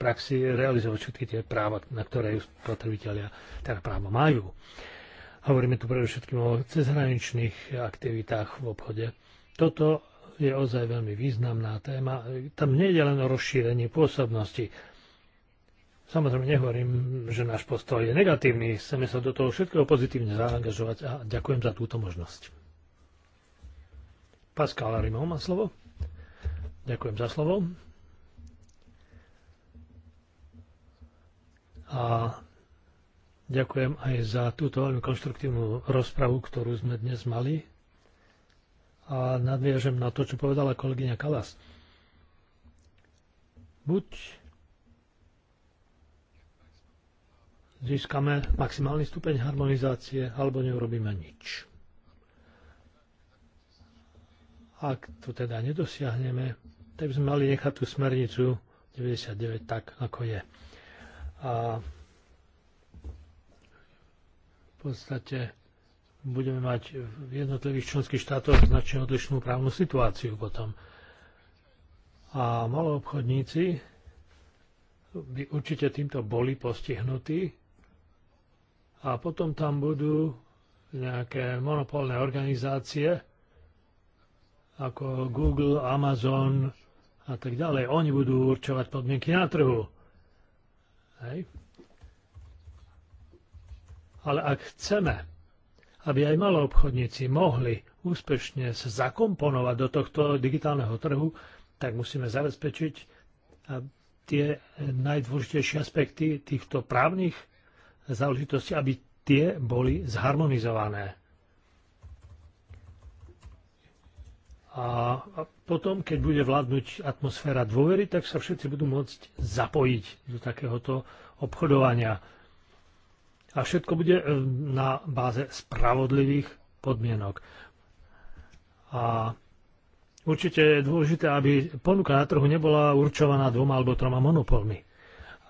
praxi realizovať všetky tie práva, na ktoré spotrebitelia teda právo majú. Hovoríme tu pre všetkým o cezhraničných aktivitách v obchode. Toto je ozaj veľmi významná téma. Tam nejde len o rozšírenie pôsobnosti. Samozrejme, nehovorím, že náš postoj je negatívny. Chceme sa do toho všetkého pozitívne zaangažovať a ďakujem za túto možnosť. Pascal Arimov má slovo. Ďakujem za slovo. A Ďakujem aj za túto veľmi konštruktívnu rozpravu, ktorú sme dnes mali. A nadviežem na to, čo povedala kolegyňa Kalas. Buď získame maximálny stupeň harmonizácie alebo neurobíme nič. Ak to teda nedosiahneme, tak by sme mali nechať tú smernicu 99 tak, ako je. A v podstate budeme mať v jednotlivých členských štátoch značne odlišnú právnu situáciu potom. A maloobchodníci by určite týmto boli postihnutí, a potom tam budú nejaké monopolné organizácie ako Google, Amazon a tak ďalej. Oni budú určovať podmienky na trhu. Hej. Ale ak chceme, aby aj obchodníci mohli úspešne sa zakomponovať do tohto digitálneho trhu, tak musíme zabezpečiť tie najdôležitejšie aspekty týchto právnych záležitosti, aby tie boli zharmonizované. A potom, keď bude vládnuť atmosféra dôvery, tak sa všetci budú môcť zapojiť do takéhoto obchodovania. A všetko bude e, na báze spravodlivých podmienok. A určite je dôležité, aby ponuka na trhu nebola určovaná dvoma alebo troma monopolmi.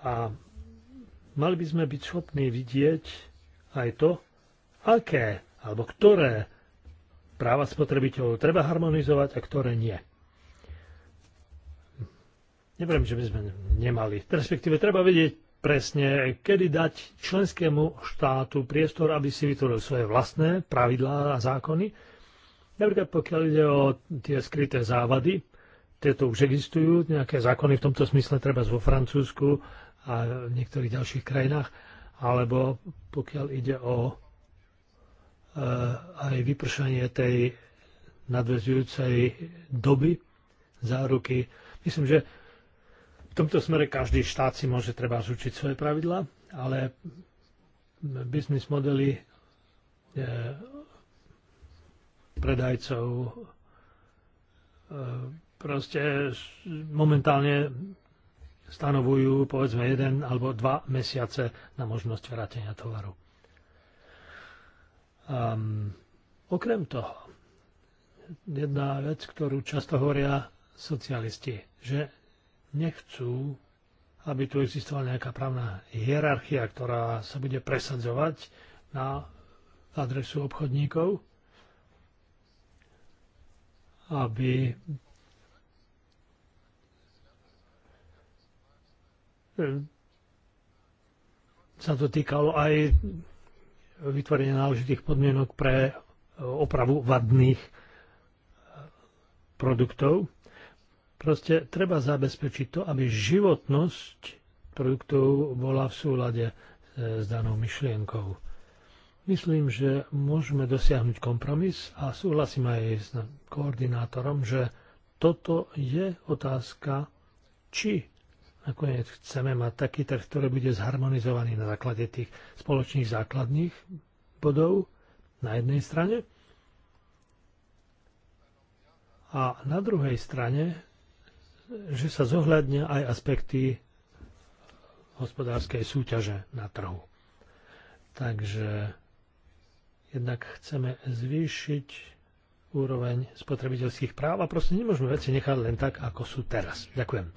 A mali by sme byť schopní vidieť aj to, aké alebo ktoré práva spotrebiteľov treba harmonizovať a ktoré nie. Neviem, že by sme nemali. Respektíve treba vedieť presne, kedy dať členskému štátu priestor, aby si vytvoril svoje vlastné pravidlá a zákony. Napríklad pokiaľ ide o tie skryté závady, tieto už existujú, nejaké zákony v tomto smysle treba vo Francúzsku a v niektorých ďalších krajinách, alebo pokiaľ ide o e, aj vypršanie tej nadvezujúcej doby záruky. Myslím, že v tomto smere každý štát si môže treba zúčiť svoje pravidla, ale biznis modely e, predajcov e, proste momentálne stanovujú povedzme jeden alebo dva mesiace na možnosť vrátenia tovaru. Um, okrem toho, jedna vec, ktorú často hovoria socialisti, že nechcú, aby tu existovala nejaká právna hierarchia, ktorá sa bude presadzovať na adresu obchodníkov, aby Ehm, sa to týkalo aj vytvorenia náležitých podmienok pre e, opravu vadných e, produktov. Proste treba zabezpečiť to, aby životnosť produktov bola v súlade e, s danou myšlienkou. Myslím, že môžeme dosiahnuť kompromis a súhlasím aj s koordinátorom, že toto je otázka, či nakoniec chceme mať taký trh, ktorý bude zharmonizovaný na základe tých spoločných základných bodov na jednej strane a na druhej strane, že sa zohľadnia aj aspekty hospodárskej súťaže na trhu. Takže jednak chceme zvýšiť úroveň spotrebiteľských práv a proste nemôžeme veci nechať len tak, ako sú teraz. Ďakujem.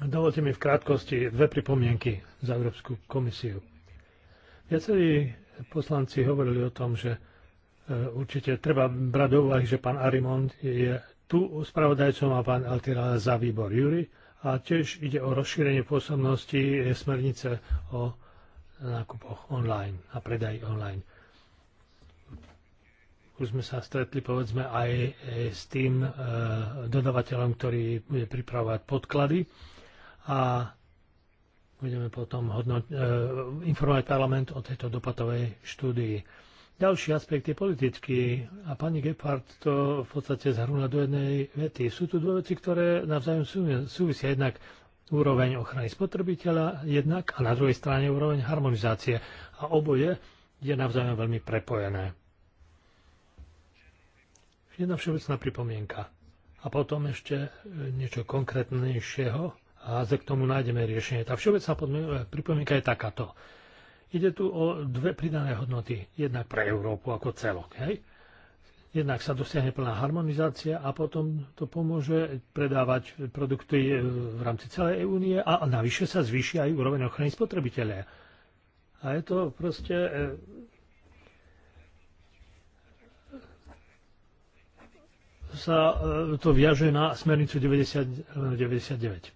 Dovolte mi v krátkosti dve pripomienky za Európsku komisiu. Viacerí poslanci hovorili o tom, že e, určite treba brať do úvahy, že pán Arimond je tu spravodajcom a pán Altira za výbor Júri a tiež ide o rozšírenie pôsobnosti smernice o nákupoch online a predaj online. Už sme sa stretli povedzme aj s tým e, dodavateľom, ktorý bude pripravovať podklady a budeme potom hodno- e, informovať parlament o tejto dopatovej štúdii. Ďalší aspekt je politický a pani Gephardt to v podstate zhrnula do jednej vety. Sú tu dve veci, ktoré navzájom súvisia jednak úroveň ochrany spotrebiteľa jednak a na druhej strane úroveň harmonizácie. A oboje je navzájom veľmi prepojené. Jedna všeobecná pripomienka. A potom ešte e, niečo konkrétnejšieho a k tomu nájdeme riešenie. Tá všeobecná eh, pripomienka je takáto. Ide tu o dve pridané hodnoty. Jednak pre Európu ako celok. Hej? Jednak sa dosiahne plná harmonizácia a potom to pomôže predávať produkty eh, v rámci celej únie a navyše sa zvýši aj úroveň ochrany spotrebiteľa. A je to proste eh, sa to viaže na smernicu 90, 99.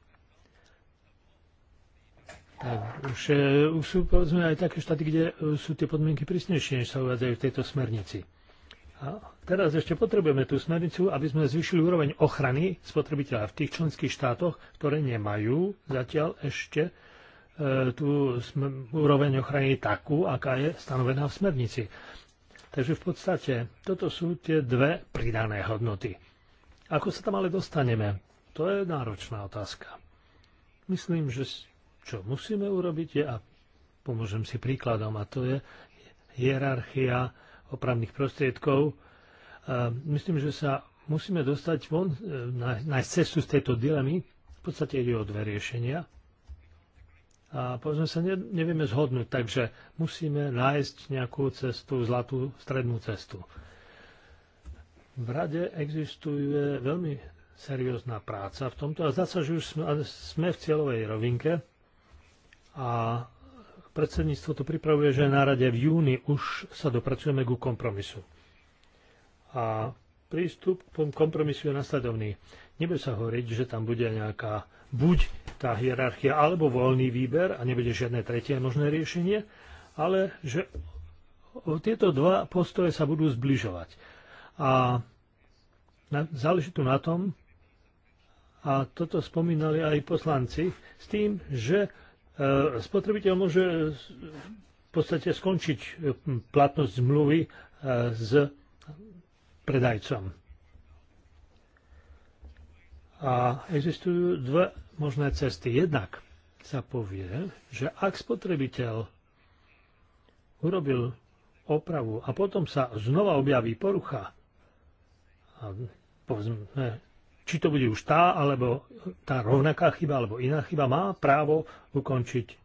Tak už, e, už sú povedzme aj také štáty, kde e, sú tie podmienky prísnejšie, než sa uvádzajú v tejto smernici. A teraz ešte potrebujeme tú smernicu, aby sme zvyšili úroveň ochrany spotrebiteľa v tých členských štátoch, ktoré nemajú zatiaľ ešte e, tú úroveň ochrany takú, aká je stanovená v smernici. Takže v podstate toto sú tie dve pridané hodnoty. Ako sa tam ale dostaneme? To je náročná otázka. Myslím, že čo musíme urobiť, je, a pomôžem si príkladom, a to je hierarchia opravných prostriedkov. E, myslím, že sa musíme dostať von, e, nájsť cestu z tejto dilemy. V podstate ide o dve riešenia. A povedzme sa, ne, nevieme zhodnúť, takže musíme nájsť nejakú cestu, zlatú strednú cestu. V rade existuje veľmi seriózna práca v tomto a zdá sa, že už sme, sme v cieľovej rovinke, a predsedníctvo to pripravuje, že na rade v júni už sa dopracujeme ku kompromisu. A prístup k kompromisu je nasledovný. Nebude sa hovoriť, že tam bude nejaká buď tá hierarchia alebo voľný výber a nebude žiadne tretie možné riešenie, ale že tieto dva postoje sa budú zbližovať. A záleží tu na tom, a toto spomínali aj poslanci, s tým, že E, spotrebiteľ môže v podstate skončiť e, platnosť zmluvy e, s predajcom. A existujú dve možné cesty. Jednak sa povie, že ak spotrebiteľ urobil opravu a potom sa znova objaví porucha, a povedzme, či to bude už tá, alebo tá rovnaká chyba, alebo iná chyba, má právo ukončiť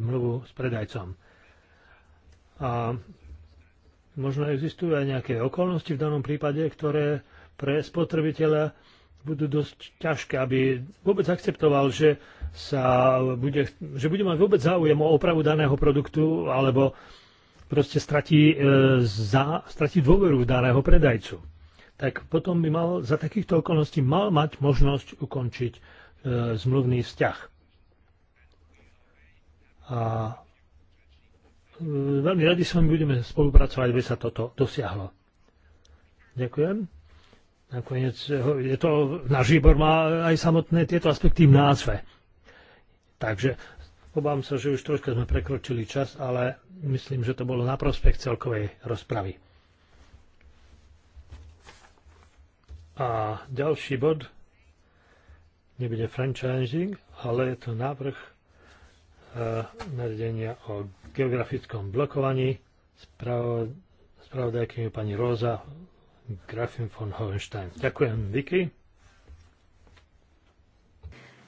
mluvu s predajcom. A možno existujú aj nejaké okolnosti v danom prípade, ktoré pre spotrebiteľa budú dosť ťažké, aby vôbec akceptoval, že, sa bude, že bude mať vôbec záujem o opravu daného produktu alebo proste stratí, e, za, stratí dôveru daného predajcu tak potom by mal za takýchto okolností mal mať možnosť ukončiť e, zmluvný vzťah. A e, veľmi radi s vami budeme spolupracovať, aby sa toto dosiahlo. Ďakujem. Nakoniec e, je to, náš výbor má aj samotné tieto aspekty v názve. Takže obávam sa, že už troška sme prekročili čas, ale myslím, že to bolo na prospech celkovej rozpravy. A ďalší bod nebude franchising, ale je to návrh e, nariadenia o geografickom blokovaní spravodajkyňu pani Róza Grafin von Hohenstein. Ďakujem, Vicky.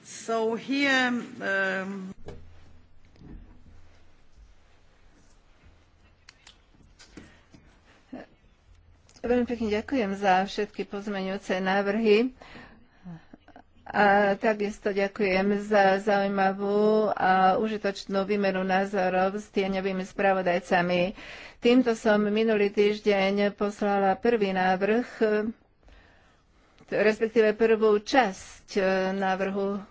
So here, um... Veľmi pekne ďakujem za všetky pozmeňujúce návrhy. A takisto ďakujem za zaujímavú a užitočnú výmenu názorov s tieňovými spravodajcami. Týmto som minulý týždeň poslala prvý návrh, respektíve prvú časť návrhu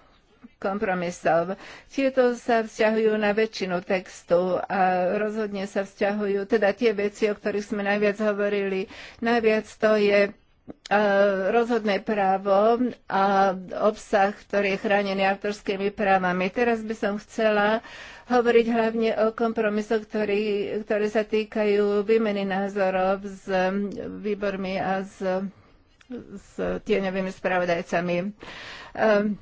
kompromisov. Tieto sa vzťahujú na väčšinu textu a rozhodne sa vzťahujú, teda tie veci, o ktorých sme najviac hovorili, najviac to je e, rozhodné právo a obsah, ktorý je chránený autorskými právami. Teraz by som chcela hovoriť hlavne o kompromisoch, ktorý, ktoré sa týkajú výmeny názorov s výbormi a s, s tieňovými spravodajcami. Um,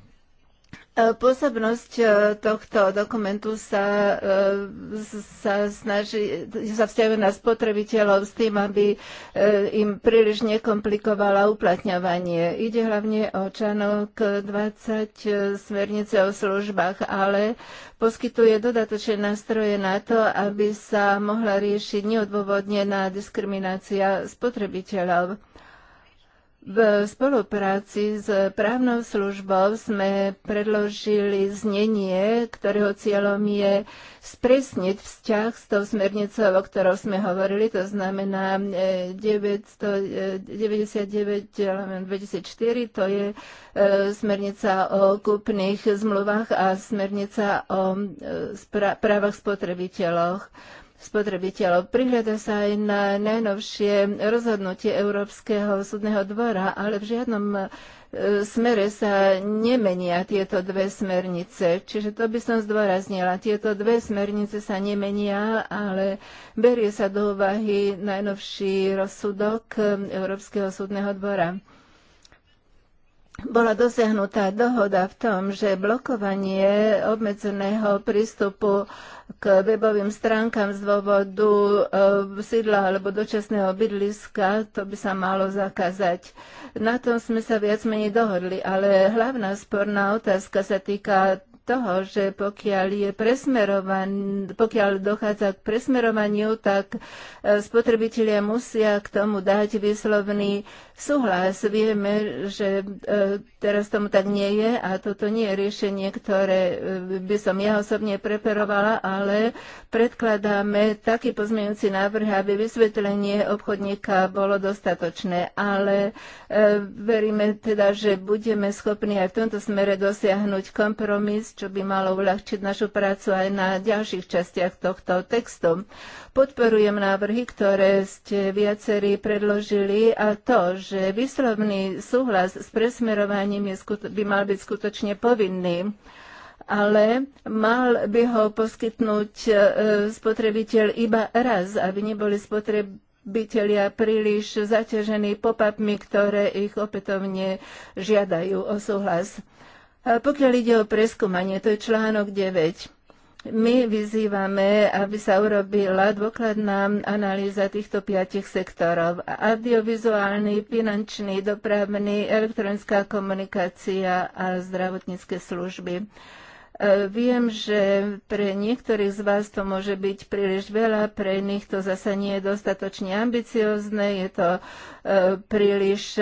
E, pôsobnosť e, tohto dokumentu sa, e, sa snaží, sa vzťahuje na spotrebiteľov s tým, aby im príliš nekomplikovala uplatňovanie. Ide hlavne o článok 20 smernice o službách, ale poskytuje dodatočné nástroje na to, aby sa mohla riešiť neodôvodnená diskriminácia spotrebiteľov. V spolupráci s právnou službou sme predložili znenie, ktorého cieľom je spresniť vzťah s tou smernicou, o ktorou sme hovorili, to znamená 999-2004, e, e, to je e, smernica o kúpnych zmluvách a smernica o právach spotrebiteľoch spotrebiteľov. Prihľada sa aj na najnovšie rozhodnutie Európskeho súdneho dvora, ale v žiadnom e, smere sa nemenia tieto dve smernice. Čiže to by som zdôraznila. Tieto dve smernice sa nemenia, ale berie sa do úvahy najnovší rozsudok e, Európskeho súdneho dvora bola dosiahnutá dohoda v tom, že blokovanie obmedzeného prístupu k webovým stránkam z dôvodu e, sídla alebo dočasného bydliska, to by sa malo zakázať. Na tom sme sa viac menej dohodli, ale hlavná sporná otázka sa týka toho, že pokiaľ, je presmerovan, pokiaľ dochádza k presmerovaniu, tak e, spotrebitelia musia k tomu dať výslovný súhlas. Vieme, že e, teraz tomu tak nie je a toto nie je riešenie, ktoré e, by som ja osobne preperovala, ale predkladáme taký pozmeňujúci návrh, aby vysvetlenie obchodníka bolo dostatočné. Ale e, veríme teda, že budeme schopní aj v tomto smere dosiahnuť kompromis, čo by malo uľahčiť našu prácu aj na ďalších častiach tohto textu. Podporujem návrhy, ktoré ste viacerí predložili a to, že že výslovný súhlas s presmerovaním je, by mal byť skutočne povinný ale mal by ho poskytnúť e, spotrebiteľ iba raz, aby neboli spotrebitelia príliš zaťažení popapmi, ktoré ich opätovne žiadajú o súhlas. A pokiaľ ide o preskúmanie, to je článok 9. My vyzývame, aby sa urobila dôkladná analýza týchto piatich sektorov. Audiovizuálny, finančný, dopravný, elektronická komunikácia a zdravotnícke služby. E, viem, že pre niektorých z vás to môže byť príliš veľa, pre iných to zase nie je dostatočne ambiciozne, je to e, príliš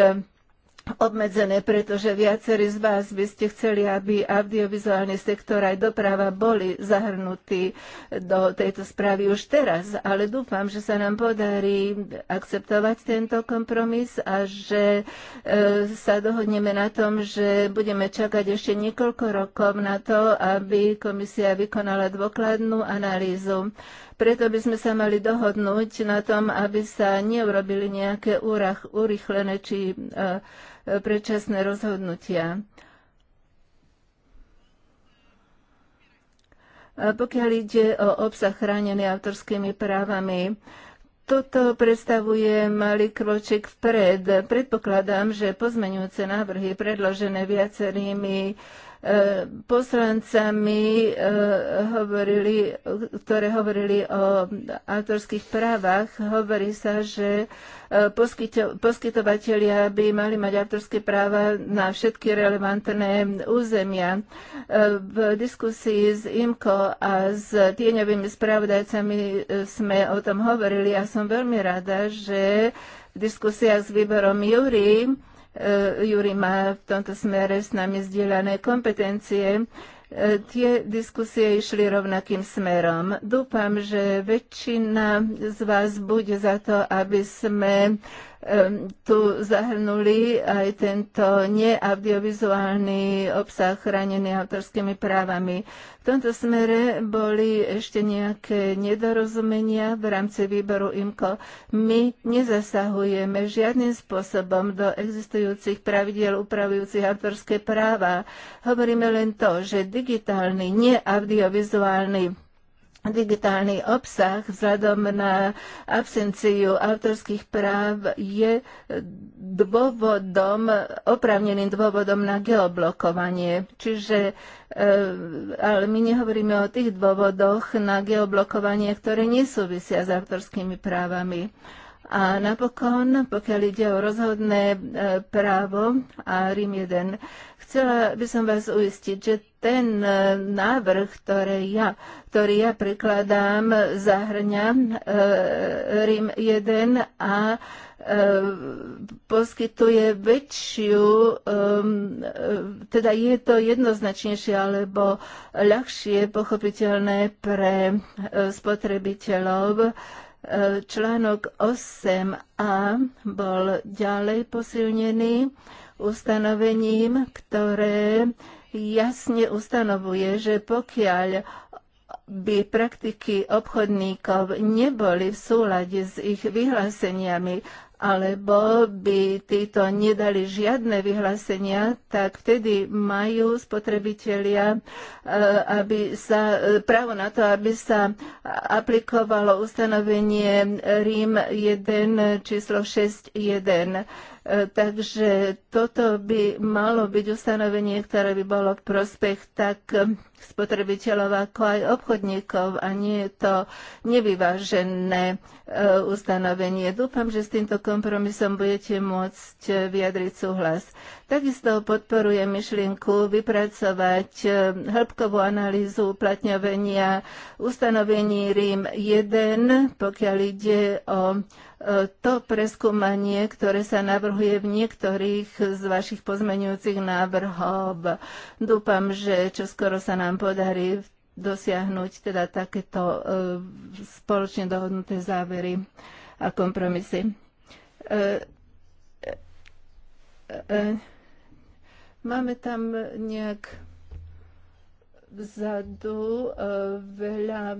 obmedzené, pretože viacerí z vás by ste chceli, aby audiovizuálny sektor aj doprava boli zahrnutí do tejto správy už teraz, ale dúfam, že sa nám podarí akceptovať tento kompromis a že e, sa dohodneme na tom, že budeme čakať ešte niekoľko rokov na to, aby komisia vykonala dôkladnú analýzu preto by sme sa mali dohodnúť na tom, aby sa neurobili nejaké úrach, urychlené či e, e, predčasné rozhodnutia. A pokiaľ ide o obsah chránený autorskými právami, toto predstavuje malý kroček vpred. Predpokladám, že pozmeňujúce návrhy predložené viacerými uh, E, poslancami, e, hovorili, ktoré hovorili o autorských právach. Hovorí sa, že e, poskytovateľia by mali mať autorské práva na všetky relevantné územia. V diskusii s IMKO a s tieňovými spravodajcami sme o tom hovorili a som veľmi rada, že v diskusiách s výborom Júri E, Juri má v tomto smere s nami zdieľané kompetencie. E, Tie diskusie išli rovnakým smerom. Dúfam, že väčšina z vás bude za to, aby sme tu zahrnuli aj tento neaudiovizuálny obsah chránený autorskými právami. V tomto smere boli ešte nejaké nedorozumenia v rámci výboru IMCO. My nezasahujeme žiadnym spôsobom do existujúcich pravidiel upravujúcich autorské práva. Hovoríme len to, že digitálny, neaudiovizuálny digitálny obsah vzhľadom na absenciu autorských práv je dôvodom, oprávneným dôvodom na geoblokovanie. Čiže eh, ale my nehovoríme o tých dôvodoch na geoblokovanie, ktoré nesúvisia s autorskými právami. A napokon, pokiaľ ide o rozhodné e, právo a Rím 1, chcela by som vás uistiť, že ten e, návrh, ktorý ja, ktorý ja prekladám, zahrňa e, Rím 1 a poskytuje väčšiu, teda je to jednoznačnejšie alebo ľahšie pochopiteľné pre spotrebiteľov, Článok 8a bol ďalej posilnený ustanovením, ktoré jasne ustanovuje, že pokiaľ by praktiky obchodníkov neboli v súlade s ich vyhláseniami alebo by títo nedali žiadne vyhlásenia, tak vtedy majú spotrebitelia e, aby sa, e, právo na to, aby sa aplikovalo ustanovenie RIM 1 číslo 6.1 Takže toto by malo byť ustanovenie, ktoré by bolo v prospech tak spotrebiteľov ako aj obchodníkov a nie je to nevyvážené e, ustanovenie. Dúfam, že s týmto kompromisom budete môcť vyjadriť súhlas. Takisto podporujem myšlienku vypracovať e, hĺbkovú analýzu uplatňovania ustanovení RIM 1, pokiaľ ide o to preskúmanie, ktoré sa navrhuje v niektorých z vašich pozmeňujúcich návrhov, dúfam, že čoskoro sa nám podarí dosiahnuť teda takéto e, spoločne dohodnuté závery a kompromisy. E, e, máme tam nejak vzadu e, veľa e,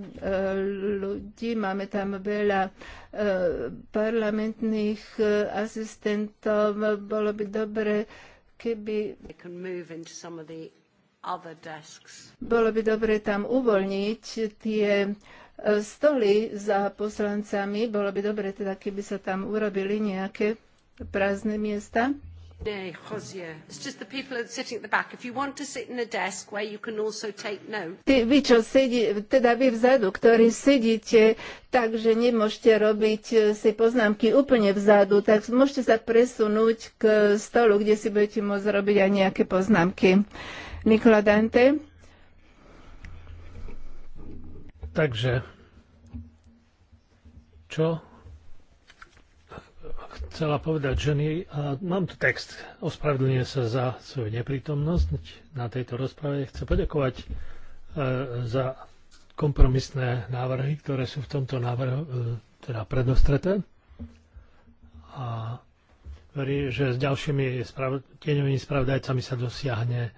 ľudí, máme tam veľa e, parlamentných asistentov. Bolo by dobre, keby... Bolo by dobre tam uvoľniť tie stoly za poslancami. Bolo by dobre teda, keby sa tam urobili nejaké prázdne miesta. Nay, Josia. It's just the people that are sitting at the back. If you want to sit in a desk where you can also take notes. Ty, vy, čo sedí, teda vy vzadu, ktorí sedíte, takže nemôžete robiť e, si poznámky úplne vzadu, tak môžete sa presunúť k stolu, kde si budete môcť robiť aj nejaké poznámky. Nikola Dante. Takže, čo chcela povedať ženy, a mám tu text, ospravedlňuje sa za svoju neprítomnosť na tejto rozprave. Chcem poďakovať e, za kompromisné návrhy, ktoré sú v tomto návrhu e, teda prednostreté. A verím, že s ďalšími sprav- tieňovými spravodajcami sa dosiahne e,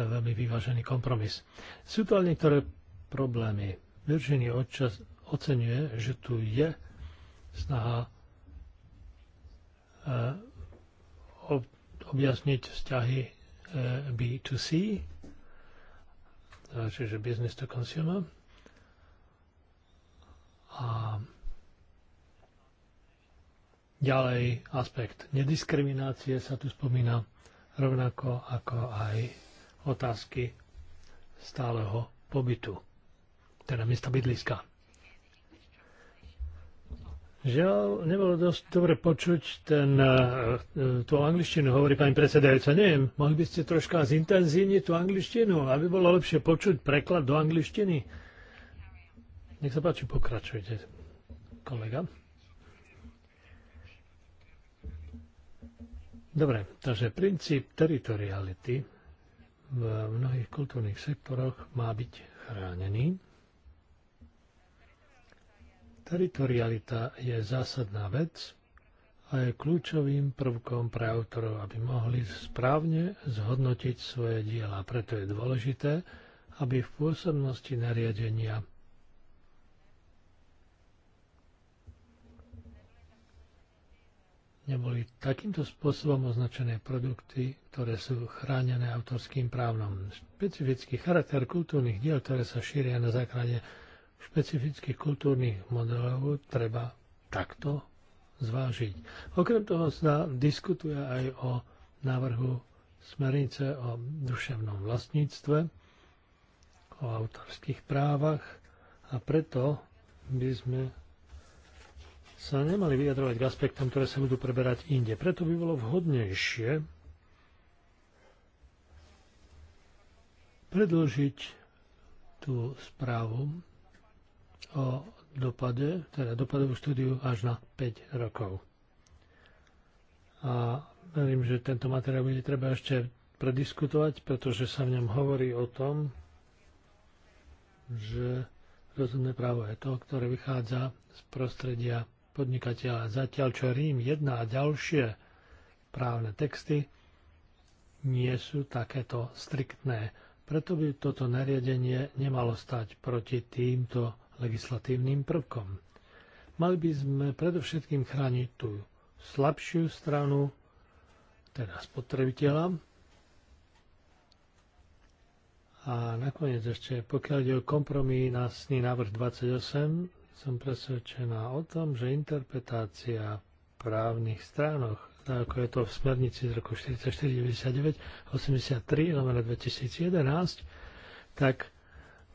veľmi vyvážený kompromis. Sú tu ale niektoré problémy. Virginia odčas oceňuje, že tu je snaha Eh, objasniť vzťahy eh, B2C, čiže business to consumer. A ďalej aspekt nediskriminácie sa tu spomína, rovnako ako aj otázky stáleho pobytu, teda miesta bydliska. Žiaľ, nebolo dosť dobre počuť ten, e, e, tú angličtinu, hovorí pani predsedajúca. Neviem, mohli by ste troška zintenzívniť tú angličtinu, aby bolo lepšie počuť preklad do angličtiny. Nech sa páči, pokračujte, kolega. Dobre, takže princíp teritoriality v mnohých kultúrnych sektoroch má byť chránený Teritorialita je zásadná vec a je kľúčovým prvkom pre autorov, aby mohli správne zhodnotiť svoje diela. Preto je dôležité, aby v pôsobnosti nariadenia neboli takýmto spôsobom označené produkty, ktoré sú chránené autorským právom. Špecifický charakter kultúrnych diel, ktoré sa šíria na základe špecifických kultúrnych modelov treba takto zvážiť. Okrem toho sa diskutuje aj o návrhu smernice o duševnom vlastníctve, o autorských právach a preto by sme sa nemali vyjadrovať k aspektom, ktoré sa budú preberať inde. Preto by bolo vhodnejšie predložiť tú správu o dopade, teda dopadovú štúdiu až na 5 rokov. A verím, že tento materiál bude treba ešte prediskutovať, pretože sa v ňom hovorí o tom, že rozumné právo je to, ktoré vychádza z prostredia podnikateľa. Zatiaľ, čo Rím 1 a ďalšie právne texty nie sú takéto striktné. Preto by toto nariadenie nemalo stať proti týmto legislatívnym prvkom. Mali by sme predovšetkým chrániť tú slabšiu stranu, teda spotrebiteľa. A nakoniec ešte, pokiaľ ide o kompromisný návrh 28, som presvedčená o tom, že interpretácia právnych stránoch, tak ako je to v smernici z roku 99, 83, 2011, tak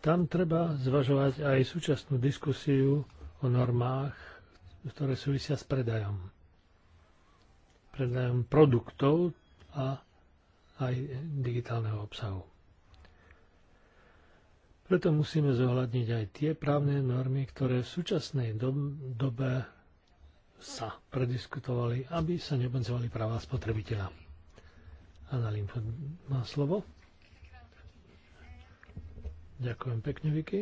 tam treba zvažovať aj súčasnú diskusiu o normách, ktoré súvisia s predajom. Predajom produktov a aj digitálneho obsahu. Preto musíme zohľadniť aj tie právne normy, ktoré v súčasnej dobe sa prediskutovali, aby sa neobmedzovali práva spotrebiteľa. Analým má slovo. Ďakujem pekne, Vicky.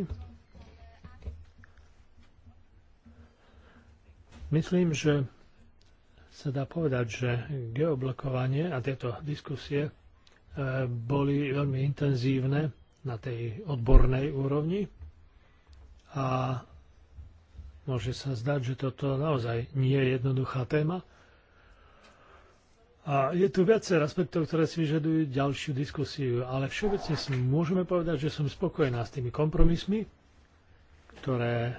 Myslím, že sa dá povedať, že geoblokovanie a tieto diskusie e, boli veľmi intenzívne na tej odbornej úrovni a môže sa zdať, že toto naozaj nie je jednoduchá téma, a je tu viacer aspektov, ktoré si vyžadujú ďalšiu diskusiu, ale všeobecne si môžeme povedať, že som spokojná s tými kompromismi, ktoré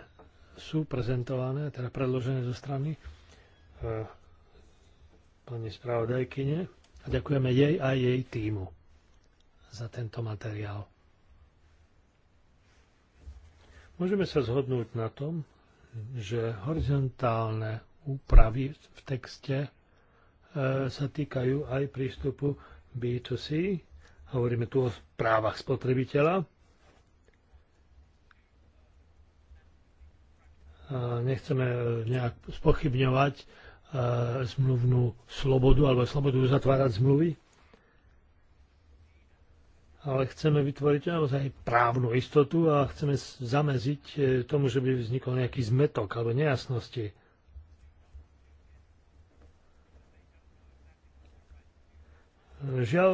sú prezentované, teda predložené zo strany e, pani spravodajkyne a ďakujeme jej a jej týmu za tento materiál. Môžeme sa zhodnúť na tom, že horizontálne úpravy v texte E, sa týkajú aj prístupu B2C. Hovoríme tu o právach spotrebiteľa. Nechceme nejak spochybňovať e, zmluvnú slobodu alebo slobodu zatvárať zmluvy, ale chceme vytvoriť naozaj právnu istotu a chceme zameziť e, tomu, že by vznikol nejaký zmetok alebo nejasnosti Žiaľ,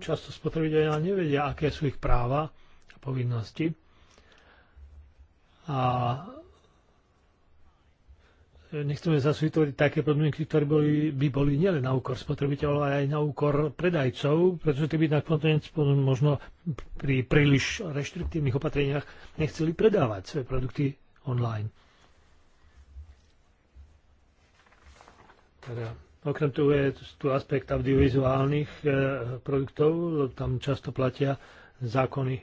často spotrebiteľia nevedia, aké sú ich práva a povinnosti. A nechceme zase vytvoriť také podmienky, ktoré boli, by boli nielen na úkor spotrebiteľov, ale aj na úkor predajcov, pretože tí by na kontinent možno pri príliš reštriktívnych opatreniach nechceli predávať svoje produkty online. Teda Okrem toho je tu aspekt audiovizuálnych eh, produktov, tam často platia zákony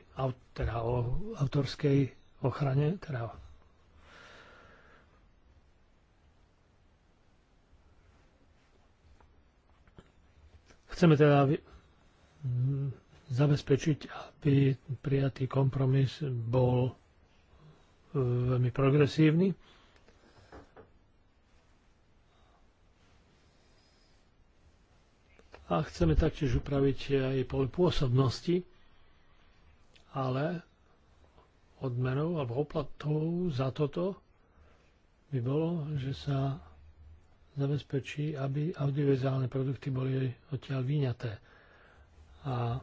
teda o autorskej ochrane, teda Chceme teda zabezpečiť, aby prijatý kompromis bol eh, veľmi progresívny. a chceme taktiež upraviť aj pole pôsobnosti, ale odmenou alebo oplatou za toto by bolo, že sa zabezpečí, aby audiovizuálne produkty boli odtiaľ vyňaté. A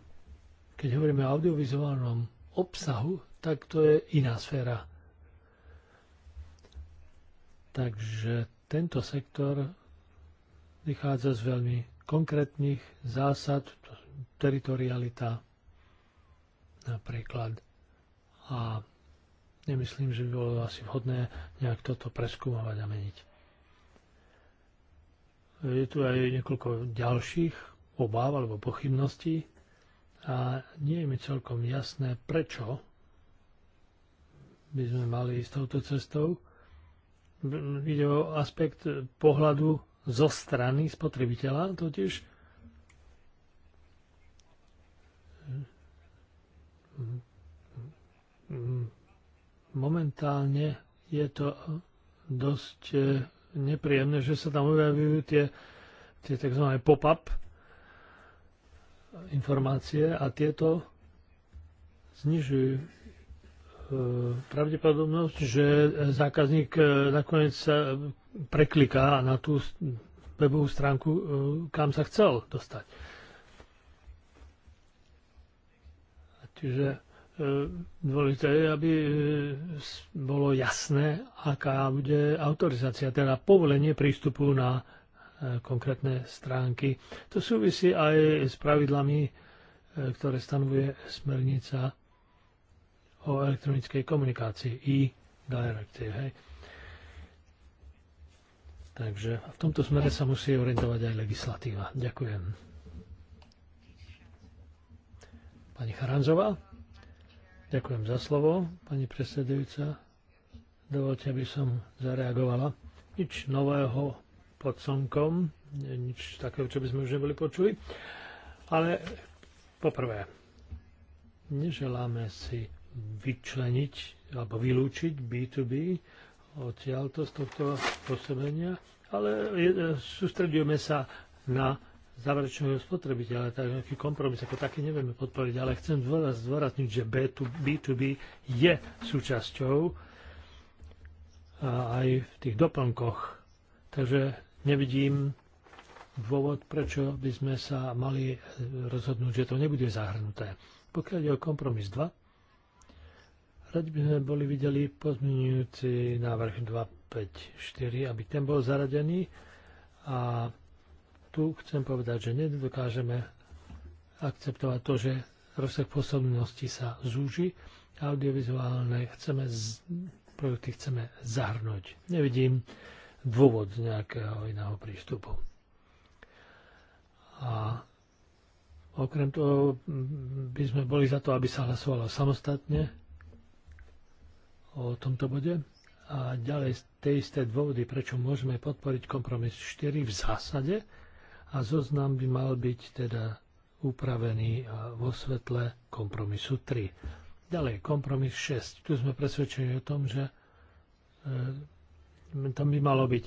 keď hovoríme o audiovizuálnom obsahu, tak to je iná sféra. Takže tento sektor vychádza z veľmi konkrétnych zásad, teritorialita napríklad. A nemyslím, že by bolo asi vhodné nejak toto preskúmovať a meniť. Je tu aj niekoľko ďalších obáv alebo pochybností a nie je mi celkom jasné, prečo by sme mali ísť touto cestou. Ide o aspekt pohľadu zo strany spotrebiteľa totiž momentálne je to dosť eh, nepríjemné, že sa tam objavujú tie, tie tzv. pop-up informácie a tieto znižujú eh, pravdepodobnosť, že zákazník eh, nakoniec sa prekliká na tú webovú stránku, e, kam sa chcel dostať. Čiže e, dôležité je, aby e, bolo jasné, aká bude autorizácia, teda povolenie prístupu na konkrétne stránky. To súvisí aj s pravidlami, ktoré stanovuje smernica o elektronickej komunikácii e-directive. Takže v tomto smere sa musí orientovať aj legislatíva. Ďakujem. Pani Charanzová? Ďakujem za slovo, pani predsedujúca. Dovolte, aby som zareagovala. Nič nového pod slnkom, nič takého, čo by sme už neboli počuli. Ale poprvé, neželáme si vyčleniť alebo vylúčiť B2B, odtiaľto z tohto pôsobenia, ale e, sústredujeme sa na záverečného spotrebiteľa, Tak nejaký kompromis ako taký nevieme podporiť, ale chcem zdôrazniť, že B2B je súčasťou aj v tých doplnkoch. Takže nevidím dôvod, prečo by sme sa mali rozhodnúť, že to nebude zahrnuté. Pokiaľ je o kompromis 2, Radi by sme boli videli pozmeňujúci návrh 254, aby ten bol zaradený a tu chcem povedať, že nedokážeme akceptovať to, že rozsah pôsobnosti sa zúži, audiovizuálne chceme z, produkty chceme zahrnúť. Nevidím dôvod nejakého iného prístupu. A okrem toho by sme boli za to, aby sa hlasovalo samostatne o tomto bode. A ďalej tie isté dôvody, prečo môžeme podporiť kompromis 4 v zásade a zoznam by mal byť teda upravený vo svetle kompromisu 3. Ďalej, kompromis 6. Tu sme presvedčení o tom, že e, tam by malo byť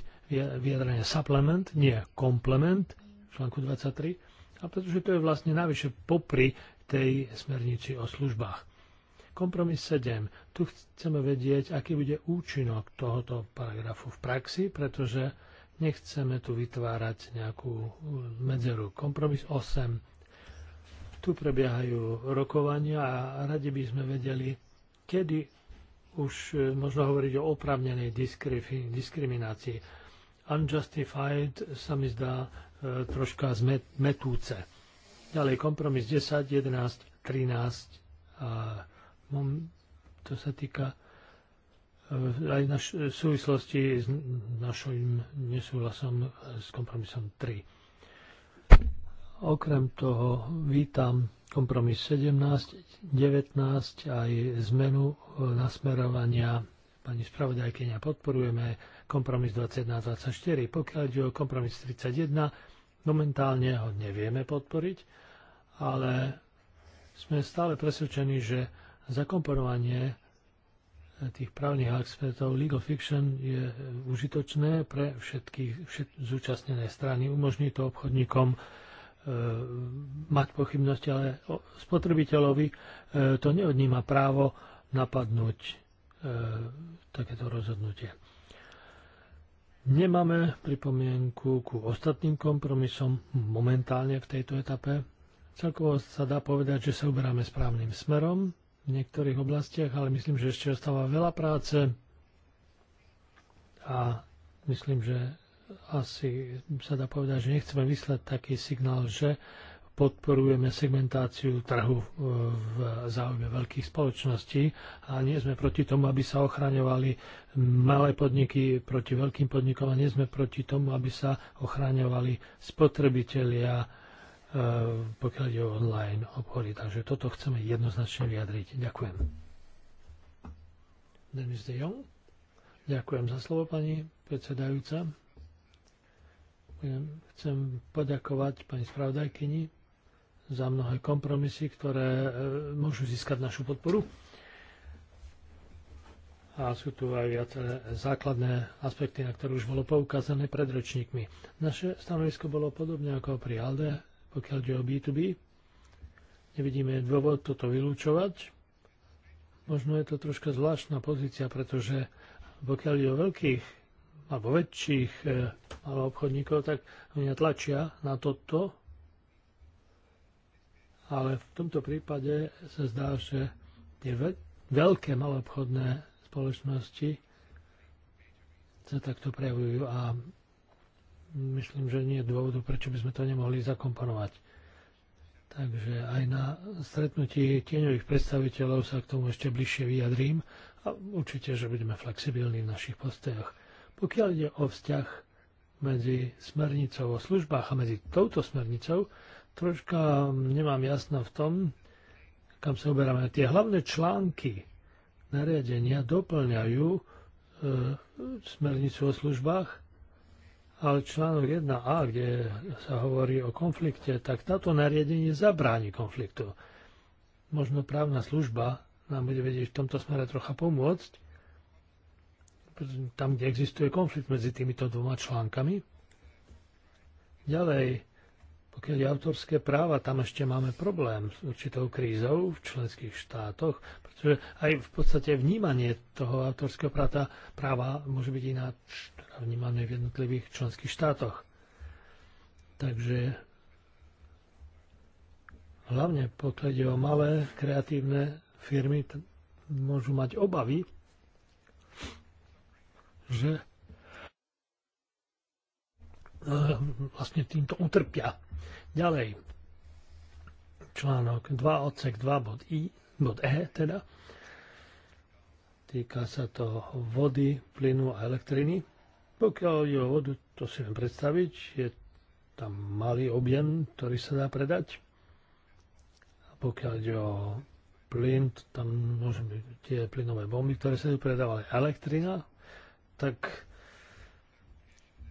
vyjadrenie supplement, nie komplement v článku 23, a pretože to je vlastne navyše popri tej smernici o službách. Kompromis 7. Tu chceme vedieť, aký bude účinok tohoto paragrafu v praxi, pretože nechceme tu vytvárať nejakú medzeru. Kompromis 8. Tu prebiehajú rokovania a radi by sme vedeli, kedy už e, možno hovoriť o opravnenej diskriminácii. Unjustified sa mi zdá e, troška zmetúce. Ďalej kompromis 10, 11, 13 a to sa týka eh, aj v, naš- v súvislosti s našim nesúhlasom eh, s kompromisom 3. Okrem toho vítam kompromis 17, 19 aj zmenu eh, nasmerovania pani spravodajkyňa podporujeme kompromis 21-24. Pokiaľ ide o kompromis 31, momentálne ho nevieme podporiť, ale sme stále presvedčení, že zakomponovanie tých právnych aspektov legal fiction je užitočné pre všetky všet, zúčastnené strany. Umožní to obchodníkom e, mať pochybnosti, ale spotrebiteľovi e, to neodníma právo napadnúť e, takéto rozhodnutie. Nemáme pripomienku ku ostatným kompromisom momentálne v tejto etape. Celkovo sa dá povedať, že sa uberáme správnym smerom, v niektorých oblastiach, ale myslím, že ešte ostáva veľa práce a myslím, že asi sa dá povedať, že nechceme vyslať taký signál, že podporujeme segmentáciu trhu e, v záujme veľkých spoločností a nie sme proti tomu, aby sa ochraňovali malé podniky proti veľkým podnikom a nie sme proti tomu, aby sa ochraňovali spotrebitelia Eh, pokiaľ ide o online obchody. Takže toto chceme jednoznačne vyjadriť. Ďakujem. Denis de Jong. Ďakujem za slovo, pani predsedajúca. Chcem poďakovať pani spravodajkyni za mnohé kompromisy, ktoré eh, môžu získať našu podporu. A sú tu aj viaceré základné aspekty, na ktoré už bolo poukázané pred rečníkmi. Naše stanovisko bolo podobne ako pri ALDE pokiaľ ide o B2B. Nevidíme dôvod toto vylúčovať. Možno je to troška zvláštna pozícia, pretože pokiaľ ide o veľkých alebo väčších e, malo obchodníkov, tak mňa tlačia na toto. Ale v tomto prípade sa zdá, že tie veľké malobchodné spoločnosti sa takto prejavujú a myslím, že nie je dôvodu, prečo by sme to nemohli zakomponovať. Takže aj na stretnutí tieňových predstaviteľov sa k tomu ešte bližšie vyjadrím a určite, že budeme flexibilní v našich postojoch. Pokiaľ ide o vzťah medzi smernicou o službách a medzi touto smernicou, troška nemám jasno v tom, kam sa uberáme. Tie hlavné články nariadenia doplňajú e, smernicu o službách ale článok 1a, kde sa hovorí o konflikte, tak táto nariadenie zabráni konfliktu. Možno právna služba nám bude vedieť v tomto smere trocha pomôcť, tam, kde existuje konflikt medzi týmito dvoma článkami. Ďalej, pokiaľ je autorské práva, tam ešte máme problém s určitou krízou v členských štátoch, pretože aj v podstate vnímanie toho autorského práva, práva môže byť ináč a vnímané v jednotlivých členských štátoch. Takže hlavne pokiaľ ide o malé kreatívne firmy, môžu mať obavy, že eh, vlastne týmto utrpia. Ďalej, článok 2 odsek 2 bod, I, bod E teda, týka sa to vody, plynu a elektriny. Pokiaľ ide o vodu, to si viem predstaviť, je tam malý objem, ktorý sa dá predať. A pokiaľ ide o plyn, tam môžu byť tie plynové bomby, ktoré sa predávali elektrina, tak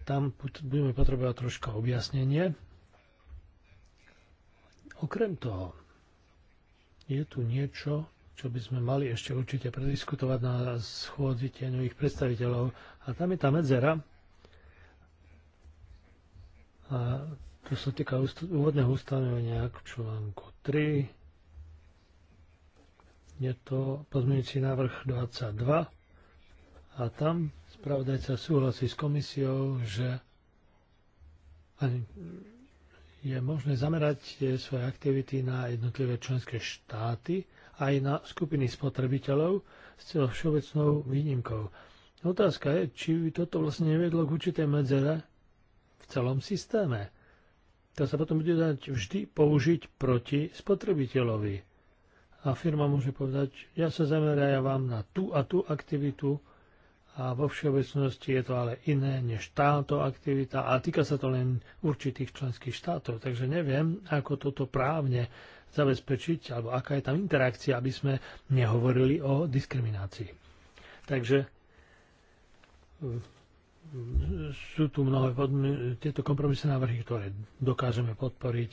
tam budeme potrebovať troška objasnenie. Okrem toho, je tu niečo, čo by sme mali ešte určite prediskutovať na schôdzi tieňových predstaviteľov. A tam je tá medzera. A to sa týka úvodného ustanovenia k článku 3. Je to pozmeňujúci návrh 22. A tam spravodajca súhlasí s komisiou, že je možné zamerať svoje aktivity na jednotlivé členské štáty, aj na skupiny spotrebiteľov s všeobecnou výnimkou. Otázka je, či by toto vlastne nevedlo k určitej medzere v celom systéme. To sa potom bude dať vždy použiť proti spotrebiteľovi. A firma môže povedať, ja sa zameriavam na tú a tú aktivitu a vo všeobecnosti je to ale iné než táto aktivita a týka sa to len určitých členských štátov. Takže neviem, ako toto právne zabezpečiť, alebo aká je tam interakcia, aby sme nehovorili o diskriminácii. Takže mm, sú tu mnohé tieto kompromisné návrhy, ktoré dokážeme podporiť,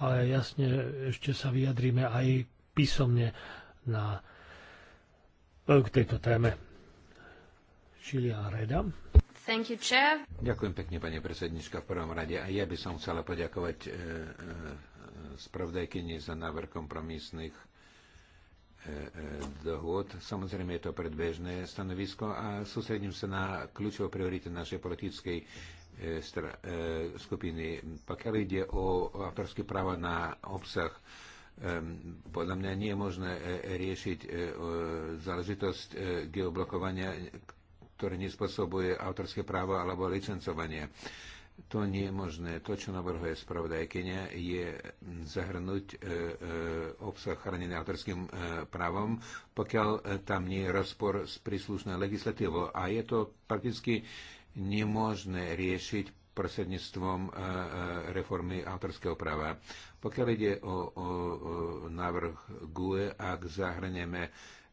ale jasne ešte sa vyjadríme aj písomne na, e, k tejto téme. Čilia Reda. Thank you, chair. Ďakujem pekne, pani predsednička, v prvom rade. A ja by som chcela poďakovať e, e, spravodajkyni za návrh kompromisných e, e, dohod. Samozrejme je to predbežné stanovisko a sústredím sa na kľúčové priority našej politickej e, skupiny. Pokiaľ ide o autorské práva na obsah, podľa mňa nie je možné riešiť záležitosť geoblokovania, ktoré nespôsobuje autorské právo alebo licencovanie. To nie je možné. To, čo navrhuje spravodajkynia, je zahrnúť e, e, obsah chránený autorským e, právom, pokiaľ e, tam nie je rozpor s príslušnou legislatívou. A je to prakticky nemožné riešiť prostredníctvom e, e, reformy autorského práva. Pokiaľ ide o, o, o návrh GUE, ak zahrnieme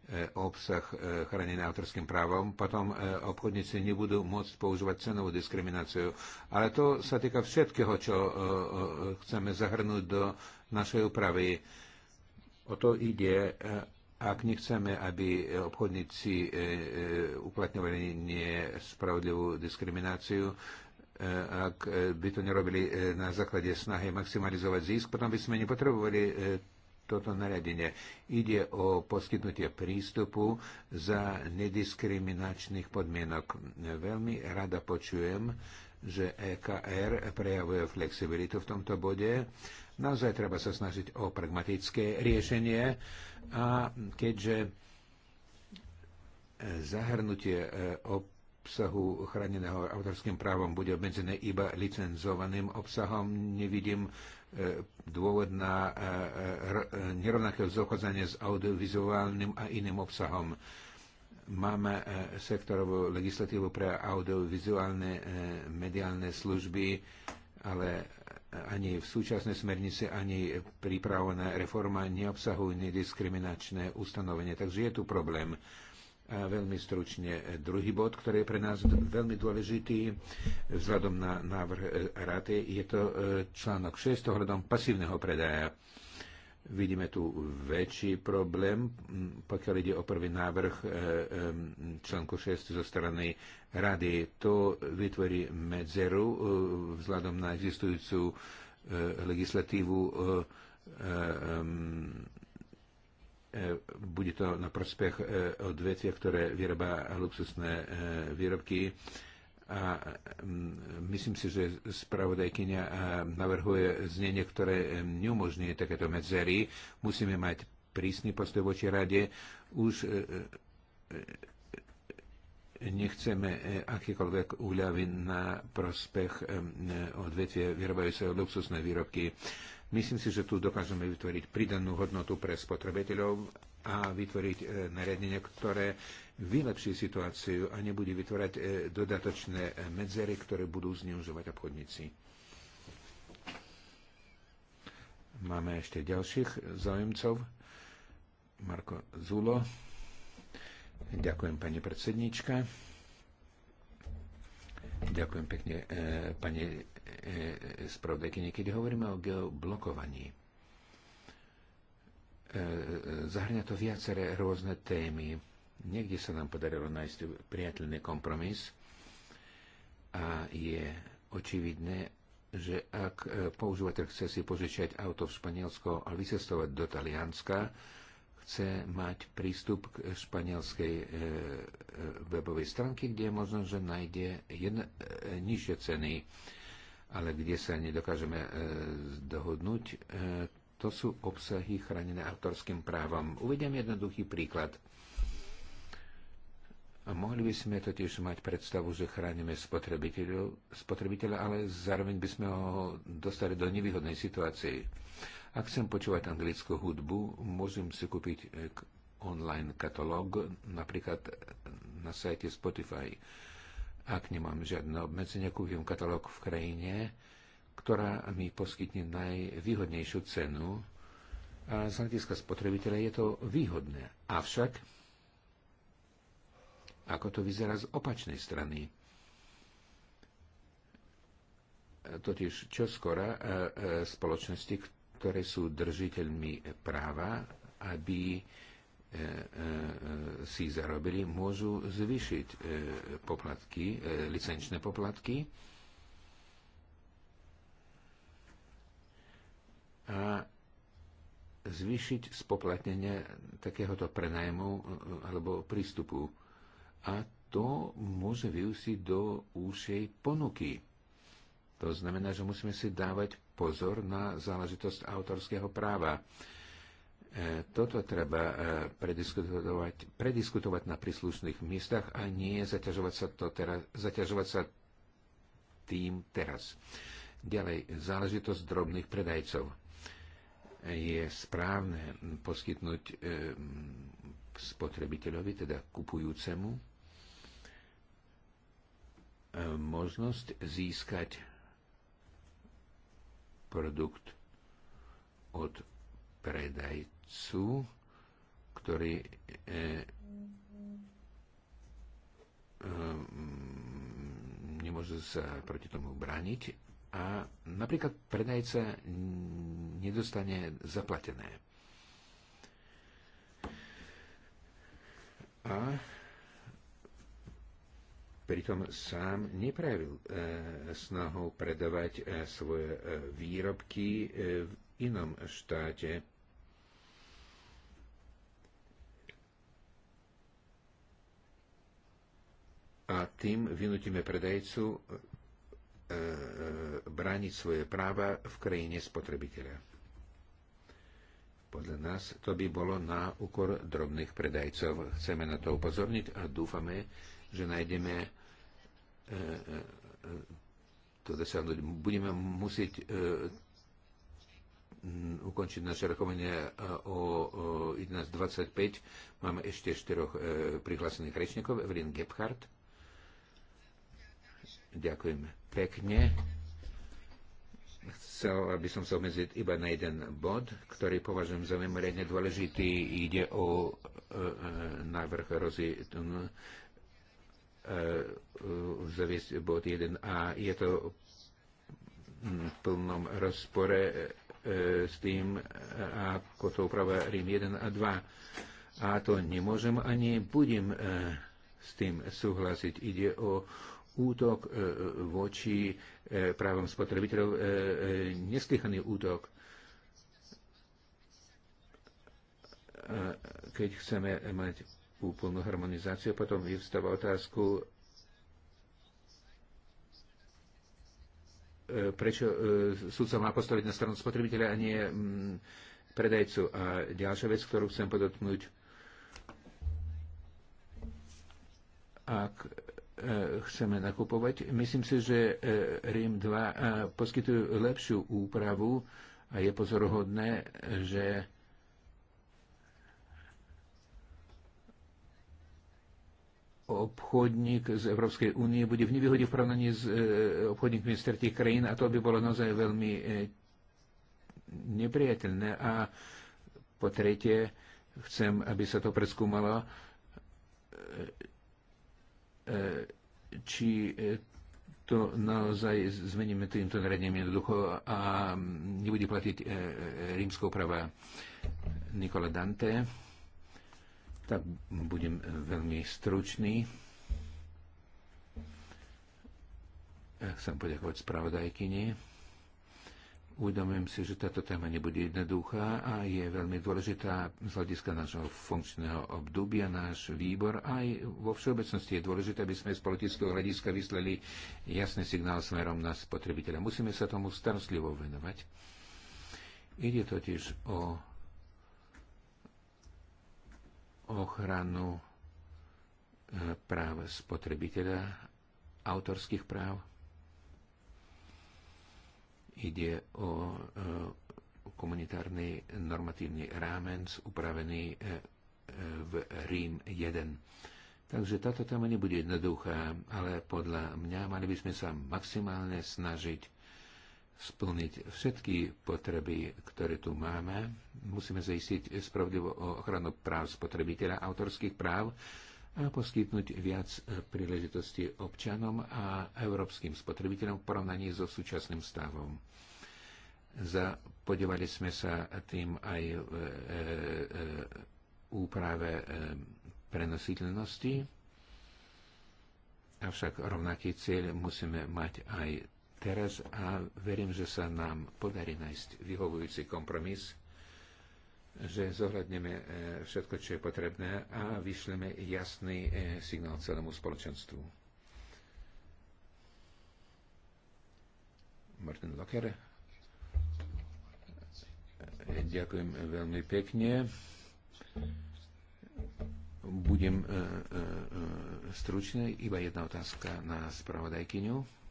E, obsah e, chránený autorským právom, potom e, obchodníci nebudú môcť používať cenovú diskrimináciu. Ale to sa týka všetkého, čo chceme zahrnúť do našej úpravy. O to ide, ak nechceme, aby obchodníci uplatňovali nespravodlivú diskrimináciu, ak by to nerobili na základe snahy maximalizovať zisk, potom by sme nepotrebovali toto nariadenie. Ide o poskytnutie prístupu za nediskriminačných podmienok. Veľmi rada počujem, že EKR prejavuje flexibilitu v tomto bode. Naozaj treba sa snažiť o pragmatické riešenie a keďže zahrnutie e, obsahu chráneného autorským právom bude obmedzené iba licenzovaným obsahom, nevidím dôvod na e, e, nerovnaké zochádzanie s audiovizuálnym a iným obsahom. Máme e, sektorovú legislatívu pre audiovizuálne mediálne služby, ale ani v súčasnej smernici, ani pripravená reforma neobsahujú nediskriminačné ustanovenie. Takže je tu problém. A veľmi stručne e, druhý bod, ktorý je pre nás veľmi dôležitý e, vzhľadom na návrh e, rady, je to článok 6 ohľadom pasívneho predaja. Vidíme tu väčší problém, pokiaľ ide o prvý návrh článku 6 zo strany rady. To vytvorí medzeru vzhľadom na existujúcu legislatívu E, bude to na prospech e, odvetvia, ktoré vyrába luxusné e, výrobky. A myslím si, že spravodajkynia navrhuje znenie, ktoré neumožňuje takéto medzery. Musíme mať prísny postoj voči rade. Už nechceme akýkoľvek úľavy na prospech odvetvie vyrábajúceho luxusné výrobky. Myslím si, že tu dokážeme vytvoriť pridanú hodnotu pre spotrebiteľov a vytvoriť e, nariadenie, ktoré vylepší situáciu a nebude vytvárať e, dodatočné e, medzery, ktoré budú zneužívať obchodníci. Máme ešte ďalších záujemcov. Marko Zulo. Ďakujem, pani predsednička. Ďakujem pekne, e, pani spravodajkyne, e, e, niekedy hovoríme o geoblokovaní. E, zahrňa to viaceré rôzne témy. Niekde sa nám podarilo nájsť priateľný kompromis a je očividné, že ak používateľ chce si požičať auto v Španielsko a vycestovať do Talianska, chce mať prístup k španielskej e, webovej stránke, kde je možno, že nájde jedne, e, nižšie ceny ale kde sa nedokážeme e, dohodnúť, e, to sú obsahy chránené autorským právom. Uvediem jednoduchý príklad. A mohli by sme totiž mať predstavu, že chránime spotrebiteľa, ale zároveň by sme ho dostali do nevýhodnej situácie. Ak chcem počúvať anglickú hudbu, môžem si kúpiť e, online katalóg, napríklad na sajte Spotify ak nemám žiadne obmedzenia, kúpim katalóg v krajine, ktorá mi poskytne najvýhodnejšiu cenu a z hľadiska spotrebiteľa je to výhodné. Avšak, ako to vyzerá z opačnej strany, totiž čo čoskora e, e, spoločnosti, ktoré sú držiteľmi práva, aby E, e, si zarobili, môžu zvýšiť e, poplatky, licenčné poplatky. A zvýšiť spoplatnenie takéhoto prenajmu alebo prístupu. A to môže vyúsiť do úšej ponuky. To znamená, že musíme si dávať pozor na záležitosť autorského práva. E, toto treba e, prediskutovať, prediskutovať na príslušných miestach a nie zaťažovať sa, to teraz, zaťažovať sa tým teraz. Ďalej, záležitosť drobných predajcov. Je správne poskytnúť e, spotrebiteľovi, teda kupujúcemu, možnosť získať produkt od predajcov sú, ktorí e, e, nemôžu sa proti tomu brániť a napríklad predajca nedostane zaplatené. A pritom sám neprejavil e, snahu predávať e, svoje e, výrobky e, v inom štáte. a tým vynutíme predajcu e, e, brániť svoje práva v krajine spotrebiteľa. Podľa nás to by bolo na úkor drobných predajcov. Chceme na to upozorniť a dúfame, že nájdeme e, to dosiahnuť. Budeme musieť ukončiť naše rokovanie o 11.25. Máme ešte štyroch prihlásených rečníkov. Evelyn Gebhardt. Ďakujem pekne. Chcel aby som sa obmedziť iba na jeden bod, ktorý považujem za mimoriadne dôležitý. Ide o e, e návrh rozi, e, e, zaviesť bod 1a. Je to mm, v plnom rozpore s tým, ako to upravuje Rím 1 a 2. A to nemôžem ani budem s tým súhlasiť. Ide o útok e, e, voči e, právom spotrebiteľov, neslychaný útok. Keď chceme mať úplnú harmonizáciu, potom vyvstáva otázku, prečo súdca má postaviť na stranu spotrebiteľa a nie mm, predajcu. A ďalšia vec, ktorú chcem podotknúť, ak E, chceme nakupovať. Myslím si, že e, Rím 2 e, poskytuje lepšiu úpravu a je pozoruhodné, že obchodník z Európskej únie bude v nevýhode v porovnaní s obchodníkmi z tretich krajín a to by bolo naozaj veľmi nepriateľné. A po tretie, chcem, aby sa to preskúmalo, E, či e, to naozaj zmeníme týmto nariadením jednoducho a nebude platiť e, rímskou práva Nikola Dante. Tak budem veľmi stručný. Chcem poďakovať spravodajkyni. Uvedomujem si, že táto téma nebude jednoduchá a je veľmi dôležitá z hľadiska nášho funkčného obdobia, náš výbor. Aj vo všeobecnosti je dôležité, aby sme z politického hľadiska vyslali jasný signál smerom na spotrebiteľa. Musíme sa tomu starostlivo venovať. Ide totiž o ochranu e, práv spotrebiteľa, autorských práv Ide o e, komunitárny normatívny rámec upravený e, e, v Rím 1. Takže táto téma nebude jednoduchá, ale podľa mňa mali by sme sa maximálne snažiť splniť všetky potreby, ktoré tu máme. Musíme zaistiť spravodlivú ochranu práv spotrebiteľa, autorských práv a poskytnúť viac príležitostí občanom a európskym spotrebiteľom v porovnaní so súčasným stavom podívali sme sa tým aj v e, e, úprave e, prenositeľnosti, avšak rovnaký cieľ musíme mať aj teraz a verím, že sa nám podarí nájsť vyhovujúci kompromis, že zohľadneme všetko, čo je potrebné a vyšleme jasný signál celému spoločenstvu. Martin Locker, Ďakujem veľmi pekne. Budem e, e, e, stručný. Iba jedna otázka na spravodajkyňu.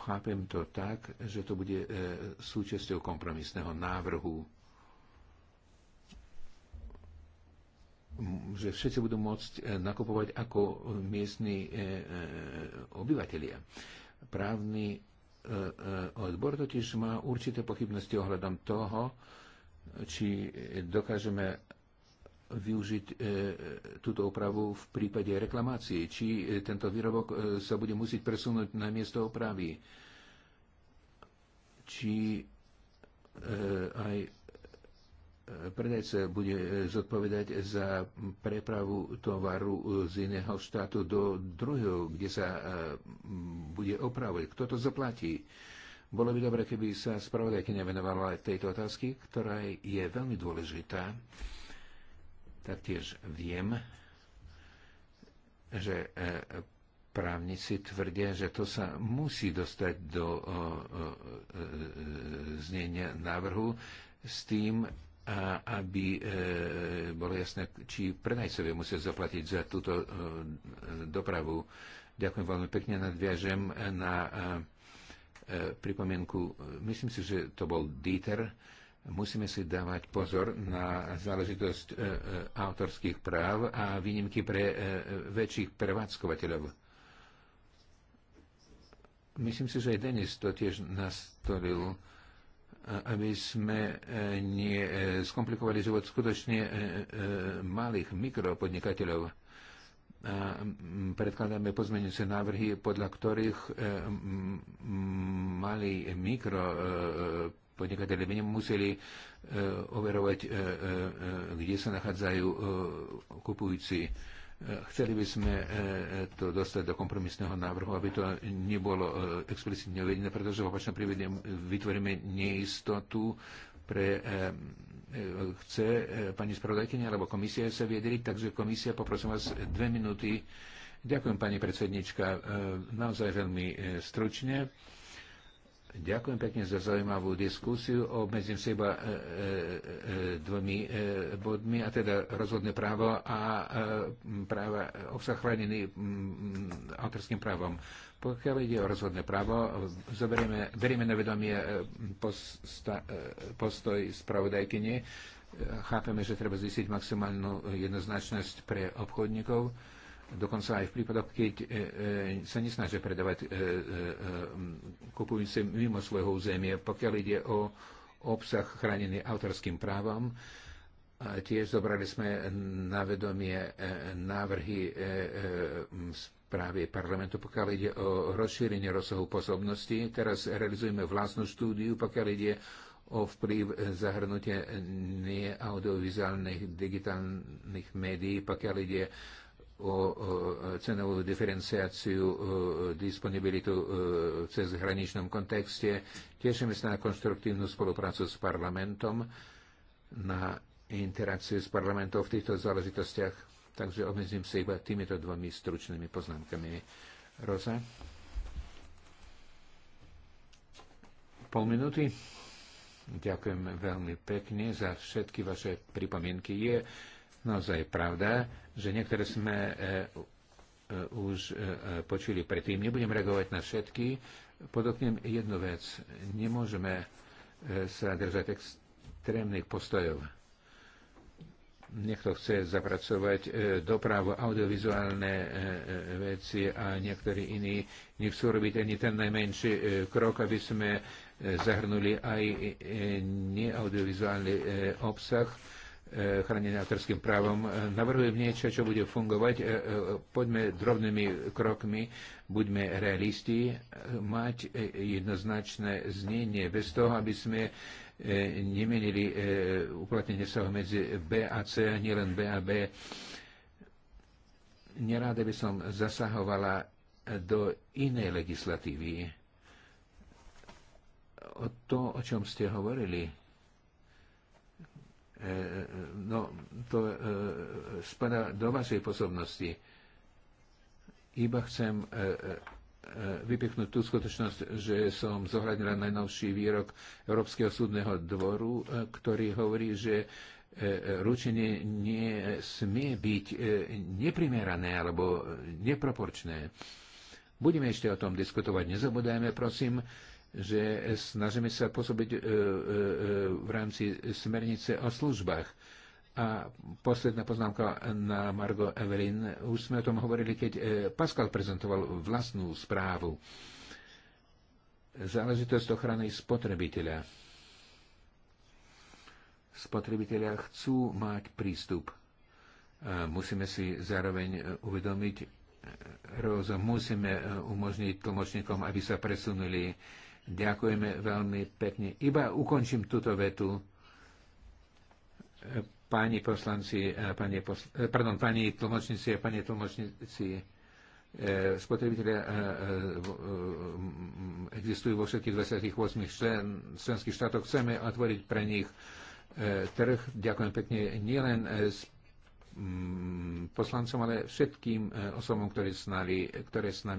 chápem to tak, že to bude súčasťou kompromisného návrhu, že všetci budú môcť nakupovať ako miestni obyvatelia. Právny E, e, odbor totiž má určité pochybnosti ohľadom toho, či dokážeme využiť e, túto opravu v prípade reklamácie, či tento výrobok sa bude musieť presunúť na miesto opravy, či aj predajca bude zodpovedať za prepravu tovaru z iného štátu do druhého, kde sa e, bude opravovať. Kto to zaplatí? Bolo by dobre, keby sa spravodajky nevenovala aj tejto otázky, ktorá je veľmi dôležitá. Taktiež viem, že e, právnici tvrdia, že to sa musí dostať do e, znenia návrhu s tým, aby e, bolo jasné, či prenajcovia musia zaplatiť za túto e, dopravu. Ďakujem veľmi pekne, nadviažem na e, pripomienku. Myslím si, že to bol Dieter. Musíme si dávať pozor na záležitosť autorských práv a výnimky pre väčších prevádzkovateľov. Myslím si, že aj Denis to tiež nastolil aby sme e, nie e, skomplikovali život skutočne e, malých mikropodnikateľov. Predkladáme pozmeňujúce návrhy, podľa ktorých malí mikropodnikateľe by nemuseli overovať, kde sa nachádzajú kupujúci Chceli by sme e, e, to dostať do kompromisného návrhu, aby to nebolo e, explicitne uvedené, pretože v opačnom prípade vytvoríme neistotu pre chce pani spravodajkyňa alebo komisia sa vyjadriť, takže komisia, poprosím vás, dve minúty. Ďakujem, pani predsednička, naozaj veľmi stručne. Ďakujem pekne za zaujímavú diskusiu. Obmedzím sa iba e, e, e, dvomi e, bodmi, a teda rozhodné právo a e, práva obsah chránený autorským právom. Pokiaľ ide o rozhodné právo, zoberieme, berieme na vedomie e, posta, e, postoj spravodajkyne. Chápeme, že treba zistiť maximálnu jednoznačnosť pre obchodníkov Dokonca aj v prípadoch, keď e, e, sa nesnažia predávať e, kupujúce mimo svojho územia, pokiaľ ide o obsah chránený autorským právom, Tiež zobrali sme na vedomie návrhy správy parlamentu, pokiaľ ide o rozšírenie rozsahu pôsobnosti. Teraz realizujeme vlastnú štúdiu, pokiaľ ide o vplyv zahrnutia neaudiovizuálnych digitálnych médií, pokiaľ ide o cenovú diferenciáciu, disponibilitu v cezhraničnom kontexte. Tešíme sa na konštruktívnu spoluprácu s parlamentom, na interakciu s parlamentom v týchto záležitostiach. Takže obmedzím sa iba týmito dvomi stručnými poznámkami. Rosa? Pol minúty? Ďakujem veľmi pekne za všetky vaše pripomienky. Je naozaj pravda, že niektoré sme e, e, už e, počuli predtým. Nebudem reagovať na všetky. Podoknem jednu vec. Nemôžeme sa držať extrémnych postojov. Niekto chce zapracovať dopravu, audiovizuálne veci a niektorí iní nechcú robiť ani ten najmenší krok, aby sme zahrnuli aj neaudiovizuálny obsah E, chránené autorským právom. E, navrhujem niečo, čo bude fungovať. E, poďme drobnými krokmi, buďme realisti, mať jednoznačné znenie bez toho, aby sme nemenili uplatnenie sa medzi B a C, nielen B a B. Neráda by som zasahovala do inej legislatívy. O to, o čom ste hovorili, Eh, no, to spada eh, do vašej pozornosti. Iba chcem eh, vypichnúť tú skutočnosť, že som zohľadnila najnovší výrok Európskeho súdneho dvoru, ktorý hovorí, že ručenie nesmie byť neprimerané alebo neproporčné. Budeme ešte o tom diskutovať. Nezabudajme, prosím, že snažíme sa pôsobiť e, e, e, v rámci smernice o službách. A posledná poznámka na Margo Evelyn. Už sme o tom hovorili, keď Pascal prezentoval vlastnú správu. Záležitosť ochrany spotrebiteľa. Spotrebiteľia chcú mať prístup. A musíme si zároveň uvedomiť, rozum, musíme umožniť tlmočníkom, aby sa presunuli Ďakujeme veľmi pekne. Iba ukončím túto vetu. Pani poslanci, eh, pani, posl- eh, pardon, pani tlmočníci a pani tlmočníci, eh, spotrebitelia existujú vo všetkých 28 člen, členských štátoch. Chceme otvoriť pre nich trh. Ďakujem pekne nielen s mm, poslancom, ale všetkým osobom, ktoré s nami